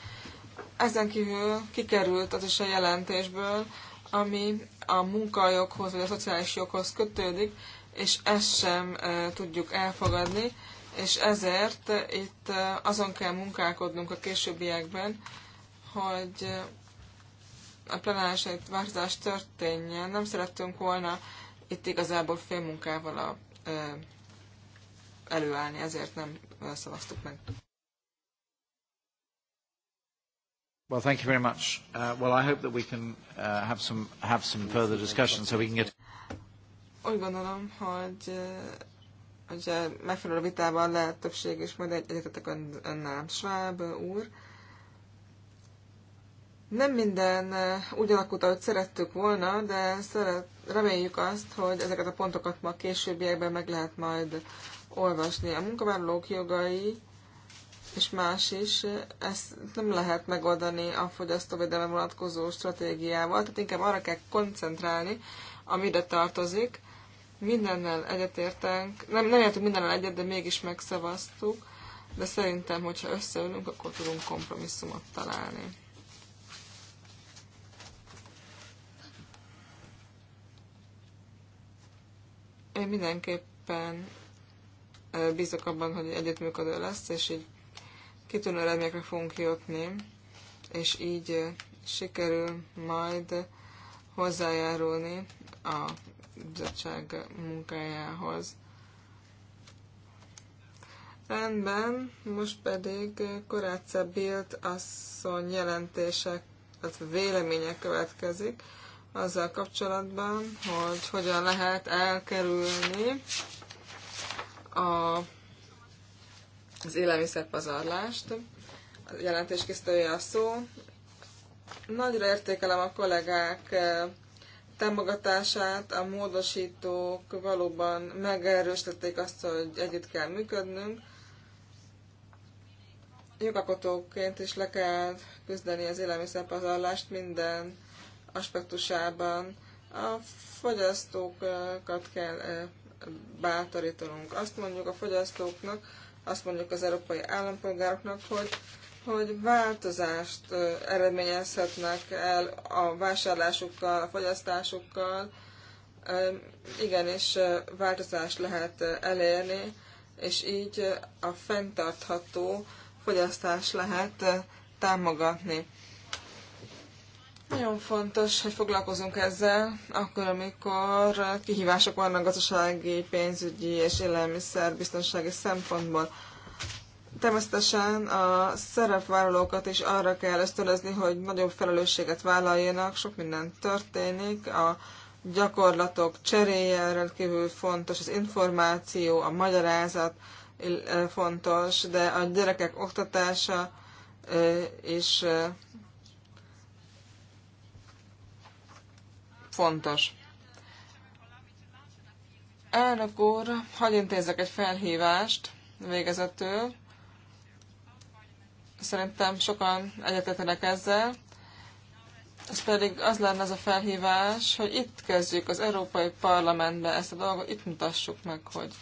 Ezen kívül kikerült az is a jelentésből, ami a munkajoghoz vagy a szociális joghoz kötődik, és ezt sem e, tudjuk elfogadni és ezért itt azon kell munkálkodnunk a későbbiekben, hogy a plenáris változás történjen. Nem szerettünk volna itt igazából munkával a, előállni, ezért nem szavaztuk meg. Well, thank you very much. Uh, well, I hope that we can uh, have some have some further discussion so we can get. Úgy gondolom, hogy ugye megfelelő vitában lehet többség is, majd egyetetek önnel, Schwab úr. Nem minden úgy alakult, ahogy szerettük volna, de szeret, reméljük azt, hogy ezeket a pontokat ma későbbiekben meg lehet majd olvasni. A munkavállalók jogai és más is, ezt nem lehet megoldani a fogyasztóvédelme vonatkozó stratégiával, tehát inkább arra kell koncentrálni, amire tartozik, mindennel egyetértünk, nem, nem értünk mindennel egyet, de mégis megszavaztuk, de szerintem, hogyha összeülünk, akkor tudunk kompromisszumot találni. Én mindenképpen bízok abban, hogy egyetműködő lesz, és így kitűnő eredményekre fogunk jutni, és így sikerül majd hozzájárulni a bizottság munkájához. Rendben, most pedig Koráca Bild asszony jelentések, illetve véleménye következik azzal kapcsolatban, hogy hogyan lehet elkerülni a, az élelmiszerpazarlást. A jelentés a szó. Nagyra értékelem a kollégák eh, támogatását, a módosítók valóban megerősítették azt, hogy együtt kell működnünk. Jogakotóként is le kell küzdeni az élelmiszerpazarlást minden aspektusában. A fogyasztókat kell bátorítanunk. Azt mondjuk a fogyasztóknak, azt mondjuk az európai állampolgároknak, hogy hogy változást eredményezhetnek el a vásárlásukkal, a fogyasztásukkal. Igenis, változást lehet elérni, és így a fenntartható fogyasztás lehet támogatni. Nagyon fontos, hogy foglalkozunk ezzel, akkor, amikor kihívások vannak gazdasági, pénzügyi és élelmiszer biztonsági szempontból. Természetesen a szerepvállalókat is arra kell ösztönözni, hogy nagyobb felelősséget vállaljanak, sok minden történik, a gyakorlatok cseréje rendkívül fontos, az információ, a magyarázat fontos, de a gyerekek oktatása is fontos. Elnök úr, hagyj intézzek egy felhívást végezetül. Szerintem sokan egyetetenek ezzel. Ez pedig az lenne az a felhívás, hogy itt kezdjük az Európai Parlamentbe ezt a dolgot, itt mutassuk meg, hogy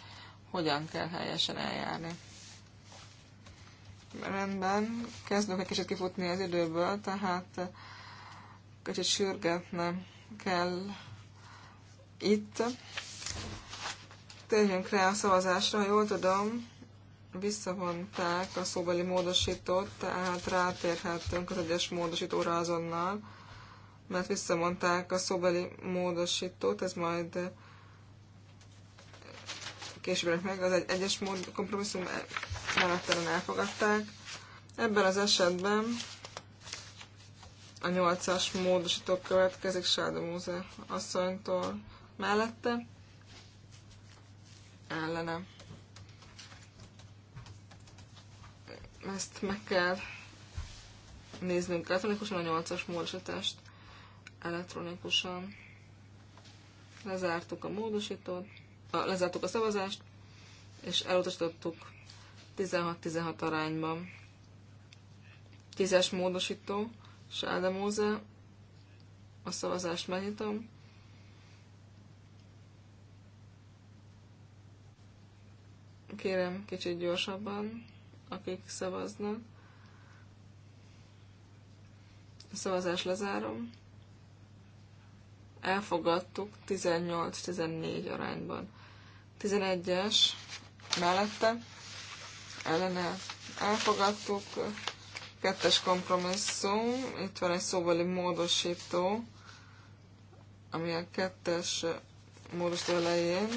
hogyan kell helyesen eljárni. Rendben, kezdünk egy kicsit kifutni az időből, tehát kicsit sürgetnem kell itt. Térjünk rá a szavazásra, ha jól tudom, visszavonták a szóbeli módosítót, tehát rátérhettünk az egyes módosítóra azonnal, mert visszavonták a szóbeli módosítót, ez majd később meg, az egy, egyes mód, kompromisszum mellettelen elfogadták. Ebben az esetben a nyolcas módosító következik Sáda Múze asszonytól mellette, ellene Ezt meg kell néznünk elektronikusan a 8-as módosítást. Elektronikusan lezártuk a módosítót, a, lezártuk a szavazást, és elutasítottuk 16-16 arányban. 10-es módosító, Sáda Móze, a szavazást megnyitom. Kérem, kicsit gyorsabban akik szavaznak. A szavazás lezárom. Elfogadtuk 18-14 arányban. 11-es mellette ellene elfogadtuk. Kettes kompromisszum, itt van egy szóbeli módosító, ami a kettes módosító elején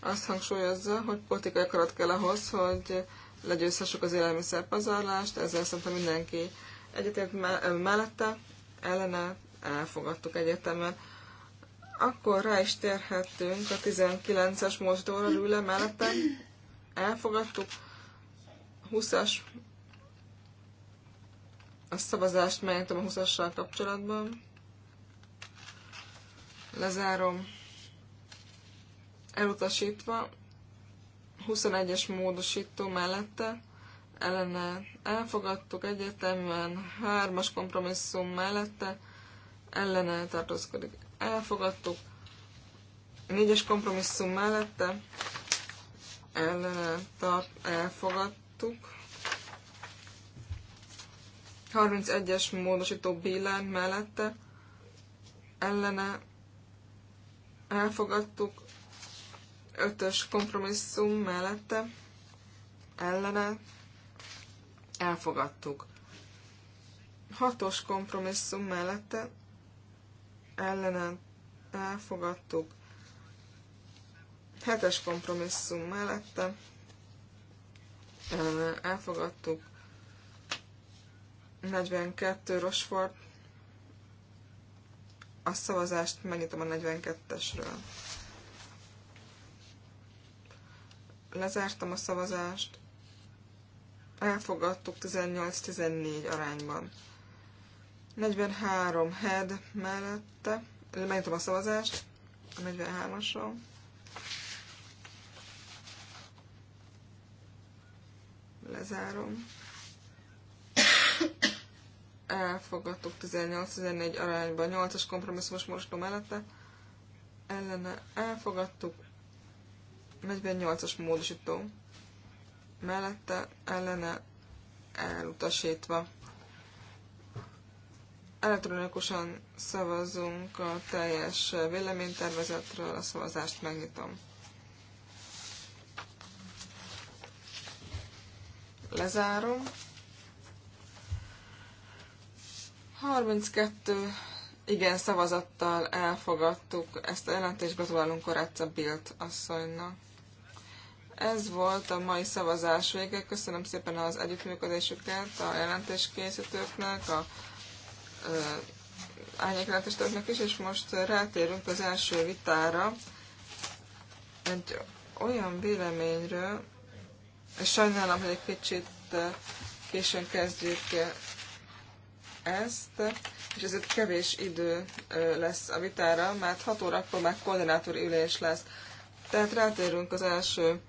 azt hangsúlyozza, hogy politikai akarat kell ahhoz, hogy legyőzhessük az élelmiszerpazarlást, ezzel szerintem mindenki egyetért mellette, ellene elfogadtuk egyetemen. Akkor rá is térhettünk a 19-es mozdóra rüle mellette, elfogadtuk, 20-as a szavazást megnyitom a 20-assal kapcsolatban. Lezárom. Elutasítva. 21-es módosító mellette ellene elfogadtuk egyértelműen, 3-as kompromisszum mellette ellene tartózkodik. Elfogadtuk, 4-es kompromisszum mellette ellene tart, elfogadtuk. 31-es módosító billány mellette ellene elfogadtuk, Ötös kompromisszum mellette ellene elfogadtuk. Hatos kompromisszum mellette ellene elfogadtuk. Hetes kompromisszum mellette ellene elfogadtuk. 42 Rosford. A szavazást megnyitom a 42-esről. Lezártam a szavazást. Elfogadtuk 18-14 arányban. 43 head mellette. Megnyitom a szavazást a 43-asról. Lezárom. Elfogadtuk 18-14 arányban. 8-as kompromisszumos morstó mellette. Ellene elfogadtuk. 48-as módosító mellette ellene elutasítva. Elektronikusan szavazunk a teljes véleménytervezetről, a szavazást megnyitom. Lezárom. 32 igen szavazattal elfogadtuk ezt a jelentést, gratulálunk Korácsa Bilt asszonynak. Ez volt a mai szavazás vége. Köszönöm szépen az együttműködésüket a jelentéskészítőknek, a árnyékjelentéstőknek is, és most rátérünk az első vitára egy olyan véleményről, és sajnálom, hogy egy kicsit későn kezdjük ezt, és ezért kevés idő lesz a vitára, mert 6 órakor már koordinátor ülés lesz. Tehát rátérünk az első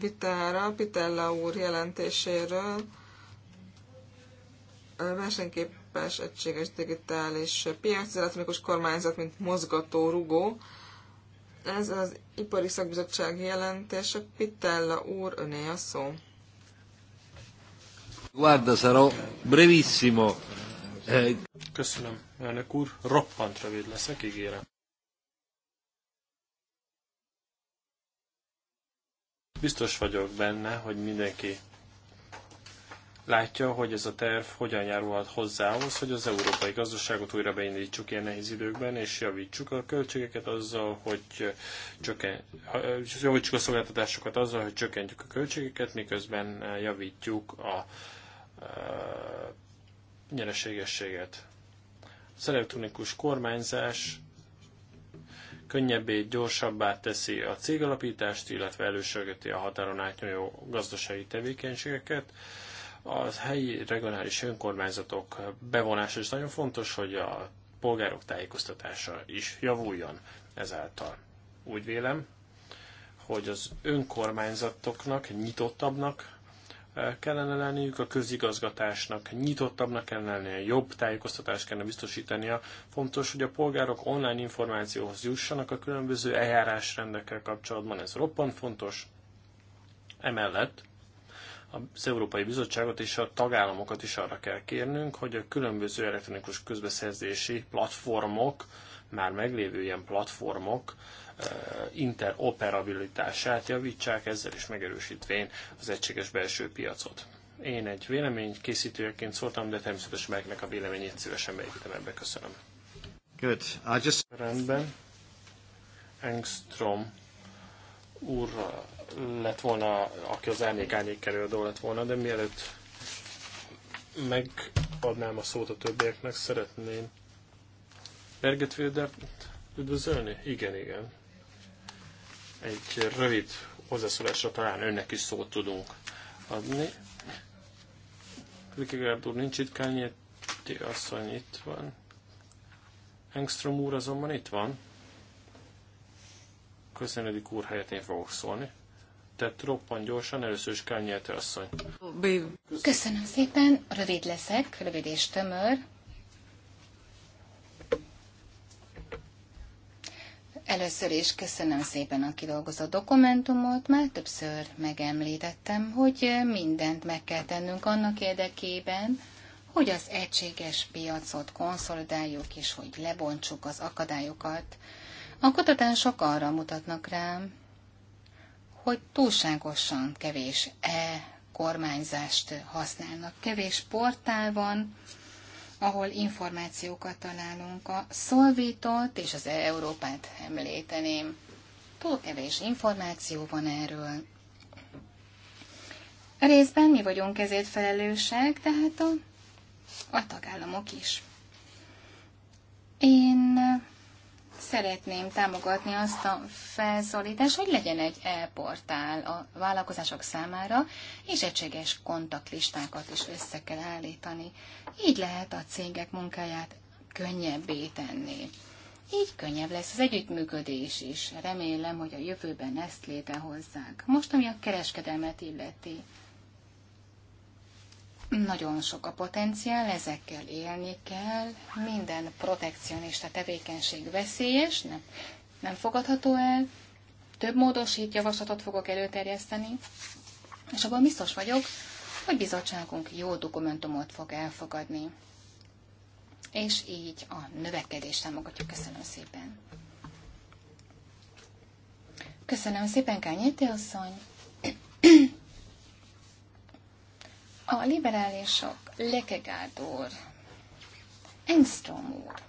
vitára Pitella úr jelentéséről versenyképes egységes digitális piac, az elektronikus kormányzat, mint mozgató rugó. Ez az Ipari Szakbizottság jelentése. Pitella úr, öné a szó. Guarda, sarò brevissimo. Eh, Köszönöm, elnök úr. Roppant rövid leszek, ígérem. Biztos vagyok benne, hogy mindenki látja, hogy ez a terv hogyan járulhat hozzá ahhoz, hogy az európai gazdaságot újra beindítsuk ilyen nehéz időkben, és javítsuk a költségeket azzal, hogy csökken, javítsuk a szolgáltatásokat azzal, hogy csökkentjük a költségeket, miközben javítjuk a, a e, nyereségességet. Az elektronikus kormányzás könnyebbé, gyorsabbá teszi a cégalapítást, illetve elősegíti a határon átnyúló gazdasági tevékenységeket. A helyi regionális önkormányzatok bevonása is nagyon fontos, hogy a polgárok tájékoztatása is javuljon ezáltal. Úgy vélem, hogy az önkormányzatoknak nyitottabbnak kellene lenniük, a közigazgatásnak nyitottabbnak kellene lennie, jobb tájékoztatást kellene biztosítania. Fontos, hogy a polgárok online információhoz jussanak a különböző eljárásrendekkel kapcsolatban, ez roppant fontos. Emellett az Európai Bizottságot és a tagállamokat is arra kell kérnünk, hogy a különböző elektronikus közbeszerzési platformok már meglévő ilyen platformok eh, interoperabilitását javítsák, ezzel is megerősítvén az egységes belső piacot. Én egy vélemény készítőjeként szóltam, de természetesen megnek a véleményét szívesen beépítem ebbe. Köszönöm. Good. I just... Rendben. Engstrom úr lett volna, aki az árnyék árnyék kerüldó lett volna, de mielőtt megadnám a szót a többieknek, szeretném Berget üdvözölni? Igen, igen. Egy rövid hozzászólásra talán önnek is szót tudunk adni. Vikigárd úr nincs itt, Kányéti asszony itt van. Engström úr azonban itt van. Köszönödik úr helyett én fogok szólni. Tehát roppan gyorsan, először is Kányéti asszony. Köszönöm szépen, rövid leszek, rövid és tömör. Először is köszönöm szépen a kidolgozott dokumentumot, már többször megemlítettem, hogy mindent meg kell tennünk annak érdekében, hogy az egységes piacot konszolidáljuk és hogy lebontsuk az akadályokat. A kutatások arra mutatnak rám, hogy túlságosan kevés e kormányzást használnak. Kevés portál van, ahol információkat találunk. A szolvítót és az Európát említeném. Túl kevés információ van erről. A részben mi vagyunk ezért felelősek, tehát a, a tagállamok is. Én szeretném támogatni azt a felszólítást, hogy legyen egy e-portál a vállalkozások számára, és egységes kontaktlistákat is össze kell állítani. Így lehet a cégek munkáját könnyebbé tenni. Így könnyebb lesz az együttműködés is. Remélem, hogy a jövőben ezt létrehozzák. Most, ami a kereskedelmet illeti. Nagyon sok a potenciál, ezekkel élni kell, minden protekcionista tevékenység veszélyes, nem, nem fogadható el, több módosít javaslatot fogok előterjeszteni, és abban biztos vagyok, hogy bizottságunk jó dokumentumot fog elfogadni. És így a növekedést támogatjuk. Köszönöm szépen. Köszönöm szépen, Kányéti asszony. A liberálisok, Lekegárd úr, Engström úr.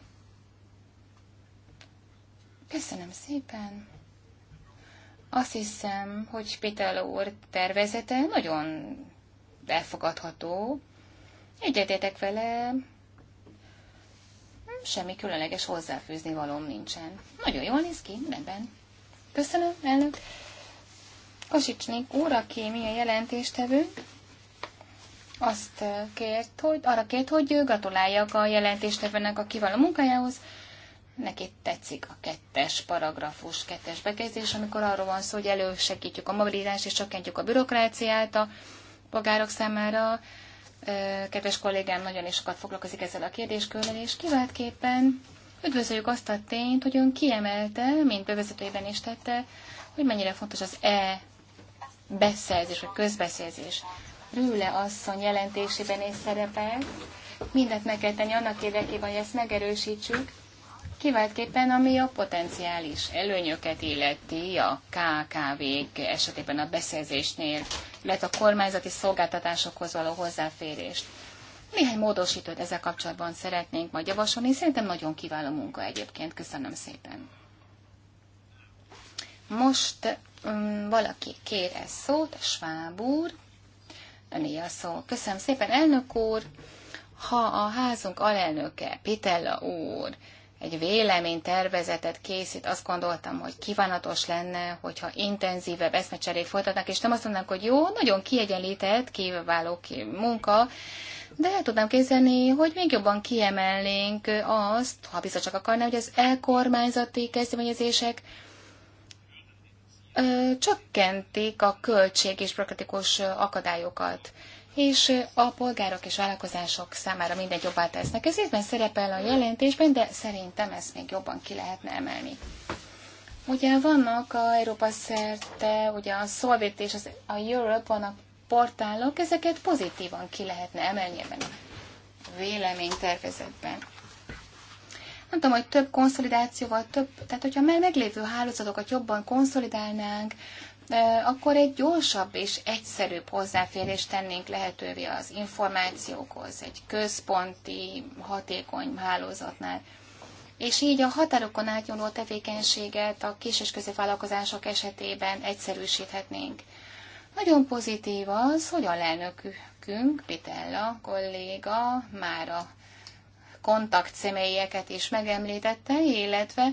Köszönöm szépen. Azt hiszem, hogy Péter úr tervezete nagyon elfogadható. Egyetétek vele, semmi különleges hozzáfűzni valóm nincsen. Nagyon jól néz ki, rendben. Köszönöm, elnök. Kosicsnik úr, a kémia jelentéstevő, azt eh, kért, hogy, arra kért, hogy gratuláljak a jelentéstevőnek a kiváló munkájához. Neki tetszik a kettes paragrafus, kettes bekezdés, amikor arról van szó, hogy elősegítjük a mobilitást és csökkentjük a bürokráciát a polgárok számára. Eh, kedves kollégám nagyon is sokat foglalkozik ezzel a kérdéskörrel, és kiváltképpen üdvözöljük azt a tényt, hogy ön kiemelte, mint bevezetőjében is tette, hogy mennyire fontos az e beszerzés, vagy közbeszerzés. Rüle asszony jelentésében is szerepel. mindet meg kell tenni annak érdekében, hogy ezt megerősítsük, kiváltképpen ami a potenciális előnyöket illeti a KKV-k esetében a beszerzésnél, illetve a kormányzati szolgáltatásokhoz való hozzáférést. Néhány módosítót ezzel kapcsolatban szeretnénk majd javasolni. Szerintem nagyon kiváló munka egyébként. Köszönöm szépen. Most um, valaki kér ezt szót, Schwab úr öné a szó. Köszönöm szépen, elnök úr! Ha a házunk alelnöke, Pitella úr, egy véleménytervezetet készít, azt gondoltam, hogy kívánatos lenne, hogyha intenzívebb eszmecserét folytatnak, és nem azt mondanánk, hogy jó, nagyon kiegyenlített, kívülváló munka, de el tudnám képzelni, hogy még jobban kiemelnénk azt, ha biztos csak akarná, hogy az elkormányzati kezdeményezések csökkentik a költség és bürokratikus akadályokat, és a polgárok és vállalkozások számára minden jobbá tesznek. Ez évben szerepel a jelentésben, de szerintem ezt még jobban ki lehetne emelni. Ugye vannak a Európa szerte, ugye a Solvit és az, a Europe vannak portálok, ezeket pozitívan ki lehetne emelni ebben a véleménytervezetben. Nem tudom, hogy több konszolidációval, több, tehát hogyha már meglévő hálózatokat jobban konszolidálnánk, akkor egy gyorsabb és egyszerűbb hozzáférést tennénk lehetővé az információkhoz, egy központi, hatékony hálózatnál. És így a határokon átnyúló tevékenységet a kis- és középvállalkozások esetében egyszerűsíthetnénk. Nagyon pozitív az, hogy a lelnökünk, Pitella kolléga már a kontaktszemélyeket is megemlítette, illetve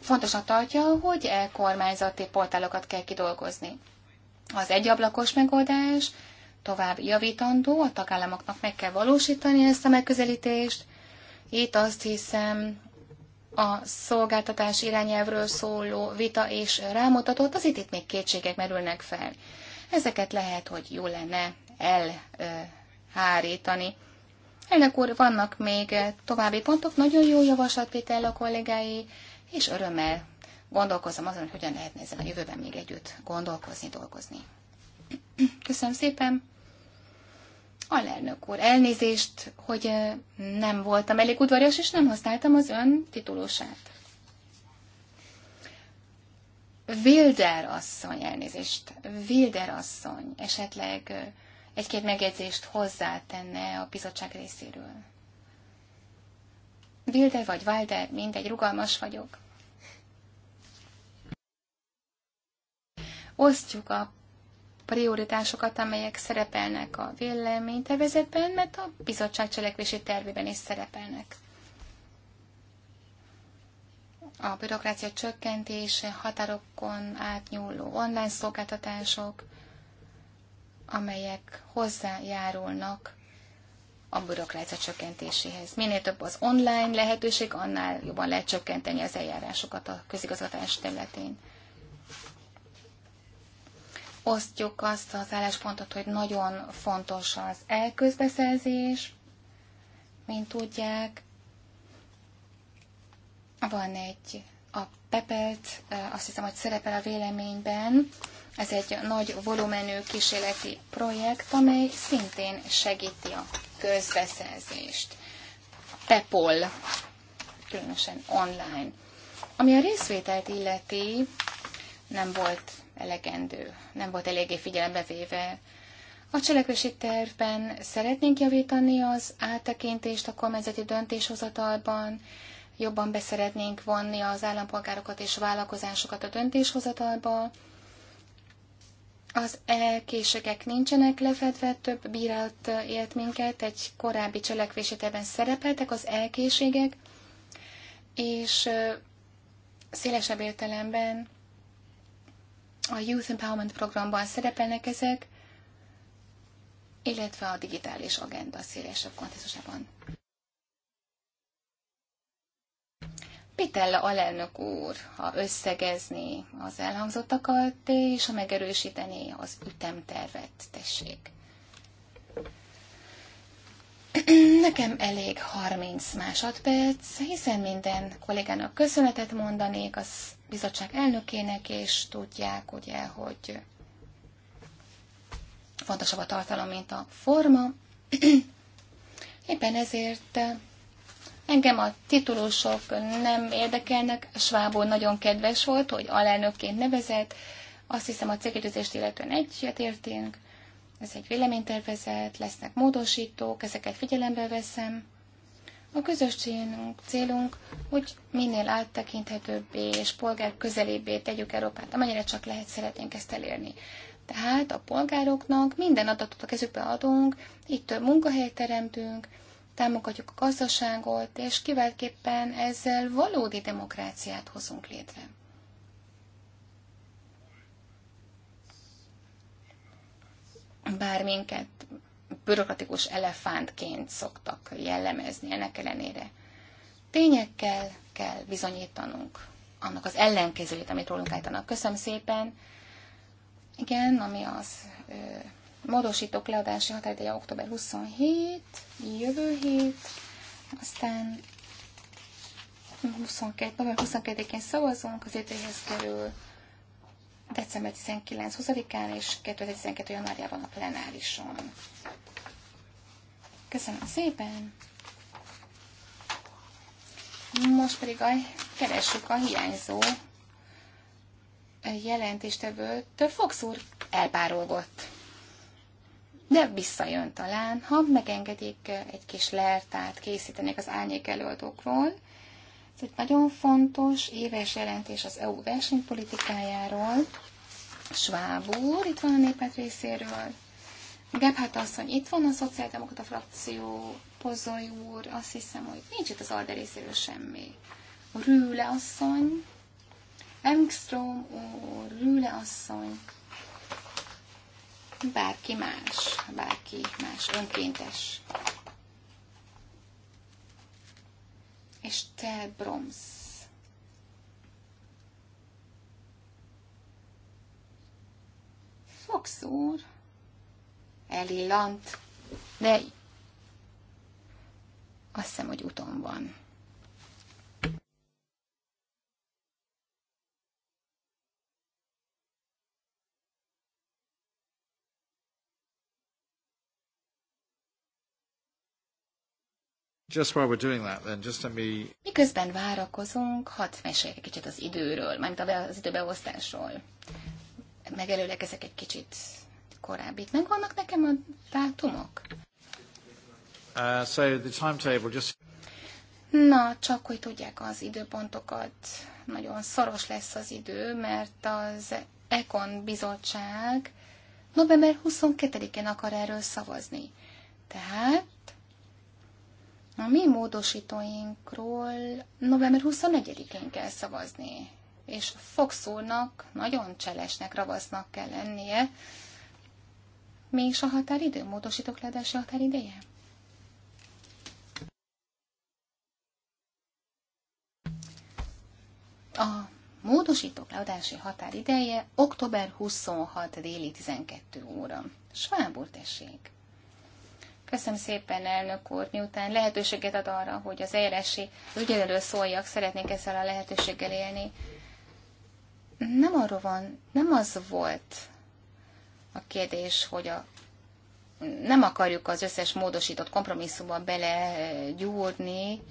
fontosnak tartja, hogy kormányzati portálokat kell kidolgozni. Az egyablakos megoldás tovább javítandó, a tagállamoknak meg kell valósítani ezt a megközelítést. Itt azt hiszem, a szolgáltatás irányelvről szóló vita és rámutatott, az itt, itt még kétségek merülnek fel. Ezeket lehet, hogy jó lenne elhárítani. Elnök úr, vannak még eh, további pontok, nagyon jó javaslat Péter a kollégái, és örömmel gondolkozom azon, hogy hogyan lehetne ezen a jövőben még együtt gondolkozni, dolgozni. Köszönöm szépen. Alelnök úr, elnézést, hogy eh, nem voltam elég udvarias, és nem használtam az ön titulósát. Wilder asszony, elnézést. Wilder asszony, esetleg eh, egy-két megjegyzést hozzátenne a bizottság részéről. Wilder vagy Walder, mindegy, rugalmas vagyok. Osztjuk a prioritásokat, amelyek szerepelnek a véleménytervezetben, mert a bizottság cselekvési tervében is szerepelnek. A bürokrácia csökkentése, határokon átnyúló online szolgáltatások, amelyek hozzájárulnak a bürokrácia csökkentéséhez. Minél több az online lehetőség, annál jobban lehet csökkenteni az eljárásokat a közigazgatás területén. Osztjuk azt az álláspontot, hogy nagyon fontos az elközbeszerzés, mint tudják. Van egy a Pepelt, eh, azt hiszem, hogy szerepel a véleményben, ez egy nagy volumenű kísérleti projekt, amely szintén segíti a közbeszerzést. Tepol, különösen online. Ami a részvételt illeti, nem volt elegendő, nem volt eléggé figyelembe véve. A cselekvési tervben szeretnénk javítani az áttekintést a kormányzati döntéshozatalban, jobban beszeretnénk vonni az állampolgárokat és vállalkozásokat a döntéshozatalba, az elkésegek nincsenek lefedve, több bírált élt minket, egy korábbi ebben szerepeltek az elkéségek, és szélesebb értelemben a Youth Empowerment programban szerepelnek ezek, illetve a digitális agenda szélesebb kontextusában. Pitella alelnök úr, ha összegezni az elhangzottakat, és ha megerősíteni az ütemtervet, tessék. Nekem elég 30 másodperc, hiszen minden kollégának köszönetet mondanék az bizottság elnökének, és tudják ugye, hogy fontosabb a tartalom, mint a forma. Éppen ezért Engem a titulusok nem érdekelnek. Svábó nagyon kedves volt, hogy alelnökként nevezett. Azt hiszem a cégügyőzést illetően értünk, Ez egy véleménytervezet, lesznek módosítók, ezeket figyelembe veszem. A közös célunk, célunk, hogy minél áttekinthetőbbé és polgár közelébbé tegyük Európát, amennyire csak lehet szeretnénk ezt elérni. Tehát a polgároknak minden adatot a kezükbe adunk, itt több munkahelyet teremtünk, támogatjuk a gazdaságot, és kiváltképpen ezzel valódi demokráciát hozunk létre. Bár minket bürokratikus elefántként szoktak jellemezni ennek ellenére. Tényekkel kell bizonyítanunk annak az ellenkezőjét, amit rólunk állítanak. Köszönöm szépen. Igen, ami az Módosítók leadási határideje október 27, jövő hét, aztán 22, november 22-én szavazunk, az étéhez kerül december 19-20-án és 2012. januárjában a plenárison. Köszönöm szépen! Most pedig a, keressük a hiányzó jelentéstevőt. Fox úr elpárolgott de visszajön talán, ha megengedik egy kis lertát készítenék az árnyék előadókról. Ez egy nagyon fontos éves jelentés az EU versenypolitikájáról. Schwab úr, itt van a népet részéről. Gebhardt asszony, itt van a szociáldemokrata frakció, Pozoly úr, azt hiszem, hogy nincs itt az Alde részéről semmi. Rüle asszony, Engström úr, Rüle asszony, bárki más, bárki más önkéntes. És te bromsz. Fox úr elillant, de azt hiszem, hogy uton van. Just while we're doing that, then, just let me... Miközben várakozunk, hadd meséljek egy kicsit az időről, mármint az időbeosztásról. Megelőleg ezek egy kicsit korábbit. Megvannak nekem a dátumok? Uh, so the timetable just... Na, csak hogy tudják az időpontokat, nagyon szoros lesz az idő, mert az econ bizottság november 22-én akar erről szavazni. Tehát a mi módosítóinkról november 24-én kell szavazni, és Fox úrnak nagyon cselesnek, ravasznak kell lennie. Mi is a határidő? Módosítók leadási határideje? A módosítók leadási határideje október 26 déli 12 óra. Svábor tessék! Köszönöm szépen, elnök úr, miután lehetőséget ad arra, hogy az eljárási ügyedelő szóljak, szeretnék ezzel a lehetőséggel élni. Nem arról van, nem az volt a kérdés, hogy a nem akarjuk az összes módosított kompromisszumba belegyúrni,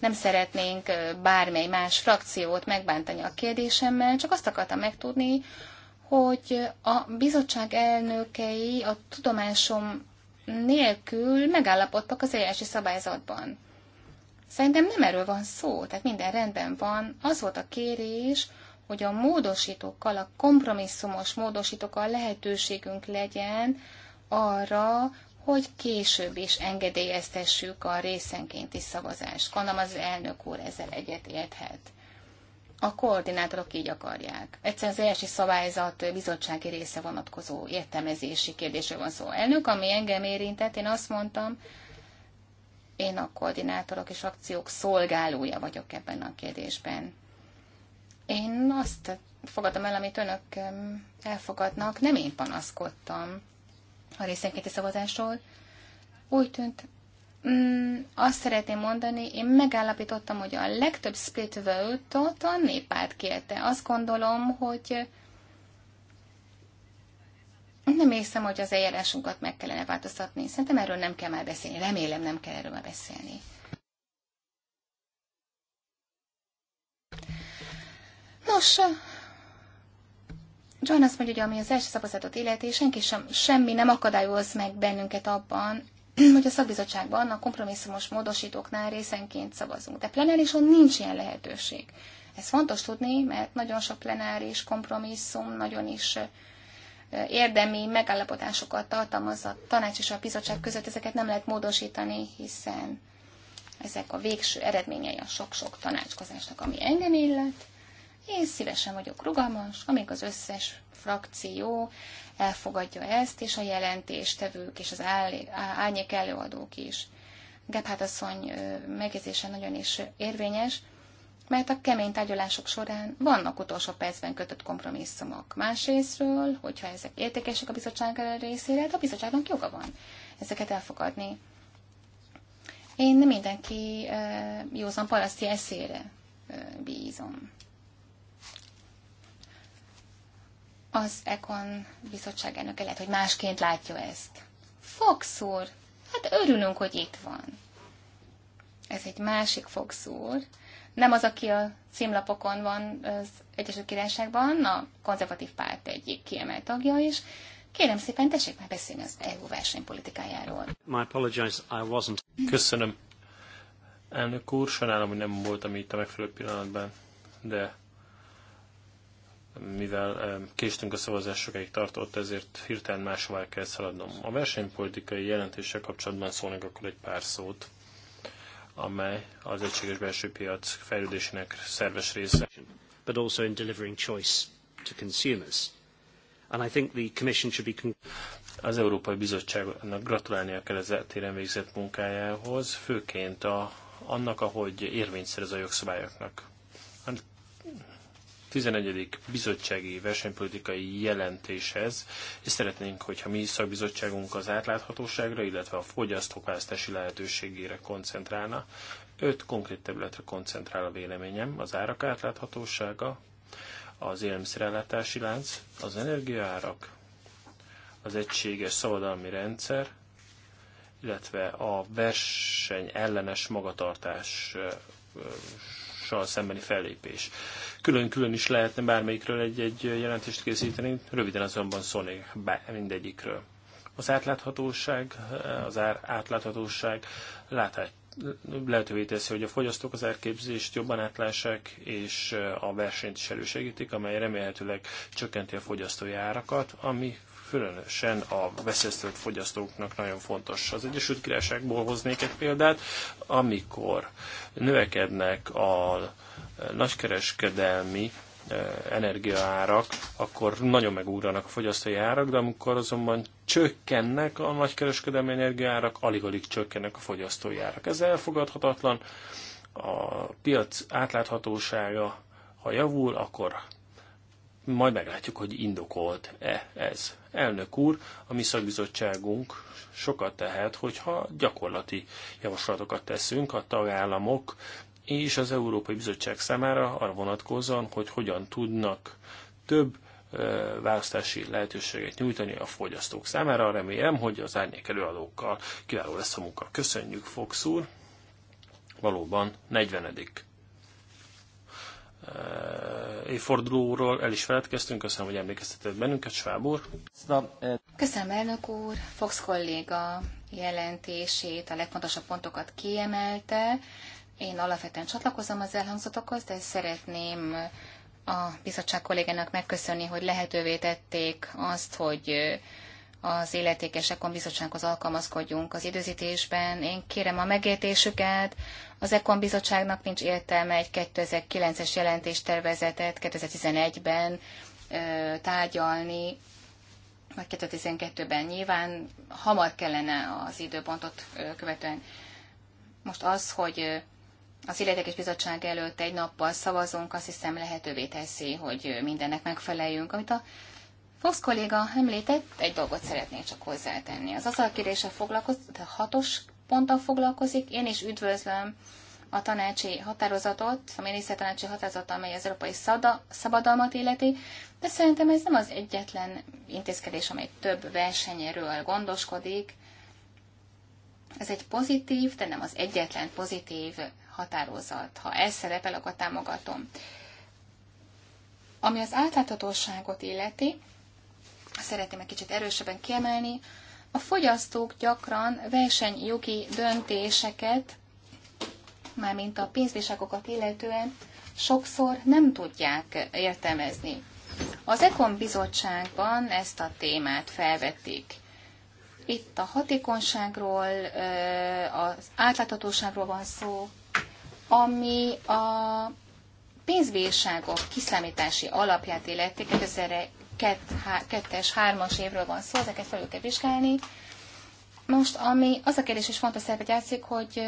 nem szeretnénk bármely más frakciót megbántani a kérdésemmel, csak azt akartam megtudni, hogy a bizottság elnökei a tudomásom nélkül megállapodtak az eljárási szabályzatban. Szerintem nem erről van szó, tehát minden rendben van. Az volt a kérés, hogy a módosítókkal, a kompromisszumos módosítókkal lehetőségünk legyen arra, hogy később is engedélyeztessük a részenkénti szavazást. Gondolom az elnök úr ezzel egyet érthet a koordinátorok így akarják. Egyszerűen az első szabályzat bizottsági része vonatkozó értelmezési kérdésről van szó. Elnök, ami engem érintett, én azt mondtam, én a koordinátorok és akciók szolgálója vagyok ebben a kérdésben. Én azt fogadom el, amit önök elfogadnak, nem én panaszkodtam a részenkéti szavazásról. Úgy tűnt, mm, azt szeretném mondani, én megállapítottam, hogy a legtöbb split vote-ot a néppárt kérte. Azt gondolom, hogy nem hiszem, hogy az eljárásunkat meg kellene változtatni. Szerintem erről nem kell már beszélni. Remélem, nem kell erről már beszélni. Nos, John azt mondja, hogy ami az első szavazatot illeti, senki sem, semmi nem akadályoz meg bennünket abban, hogy a szakbizottságban a kompromisszumos módosítóknál részenként szavazunk. De plenárison nincs ilyen lehetőség. Ez fontos tudni, mert nagyon sok plenáris kompromisszum nagyon is érdemi megállapodásokat tartalmaz a tanács és a bizottság között, ezeket nem lehet módosítani, hiszen ezek a végső eredményei a sok-sok tanácskozásnak, ami engem illet. Én szívesen vagyok rugalmas, amíg az összes frakció elfogadja ezt, és a jelentéstevők és az álnyék előadók is. Gephát asszony megjegyzése nagyon is érvényes, mert a kemény tárgyalások során vannak utolsó percben kötött kompromisszumok. Másrésztről, hogyha ezek értékesek a bizottság részére, hát a bizottságnak joga van ezeket elfogadni. Én nem mindenki józan paraszti eszére bízom. az Ekon bizottság elnöke lehet, hogy másként látja ezt. Fox úr, hát örülünk, hogy itt van. Ez egy másik Fox úr. Nem az, aki a címlapokon van az Egyesült Királyságban, a konzervatív párt egyik kiemelt tagja is. Kérem szépen, tessék már beszélni az EU versenypolitikájáról. My apologies, I wasn't. Köszönöm, elnök úr. Sajnálom, hogy nem voltam itt a megfelelő pillanatban, de mivel késtünk a szavazás sokáig tartott, ezért hirtelen máshová kell szaladnom. A versenypolitikai jelentéssel kapcsolatban szólnak akkor egy pár szót, amely az egységes belső piac fejlődésének szerves része. But also in delivering choice to consumers. And I think the Commission should be... Az Európai Bizottságnak gratulálnia kell az téren végzett munkájához, főként a, annak, ahogy érvényszer az a jogszabályoknak 11. bizottsági versenypolitikai jelentéshez, és szeretnénk, hogyha mi szakbizottságunk az átláthatóságra, illetve a fogyasztók választási lehetőségére koncentrálna. Öt konkrét területre koncentrál a véleményem, az árak átláthatósága, az élelmiszerellátási lánc, az energiaárak, az egységes szabadalmi rendszer, illetve a verseny ellenes magatartás terrorizmussal szembeni fellépés. Külön-külön is lehetne bármelyikről egy-egy jelentést készíteni, röviden azonban szólnék mindegyikről. Az átláthatóság, az ár átláthatóság láthat, lehetővé teszi, hogy a fogyasztók az árképzést jobban átlássák, és a versenyt is elősegítik, amely remélhetőleg csökkenti a fogyasztói árakat, ami különösen a veszélyeztetett fogyasztóknak nagyon fontos. Az Egyesült Királyságból hoznék egy példát, amikor növekednek a nagykereskedelmi eh, energiaárak, akkor nagyon megúranak a fogyasztói árak, de amikor azonban csökkennek a nagykereskedelmi energiaárak, alig-alig csökkennek a fogyasztói árak. Ez elfogadhatatlan, a piac átláthatósága, ha javul, akkor majd meglátjuk, hogy indokolt-e ez. Elnök úr, a mi szakbizottságunk sokat tehet, hogyha gyakorlati javaslatokat teszünk a tagállamok és az Európai Bizottság számára arra vonatkozóan, hogy hogyan tudnak több választási lehetőséget nyújtani a fogyasztók számára. Remélem, hogy az árnyék előadókkal kiváló lesz a munka. Köszönjük, Fox úr! Valóban 40. Eh, évfordulóról el is feledkeztünk, köszönöm, hogy emlékeztetett bennünket, Schwab úr. Köszönöm, elnök úr. Fox kolléga jelentését, a legfontosabb pontokat kiemelte. Én alapvetően csatlakozom az elhangzatokhoz, de szeretném a bizottság kollégának megköszönni, hogy lehetővé tették azt, hogy eh, az illetékes bizottsághoz alkalmazkodjunk az időzítésben. Én kérem a megértésüket, az EKON bizottságnak nincs értelme egy 2009-es jelentéstervezetet 2011-ben tárgyalni, vagy 2012-ben nyilván hamar kellene az időpontot követően. Most az, hogy az illetékes bizottság előtt egy nappal szavazunk, azt hiszem lehetővé teszi, hogy mindennek megfeleljünk. Amit a Fox kolléga említett, egy dolgot szeretnék csak hozzátenni. Az azzal kérdéssel foglalkozott, a hatos ponttal foglalkozik. Én is üdvözlöm a tanácsi határozatot, a tanácsi határozat, amely az európai szada, szabadalmat illeti, de szerintem ez nem az egyetlen intézkedés, amely több versenyről gondoskodik. Ez egy pozitív, de nem az egyetlen pozitív határozat. Ha ez szerepel, akkor támogatom. Ami az átláthatóságot illeti, szeretném egy kicsit erősebben kiemelni, a fogyasztók gyakran versenyjogi döntéseket, mármint a pénzbírságokat illetően, sokszor nem tudják értelmezni. Az Ekon bizottságban ezt a témát felvették. Itt a hatékonyságról, az átláthatóságról van szó, ami a pénzbírságok kiszámítási alapját illeti kett, há, kettes, hármas évről van szó, ezeket felül kell vizsgálni. Most, ami az a kérdés is fontos szerepet játszik, hogy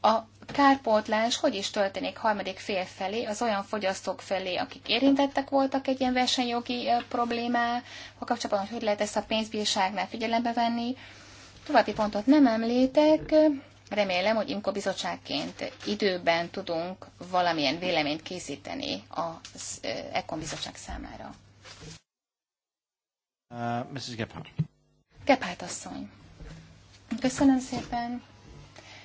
a kárpótlás hogy is történik harmadik fél felé, az olyan fogyasztók felé, akik érintettek voltak egy ilyen versenyjogi problémával kapcsolatban, hogy hogy lehet ezt a pénzbírságnál figyelembe venni. További pontot nem említek, remélem, hogy Imko bizottságként időben tudunk valamilyen véleményt készíteni az Ekon bizottság számára. Uh, Mrs. Gephardt. Gephardt asszony. Köszönöm szépen.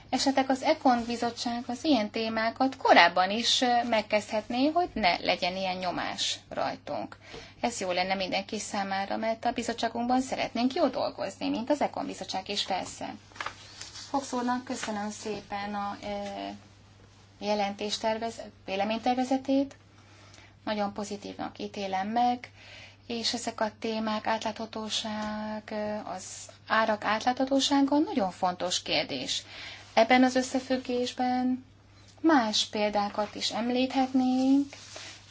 Esetleg az Ekon bizottság az ilyen témákat korábban is megkezdhetné, hogy ne legyen ilyen nyomás rajtunk. Ez jó lenne mindenki számára, mert a bizottságunkban szeretnénk jó dolgozni, mint az Ekon bizottság is persze. Fox úrnak köszönöm szépen a e, tervez, véleménytervezetét. Nagyon pozitívnak ítélem meg és ezek a témák átláthatóság, az árak átláthatósága nagyon fontos kérdés. Ebben az összefüggésben más példákat is említhetnénk,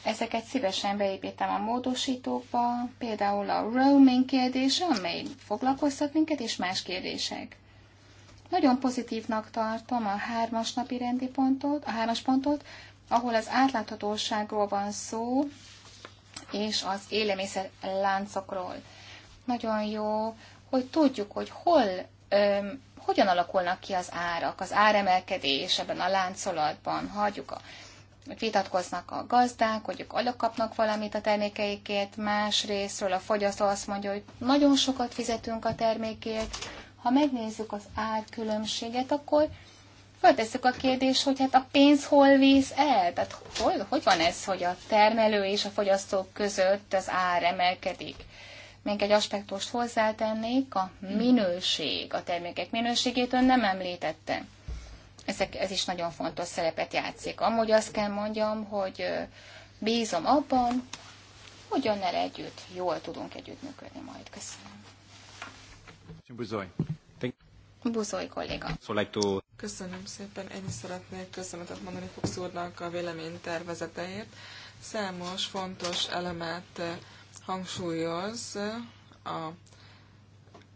ezeket szívesen beépítem a módosítókba, például a roaming kérdése, amely foglalkoztat minket, és más kérdések. Nagyon pozitívnak tartom a hármas napi rendi pontot, a hármas pontot, ahol az átláthatóságról van szó, és az élelmiszer láncokról. Nagyon jó, hogy tudjuk, hogy hol, öm, hogyan alakulnak ki az árak, az áremelkedés ebben a láncolatban. Hagyjuk a hogy vitatkoznak a gazdák, hogy ők alak kapnak valamit a termékeikért, más részről a fogyasztó azt mondja, hogy nagyon sokat fizetünk a termékért. Ha megnézzük az árkülönbséget, akkor Fölteszük a kérdést, hogy hát a pénz hol vész el? Tehát hol, hogy van ez, hogy a termelő és a fogyasztó között az ár emelkedik? Még egy aspektust hozzátennék, a minőség, a termékek minőségét ön nem említette. Ezek, ez is nagyon fontos szerepet játszik. Amúgy azt kell mondjam, hogy bízom abban, hogy önnel együtt jól tudunk együttműködni majd. Köszönöm. Buzoy. Buzoly kolléga. Köszönöm szépen, ennyi szeretnék köszönetet mondani Fox úrnak a véleménytervezeteért. Számos fontos elemet eh, hangsúlyoz eh, a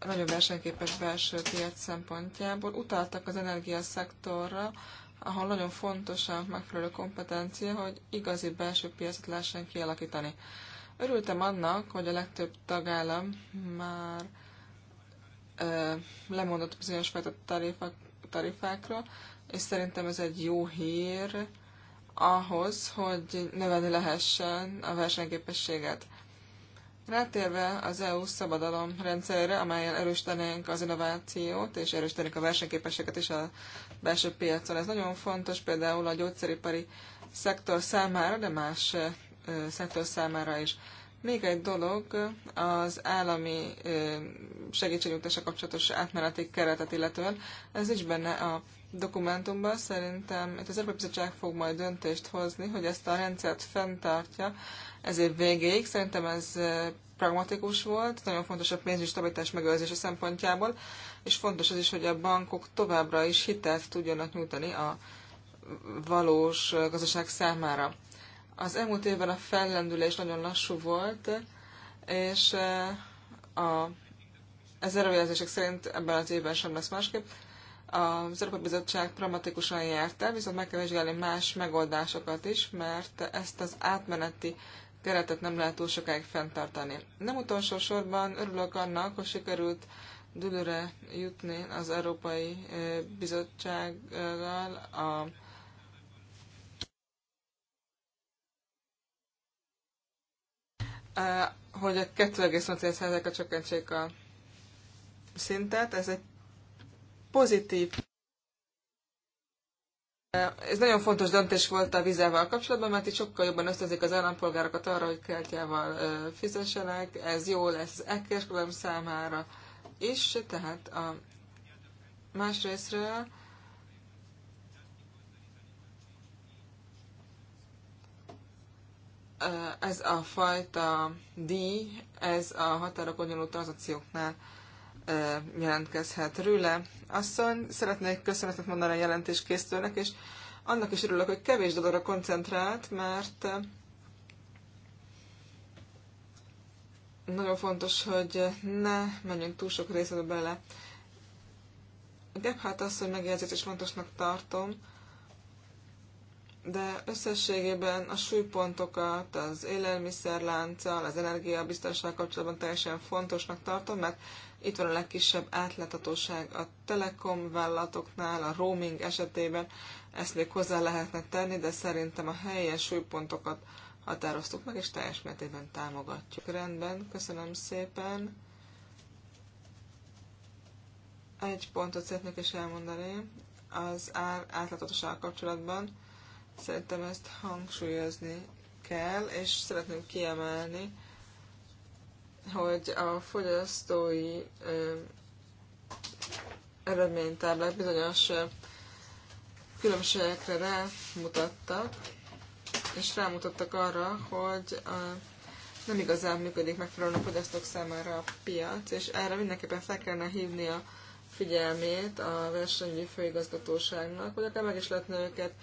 nagyon versenyképes belső piac szempontjából. Utaltak az energiaszektorra, ahol nagyon fontos a megfelelő kompetencia, hogy igazi belső piacot lehessen kialakítani. Örültem annak, hogy a legtöbb tagállam már lemondott bizonyos fajta tarifák, tarifákról, és szerintem ez egy jó hír ahhoz, hogy növelni lehessen a versenyképességet. Rátérve az EU szabadalom rendszerre, amelyel erősítenénk az innovációt és erősítenénk a versenyképességet is a belső piacon. Ez nagyon fontos például a gyógyszeripari szektor számára, de más szektor számára is. Még egy dolog az állami segítségnyújtása kapcsolatos átmeneti keretet illetően. Ez is benne a dokumentumban. Szerintem itt az Európai Bizottság fog majd döntést hozni, hogy ezt a rendszert fenntartja ez év végéig. Szerintem ez pragmatikus volt, nagyon fontos a pénzügyi stabilitás megőrzése szempontjából, és fontos az is, hogy a bankok továbbra is hitelt tudjanak nyújtani a valós gazdaság számára. Az elmúlt évben a fellendülés nagyon lassú volt, és eh, a, ez előjelzések szerint ebben az évben sem lesz másképp. Az Európai Bizottság pragmatikusan járta, viszont meg kell vizsgálni más megoldásokat is, mert ezt az átmeneti keretet nem lehet túl sokáig fenntartani. Nem utolsó sorban örülök annak, hogy sikerült dülőre jutni az Európai eh, Bizottsággal a hogy a 25 a csökkentsék a szintet. Ez egy pozitív. Ez nagyon fontos döntés volt a vizával kapcsolatban, mert itt sokkal jobban ösztönzik az állampolgárokat arra, hogy kártyával fizessenek. Ez jó lesz az elkereskedelem számára is, tehát a másrésztről ez a fajta díj, ez a határokon nyúló tranzakcióknál jelentkezhet. rőle. asszony, szeretnék köszönetet mondani a jelentés készítőnek, és annak is örülök, hogy kevés dologra koncentrált, mert nagyon fontos, hogy ne menjünk túl sok részletbe bele. Gebhardt asszony megjegyzést is fontosnak tartom, de összességében a súlypontokat az élelmiszerlánccal, az energiabiztonság kapcsolatban teljesen fontosnak tartom, mert itt van a legkisebb átláthatóság a telekom vállalatoknál, a roaming esetében, ezt még hozzá lehetne tenni, de szerintem a helyes súlypontokat határoztuk meg, és teljes mértékben támogatjuk. Rendben, köszönöm szépen. Egy pontot szeretnék is elmondani az ár kapcsolatban Szerintem ezt hangsúlyozni kell, és szeretném kiemelni, hogy a fogyasztói ö, eredménytáblák bizonyos ö, különbségekre rámutattak, és rámutattak arra, hogy ö, nem igazán működik megfelelően a fogyasztók számára a piac, és erre mindenképpen fel kellene hívni a figyelmét a versenyügyi főigazgatóságnak, hogy akár meg is lehetne őket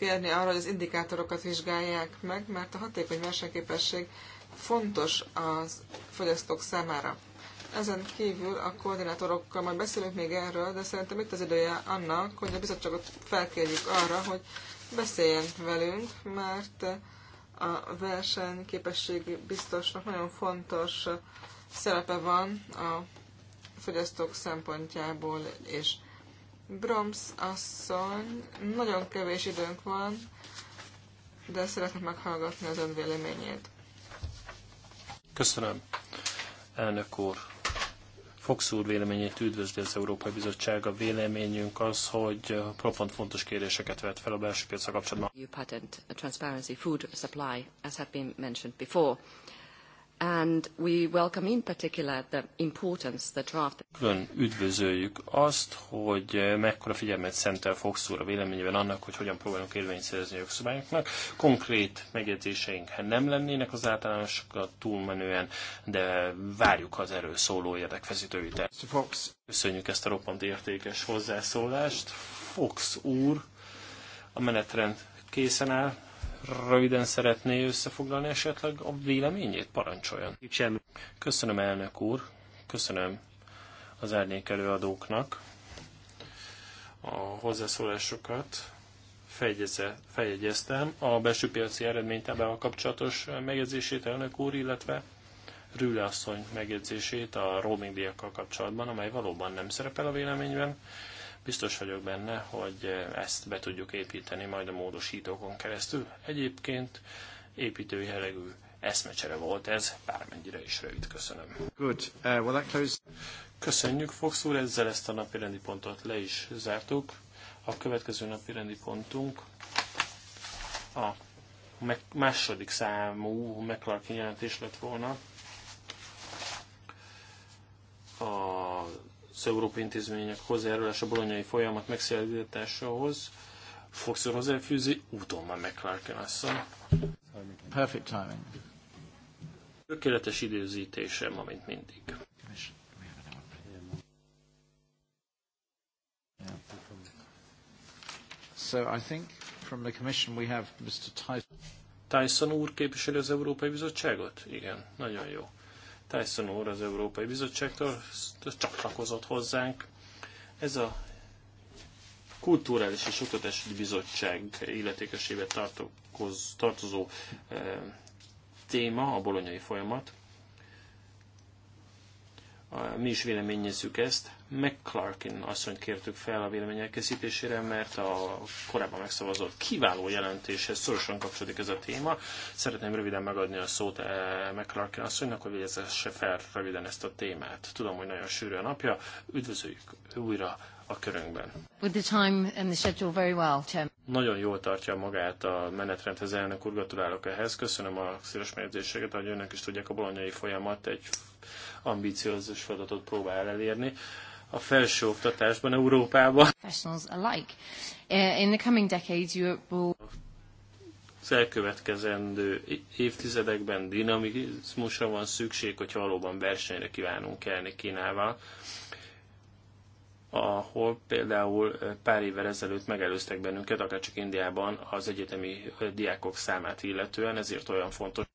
érni arra, hogy az indikátorokat vizsgálják meg, mert a hatékony versenyképesség fontos az fogyasztók számára. Ezen kívül a koordinátorokkal majd beszélünk még erről, de szerintem itt az ideje annak, hogy a bizottságot felkérjük arra, hogy beszéljen velünk, mert a versenyképességi biztosnak nagyon fontos szerepe van a fogyasztók szempontjából, és Broms asszony, nagyon kevés időnk van, de szeretnék meghallgatni az ön véleményét. Köszönöm, elnök úr. Fox úr véleményét üdvözli az Európai Bizottság. A véleményünk az, hogy profond fontos kérdéseket vett fel a belső piacra kapcsolatban. patent, transparency, food supply, as been mentioned before and we welcome in particular the importance the draft. Külön üdvözöljük azt, hogy mekkora figyelmet szentel Fox úr a véleményében annak, hogy hogyan próbálunk érvényt szerezni a jogszabályoknak. Konkrét megjegyzéseink nem lennének az általánosokat túlmenően, de várjuk az erről szóló érdekfeszítő Fox. Köszönjük ezt a roppant értékes hozzászólást. Fox úr, a menetrend készen áll, röviden szeretné összefoglalni esetleg a véleményét? Parancsoljon. Köszönöm, elnök úr. Köszönöm az árnyék előadóknak a hozzászólásokat. fejegyeztem. a belső piaci a kapcsolatos megjegyzését, elnök úr, illetve Rüle asszony megjegyzését a roaming díjakkal kapcsolatban, amely valóban nem szerepel a véleményben, Biztos vagyok benne, hogy ezt be tudjuk építeni majd a módosítókon keresztül. Egyébként építői jellegű eszmecsere volt ez, bármennyire is rövid. Köszönöm. Good. Uh, well, that close... Köszönjük, Fox úr, ezzel ezt a napi rendi pontot le is zártuk. A következő napi rendi pontunk a második számú McClarkin jelentés lett volna. A az európai intézmények hozzájárulása a bolonyai folyamat megszerzításához fog hozzáfűzi, úton már McClarken asszony. Perfect timing. Tökéletes ma amint mindig. So I think from the commission we have Mr. Tyson. Tyson úr képviseli az Európai Bizottságot? Igen, nagyon jó. Tyson úr az Európai Bizottságtól csatlakozott hozzánk. Ez a Kulturális és Oktatási Bizottság illetékesébe tartozó eh, téma, a bolonyai folyamat mi is véleményezzük ezt. McClarkin asszony kértük fel a vélemény elkészítésére, mert a korábban megszavazott kiváló jelentéshez szorosan kapcsolódik ez a téma. Szeretném röviden megadni a szót eh, McClarkin asszonynak, hogy végezesse fel röviden ezt a témát. Tudom, hogy nagyon sűrű a napja. Üdvözöljük újra a körünkben. With the time and the schedule very well, Tim. Nagyon jól tartja magát a menetrendhez, elnök úr, gratulálok ehhez. Köszönöm a szíves megjegyzéseket, hogy önök is tudják, a bolonyai folyamat egy ambíciózus feladatot próbál elérni a oktatásban Európában. Eh, az elkövetkezendő évtizedekben dinamizmusra van szükség, hogyha valóban versenyre kívánunk kelni Kínával ahol például pár évvel ezelőtt megelőztek bennünket, akár csak Indiában az egyetemi diákok számát illetően, ezért olyan fontos.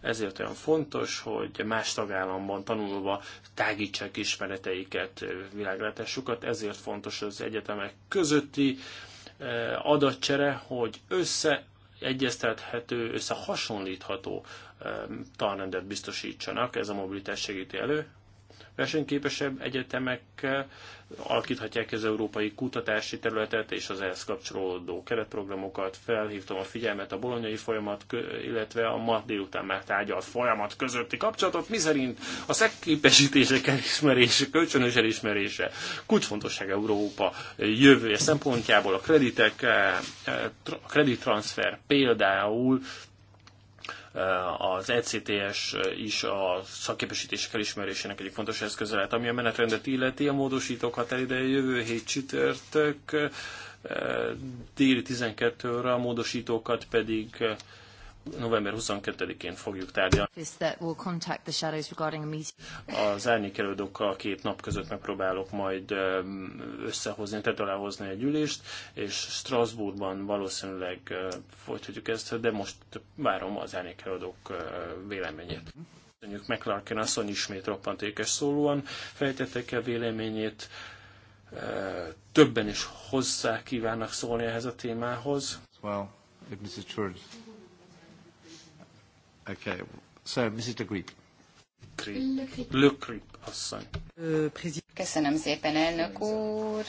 Ezért olyan fontos, hogy más tagállamban tanulva tágítsák ismereteiket, világlátásukat. Ezért fontos az egyetemek közötti adatcsere, hogy össze egyeztethető, összehasonlítható tanrendet biztosítsanak, ez a mobilitás segíti elő versenyképesebb egyetemek alakíthatják az európai kutatási területet és az ehhez kapcsolódó keretprogramokat. Felhívtam a figyelmet a bolonyai folyamat, illetve a ma délután már tárgyalt folyamat közötti kapcsolatot, miszerint a szakképesítések elismerése, kölcsönös elismerése kulcsfontosság Európa jövője szempontjából a kreditek, eh, eh, a kredittranszfer például az ECTS is a szakképesítések elismerésének egyik fontos eszköze lehet. Ami a menetrendet illeti, a módosítókat elide jövő hét csütörtök, eh, déli 12 óra, a módosítókat pedig eh, november 22-én fogjuk tárgyalni. Az a két nap között megpróbálok majd um, összehozni, tehát egy ülést, és Strasbourgban valószínűleg uh, folytatjuk ezt, de most várom az árnyékelődők uh, véleményét. Köszönjük McLarkin asszony ismét roppantékes szólóan fejtettek el véleményét, uh, többen is hozzá kívánnak szólni ehhez a témához. Well, if Mrs. Church Okay. So, Mrs. De Grip. Köszönöm szépen, elnök úr.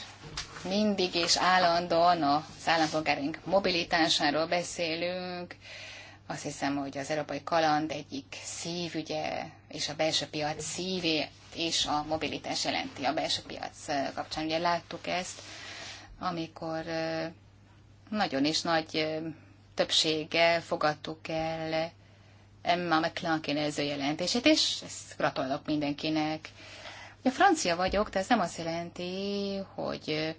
Mindig és állandóan az állampolgáraink mobilitásáról beszélünk. Azt hiszem, hogy az európai kaland egyik szívügye és a belső piac szívé és a mobilitás jelenti. A belső piac kapcsán ugye láttuk ezt, amikor nagyon is nagy többséggel fogadtuk el Emma McClarkin előző jelentését, és ezt gratulálok mindenkinek. Ugye francia vagyok, de ez nem azt jelenti, hogy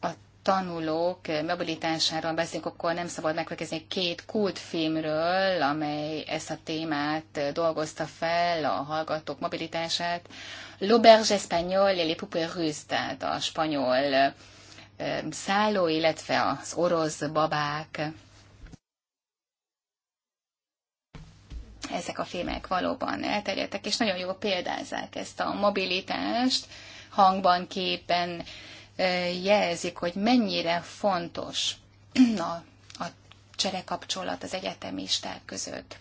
a tanulók mobilitásáról beszélünk, akkor nem szabad megfelelkezni két kultfilmről, amely ezt a témát dolgozta fel, a hallgatók mobilitását. L'Auberge Espagnol et les Poupées Russes, tehát a spanyol szálló, illetve az orosz babák ezek a fémek valóban elterjedtek, és nagyon jól példázák ezt a mobilitást, hangban, képen jelzik, hogy mennyire fontos a, a cserekapcsolat az egyetemisták között.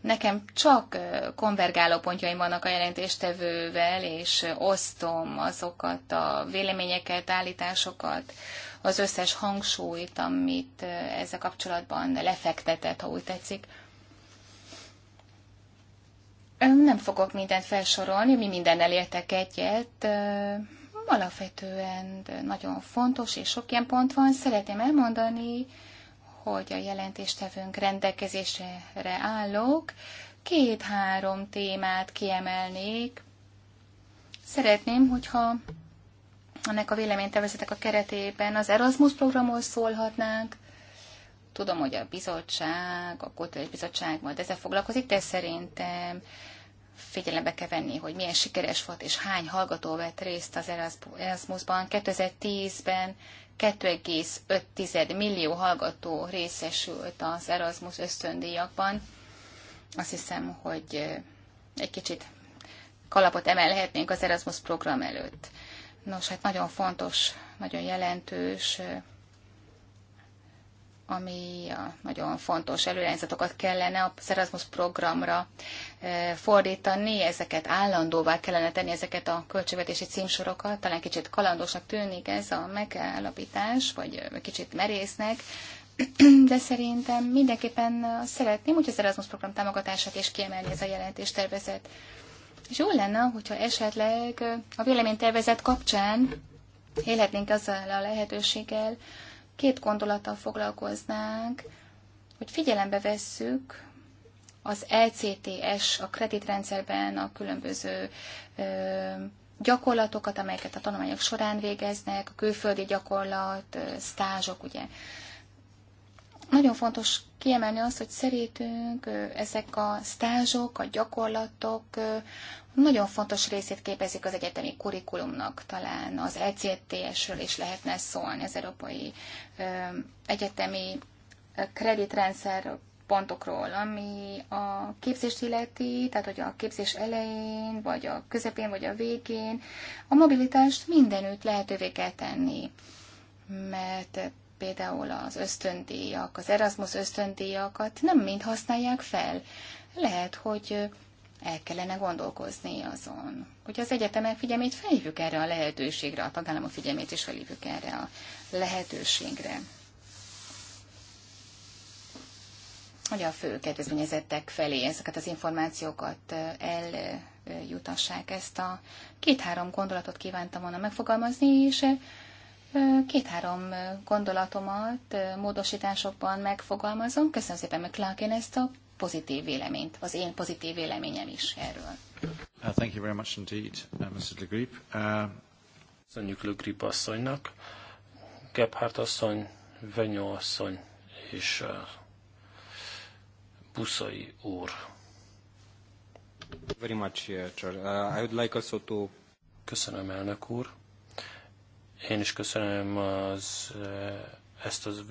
Nekem csak konvergáló pontjaim vannak a jelentéstevővel, és osztom azokat a véleményeket, állításokat, az összes hangsúlyt, amit ezzel kapcsolatban lefektetett, ha úgy tetszik. Nem fogok mindent felsorolni, mi minden elértek egyet. Alapvetően nagyon fontos és sok ilyen pont van. Szeretném elmondani, hogy a jelentéstevőnk rendelkezésre állok. Két-három témát kiemelnék. Szeretném, hogyha ennek a véleménytervezetek a keretében az Erasmus programról szólhatnánk, Tudom, hogy a bizottság, a kulturális bizottság majd ezzel foglalkozik, de szerintem figyelembe kell venni, hogy milyen sikeres volt, és hány hallgató vett részt az Erasmusban. 2010-ben 2,5 millió hallgató részesült az Erasmus ösztöndíjakban. Azt hiszem, hogy egy kicsit kalapot emelhetnénk az Erasmus program előtt. Nos, hát nagyon fontos, nagyon jelentős ami a nagyon fontos előirányzatokat kellene a Erasmus programra eh, fordítani, ezeket állandóvá kellene tenni, ezeket a költségvetési címsorokat. Talán kicsit kalandosnak tűnik ez a megállapítás, vagy eh, kicsit merésznek, de szerintem mindenképpen szeretném, hogy az Erasmus program támogatását is kiemelni ez a jelentéstervezet. És jó lenne, hogyha esetleg a véleménytervezet kapcsán élhetnénk azzal a lehetőséggel, két gondolattal foglalkoznánk, hogy figyelembe vesszük az LCTS, e a kreditrendszerben a különböző ö, gyakorlatokat, amelyeket a tanulmányok során végeznek, a külföldi gyakorlat, ö, stázsok, ugye nagyon fontos kiemelni azt, hogy szerintünk ezek a stázsok, a gyakorlatok nagyon fontos részét képezik az egyetemi kurikulumnak, talán az ECTS-ről is lehetne szólni, az Európai Egyetemi Kreditrendszer pontokról, ami a képzést illeti, tehát hogy a képzés elején, vagy a közepén, vagy a végén, a mobilitást mindenütt lehetővé kell tenni, mert például az ösztöndíjak, az Erasmus ösztöndíjakat nem mind használják fel. Lehet, hogy el kellene gondolkozni azon, hogy az egyetemek figyelmét felhívjuk erre a lehetőségre, a tagállamok figyelmét is felhívjuk erre a lehetőségre. Hogy a fő kedvezményezettek felé ezeket az információkat eljutassák, ezt a két-három gondolatot kívántam volna megfogalmazni, és Két-három gondolatomat módosításokban megfogalmazom. Köszönöm szépen McClarkin ezt a pozitív véleményt, az én pozitív véleményem is erről. Uh, thank you very much indeed, uh, Mr. Le Grip. Uh... Köszönjük Le Grip asszonynak. Gebhardt asszony, Venyó asszony és uh, Buszai úr. Very much, uh, uh I would like also to... Köszönöm, elnök úr. Én is köszönöm az, eh, ezt az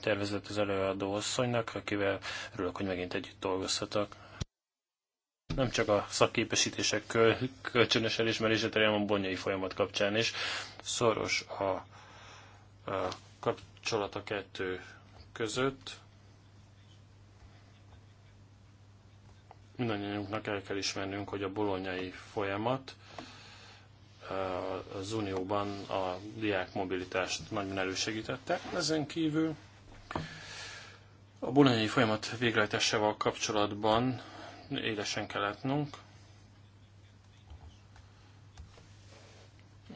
tervezett az előadó asszonynak, akivel örülök, hogy megint együtt dolgozhatok. Nem csak a szakképesítések köl, kölcsönös elismerése terem a bonyai folyamat kapcsán is. Szoros a, a kapcsolat a kettő között. mindannyiunknak el kell ismernünk, hogy a bolonyai folyamat az Unióban a diák mobilitást nagyon elősegítette. Ezen kívül a bolonyai folyamat végrehajtásával kapcsolatban élesen kell látnunk.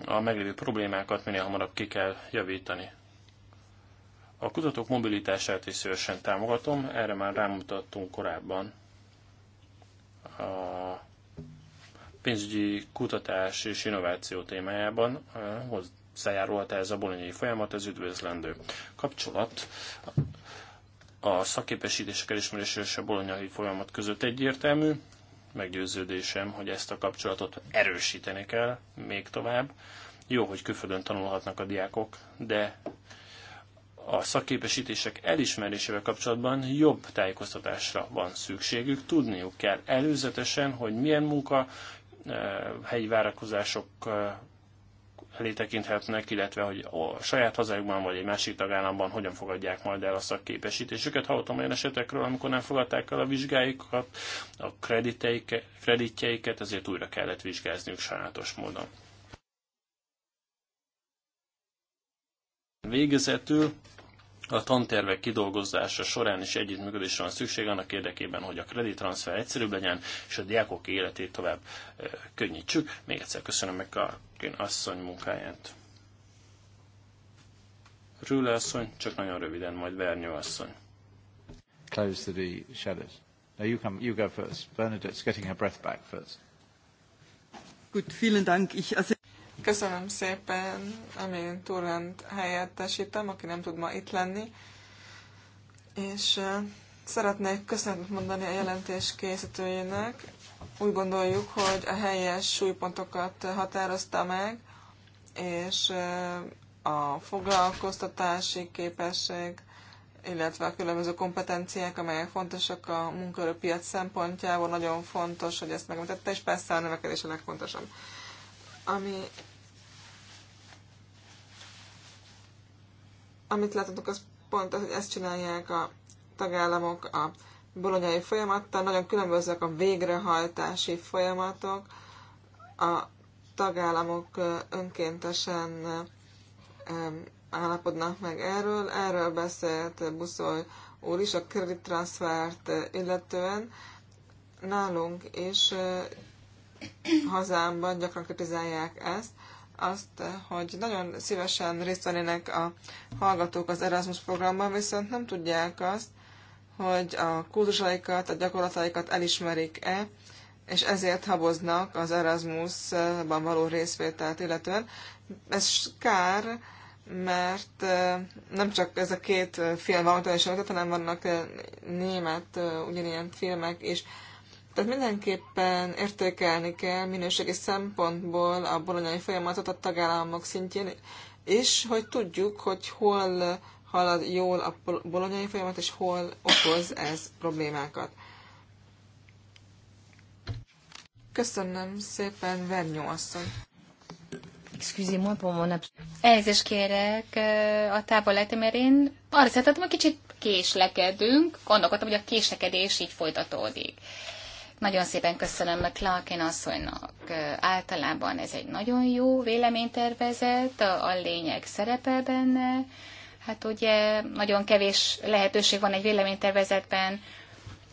A meglévő problémákat minél hamarabb ki kell javítani. A kutatók mobilitását is szívesen támogatom, erre már rámutattunk korábban a pénzügyi kutatás és innováció témájában eh, hozzájárulhat ez a bolonyai folyamat, ez üdvözlendő kapcsolat a szakképesítések elismerése és a bolonyai folyamat között egyértelmű. Meggyőződésem, hogy ezt a kapcsolatot erősíteni kell még tovább. Jó, hogy külföldön tanulhatnak a diákok, de a szakképesítések elismerésével kapcsolatban jobb tájékoztatásra van szükségük. Tudniuk kell előzetesen, hogy milyen munka helyi várakozások elé tekinthetnek, illetve hogy a saját hazájukban vagy egy másik tagállamban hogyan fogadják majd el a szakképesítésüket. Hallottam olyan esetekről, amikor nem fogadták el a vizsgáikat, a kreditjeiket, ezért újra kellett vizsgázniuk sajátos módon. Végezetül a tantervek kidolgozása során is együttműködésre van szükség annak érdekében, hogy a kredittranszfer egyszerűbb legyen, és a diákok életét tovább könnyítsük. Még egyszer köszönöm meg a asszony munkáját. Rüle asszony, csak nagyon röviden, majd Bernyő asszony. Close to the shadows. Now you, come, you go first. Bernadette's getting her breath back first. Good vielen Dank. Ich, also... Köszönöm szépen, amin Turrent helyettesítem, aki nem tud ma itt lenni. És szeretnék köszönetet mondani a jelentés készítőjének. Úgy gondoljuk, hogy a helyes súlypontokat határozta meg, és a foglalkoztatási képesség, illetve a különböző kompetenciák, amelyek fontosak a munkaerőpiac szempontjából, nagyon fontos, hogy ezt megmutatta, és persze a növekedés a legfontosabb. Ami amit látunk, az pont az, hogy ezt csinálják a tagállamok a bolonyai folyamattal. Nagyon különbözőek a végrehajtási folyamatok. A tagállamok önkéntesen állapodnak meg erről. Erről beszélt Buszol úr is a kredittranszfert illetően. Nálunk is hazámban gyakran kritizálják ezt, azt, hogy nagyon szívesen részt vennének a hallgatók az Erasmus programban, viszont nem tudják azt, hogy a kultusaikat, a gyakorlataikat elismerik-e, és ezért haboznak az Erasmusban való részvételt illetően. Ez kár, mert nem csak ez a két film van, hanem vannak német ugyanilyen filmek is, tehát mindenképpen értékelni kell minőségi szempontból a bolonyai folyamatot a tagállamok szintjén, és hogy tudjuk, hogy hol halad jól a bolonyai folyamat, és hol okoz ez problémákat. Köszönöm szépen, Vernyó asszony. Excusez-moi pour mon Elnézést kérek a távol lettem, mert én arra szeretettem, hogy kicsit késlekedünk. Gondolkodtam, hogy a késlekedés így folytatódik. Nagyon szépen köszönöm Clarkin asszonynak. Általában ez egy nagyon jó véleménytervezet, a lényeg szerepel benne. Hát ugye nagyon kevés lehetőség van egy véleménytervezetben,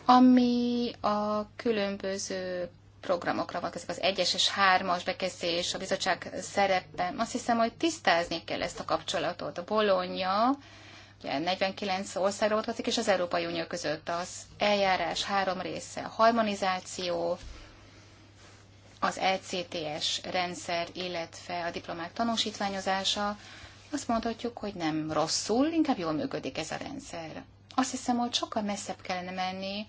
ami a különböző programokra van az egyes és hármas bekezdés, a bizottság szerepe. Azt hiszem, hogy tisztázni kell ezt a kapcsolatot. A Bologna 49 ország vonatkozik, és az Európai Unió között az eljárás három része, a harmonizáció, az ECTS rendszer, illetve a diplomák tanúsítványozása, azt mondhatjuk, hogy nem rosszul, inkább jól működik ez a rendszer. Azt hiszem, hogy sokkal messzebb kellene menni.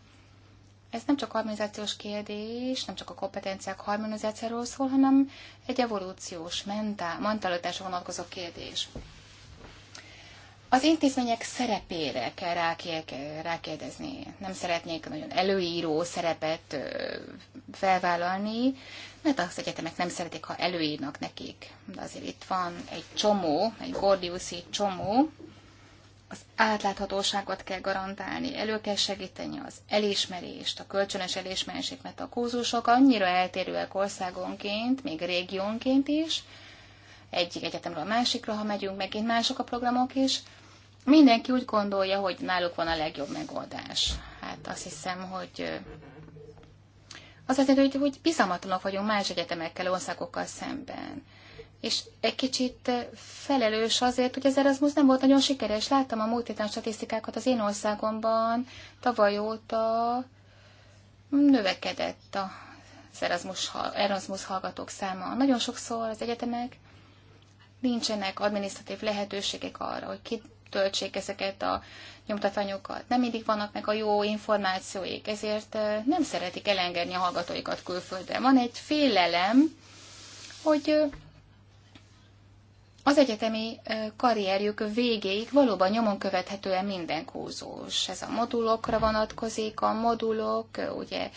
Ez nem csak harmonizációs kérdés, nem csak a kompetenciák harmonizációról szól, hanem egy evolúciós mentál, mentalitásra vonatkozó kérdés. Az intézmények szerepére kell rákérdezni. Nem szeretnék nagyon előíró szerepet felvállalni, mert az egyetemek nem szeretik, ha előírnak nekik. De azért itt van egy csomó, egy gordiuszi csomó, az átláthatóságot kell garantálni, elő kell segíteni az elismerést, a kölcsönös elismerését, mert a kúzusok annyira eltérőek országonként, még régiónként is, egyik egyetemről a másikra, ha megyünk, megint mások a programok is, mindenki úgy gondolja, hogy náluk van a legjobb megoldás. Hát azt hiszem, hogy az azért, hogy, hogy bizalmatlanok vagyunk más egyetemekkel, országokkal szemben. És egy kicsit felelős azért, hogy az Erasmus nem volt nagyon sikeres. Láttam a múlt héten statisztikákat az én országomban, tavaly óta növekedett az Erasmus, Erasmus hallgatók száma. Nagyon sokszor az egyetemek nincsenek adminisztratív lehetőségek arra, hogy ki töltsék ezeket a nyomtatványokat. Nem mindig vannak meg a jó információik, ezért nem szeretik elengedni a hallgatóikat külföldre. Van egy félelem, hogy az egyetemi karrierjük végéig valóban nyomon követhetően minden kúzós. Ez a modulokra vonatkozik, a modulok ugye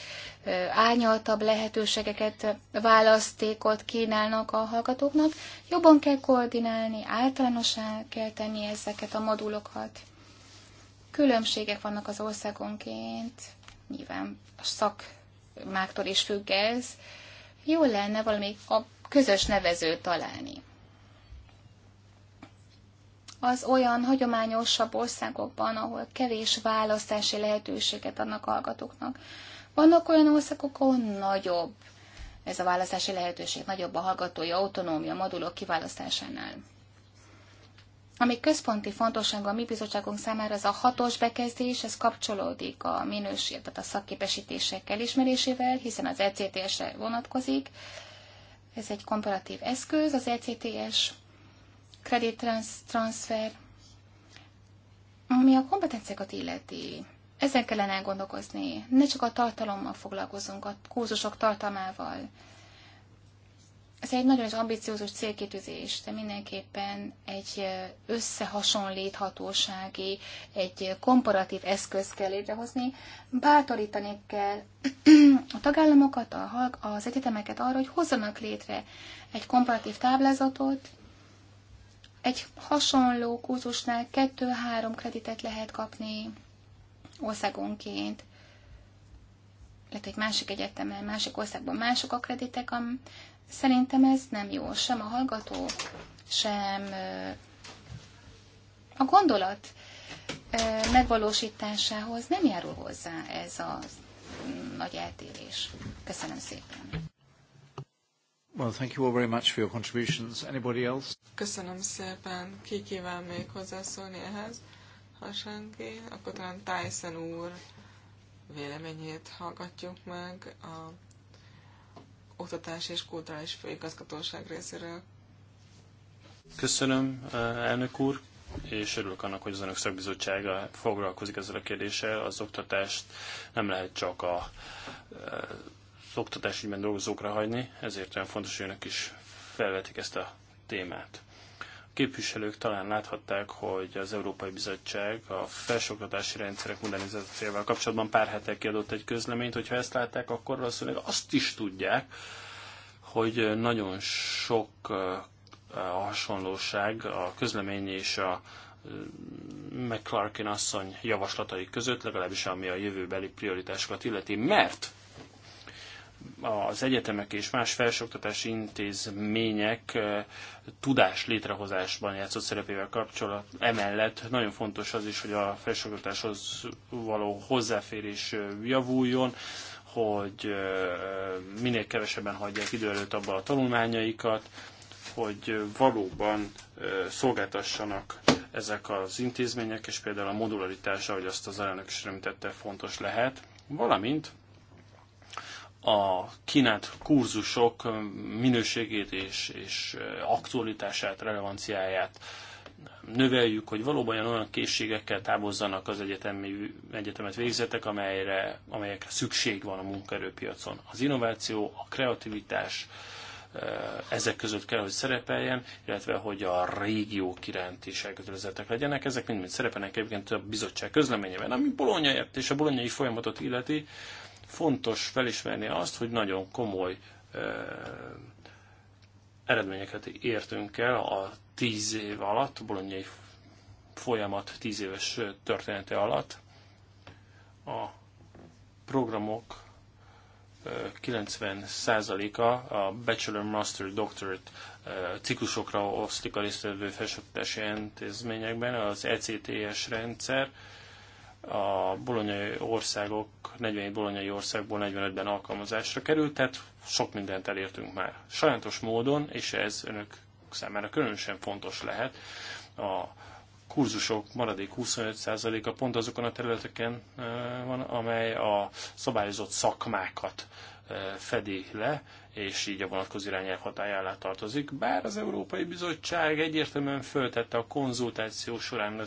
árnyaltabb lehetőségeket, választékot kínálnak a hallgatóknak. Jobban kell koordinálni, általánosá kell tenni ezeket a modulokat. Különbségek vannak az országonként, nyilván a szakmáktól is függ ez. Jó lenne valami a közös nevezőt találni az olyan hagyományosabb országokban, ahol kevés választási lehetőséget adnak hallgatóknak. Vannak olyan országok, ahol nagyobb ez a választási lehetőség, nagyobb a hallgatói autonómia modulok kiválasztásánál. Ami központi fontosság a mi bizottságunk számára, az a hatos bekezdés, ez kapcsolódik a minőség, tehát a szakképesítések elismerésével, hiszen az ECTS-re vonatkozik. Ez egy komparatív eszköz, az ECTS transfer, ami a kompetenciákat illeti, ezen kellene elgondolkozni. Ne csak a tartalommal foglalkozunk, a kurzusok tartalmával. Ez egy nagyon is ambiciózus célkitűzés, de mindenképpen egy összehasonlíthatósági, egy komparatív eszköz kell létrehozni. Bátorítani kell a tagállamokat, az egyetemeket arra, hogy hozzanak létre egy komparatív táblázatot, egy hasonló kurzusnál 2-3 kreditet lehet kapni országonként. Lehet, egy másik egyetemen, másik országban mások a kreditek. Am... Szerintem ez nem jó, sem a hallgató, sem a gondolat megvalósításához nem járul hozzá ez a mm, nagy eltérés. Köszönöm szépen. Well, thank you all very much for your contributions. Anybody else? Köszönöm szépen. Ki kíván még hozzászólni ehhez? Ha senki, akkor talán Tyson úr véleményét hallgatjuk meg a Oktatási és Kulturális Főigazgatóság részéről. Köszönöm, eh, elnök úr, és örülök annak, hogy az önök szakbizottsága foglalkozik ezzel a kérdéssel. Az oktatást nem lehet csak a eh, ügyben dolgozókra hagyni, ezért olyan fontos, hogy önök is felvetik ezt a témát. A képviselők talán láthatták, hogy az Európai Bizottság a felsőoktatási rendszerek modernizációjával kapcsolatban pár hete kiadott egy közleményt, hogyha ezt látták, akkor valószínűleg azt is tudják, hogy nagyon sok a hasonlóság a közlemény és a McClarkin asszony javaslatai között, legalábbis ami a jövőbeli prioritásokat illeti, mert az egyetemek és más felsőoktatási intézmények eh, tudás létrehozásban játszott szerepével kapcsolat. Emellett nagyon fontos az is, hogy a felsőoktatáshoz való hozzáférés eh, javuljon, hogy eh, minél kevesebben hagyják idő előtt abba a tanulmányaikat, hogy valóban szolgáltassanak ezek az intézmények, és például a modularitás, ahogy azt az elnök is remítette, fontos lehet, valamint a kínált kurzusok minőségét és, és aktualitását, relevanciáját növeljük, hogy valóban olyan, olyan készségekkel távozzanak az egyetemi, egyetemet végzetek, amelyre, amelyekre szükség van a munkaerőpiacon. Az innováció, a kreativitás ezek között kell, hogy szerepeljen, illetve hogy a régiók iránt is elkötelezettek legyenek. Ezek mind-mind szerepelnek egyébként a bizottság közleményében, ami bolonyaiért és a bolonyai folyamatot illeti. Fontos felismerni azt, hogy nagyon komoly eredményeket értünk el a tíz év alatt, bolonyai folyamat tíz éves története alatt. A programok 90%-a a Bachelor, Master, Doctorate ciklusokra osztik a résztvevő felsőoktatási intézményekben. Az ECTS rendszer a bolonyai országok, 40 bolonyai országból 45-ben alkalmazásra került, tehát sok mindent elértünk már. Sajátos módon, és ez önök számára különösen fontos lehet, a kurzusok maradék 25%-a pont azokon a területeken eh, van, amely a szabályozott szakmákat eh, fedi le, és így a vonatkozó irányelv hatája alá tartozik, bár az Európai Bizottság egyértelműen föltette a konzultáció során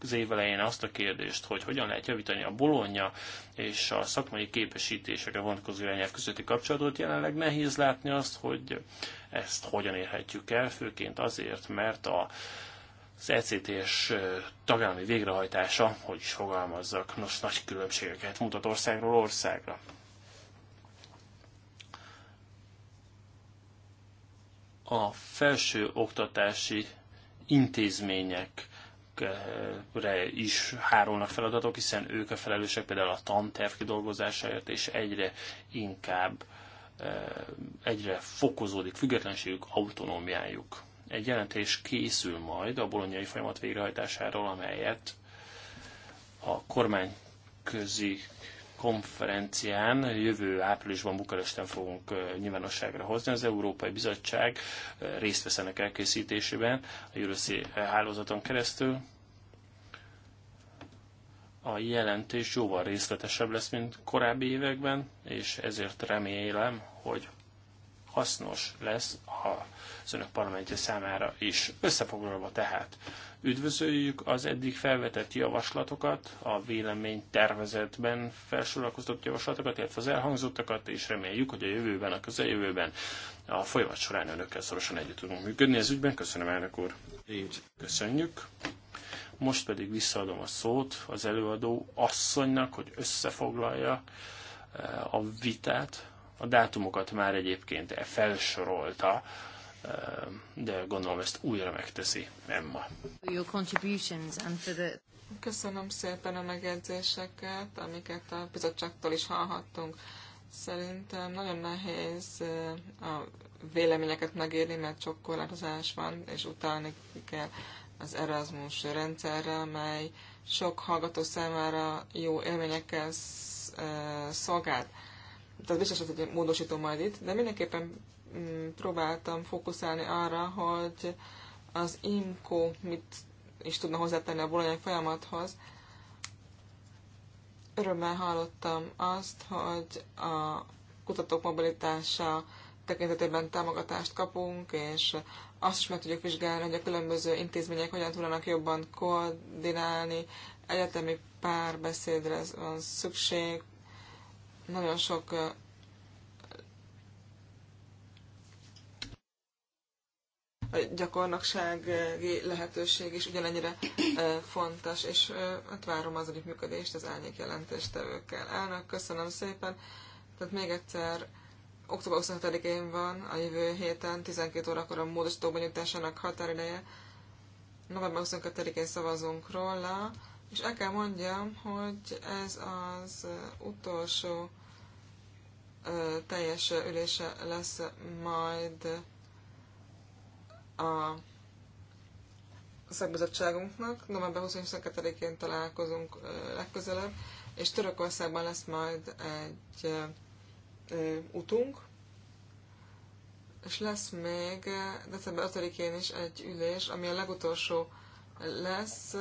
az év elején azt a kérdést, hogy hogyan lehet javítani a bolonya és a szakmai képesítésekre vonatkozó irányelv közötti kapcsolatot. Jelenleg nehéz látni azt, hogy ezt hogyan érhetjük el, főként azért, mert a az ECT-s tagállami végrehajtása, hogy is fogalmazzak, nos nagy különbségeket mutat országról országra. a felső oktatási intézményekre is hárulnak feladatok, hiszen ők a felelősek például a tanterv kidolgozásáért, és egyre inkább e, egyre fokozódik függetlenségük, autonómiájuk. Egy jelentés készül majd a bolonyai folyamat végrehajtásáról, amelyet a kormányközi konferencián jövő áprilisban Bukaresten fogunk nyilvánosságra hozni. Az Európai Bizottság részt vesz ennek elkészítésében a Euroszi hálózaton keresztül. A jelentés jóval részletesebb lesz, mint korábbi években, és ezért remélem, hogy hasznos lesz a az önök parlamentje számára is. Összefoglalva tehát, üdvözöljük az eddig felvetett javaslatokat, a vélemény tervezetben felsorolkozott javaslatokat, illetve az elhangzottakat, és reméljük, hogy a jövőben, a közeljövőben a folyamat során önökkel szorosan együtt tudunk működni ez ügyben. Köszönöm, elnök úr. Így. Köszönjük. Most pedig visszaadom a szót az előadó asszonynak, hogy összefoglalja eh, a vitát. A dátumokat már egyébként felsorolta de gondolom ezt újra megteszi Emma. Köszönöm szépen a megjegyzéseket, amiket a bizottságtól is hallhattunk. Szerintem nagyon nehéz a véleményeket megérni, mert sok korlátozás van, és utalni kell az Erasmus rendszerre, amely sok hallgató számára jó élményekkel szolgált. Tehát biztos, hogy módosítom majd itt, de mindenképpen Mm, próbáltam fókuszálni arra, hogy az IMCO mit is tudna hozzátenni a bolonyai folyamathoz. Örömmel hallottam azt, hogy a kutatók mobilitása tekintetében támogatást kapunk, és azt is meg tudjuk vizsgálni, hogy a különböző intézmények hogyan tudnak jobban koordinálni, egyetemi párbeszédre van szükség, nagyon sok gyakornoksági lehetőség is ugyanennyire fontos, és hát várom az működést az árnyék jelentéstevőkkel. Elnök, köszönöm szépen. Tehát még egyszer, október 27-én van a jövő héten, 12 órakor a módosító benyújtásának határideje. November 22-én szavazunk róla, és el kell mondjam, hogy ez az utolsó teljes ülése lesz majd a szakbizottságunknak. November 22-én találkozunk legközelebb, és Törökországban lesz majd egy utunk, és lesz még december 5-én is egy ülés, ami a legutolsó lesz,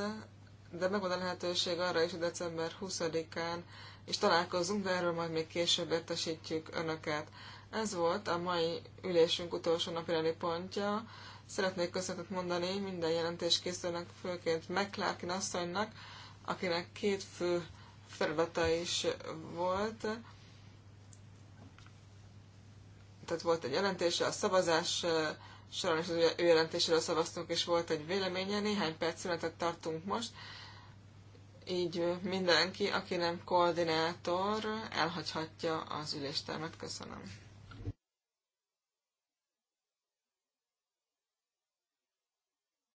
de megvan a lehetőség arra is, hogy december 20-án is találkozunk, de erről majd még később értesítjük Önöket. Ez volt a mai ülésünk utolsó napirendi pontja. Szeretnék köszönetet mondani minden készülnek főként McClarkin asszonynak, akinek két fő feladata is volt. Tehát volt egy jelentése, a szavazás során is az ő jelentéséről szavaztunk, és volt egy véleménye. Néhány perc szünetet tartunk most. Így mindenki, aki nem koordinátor, elhagyhatja az üléstermet. Köszönöm.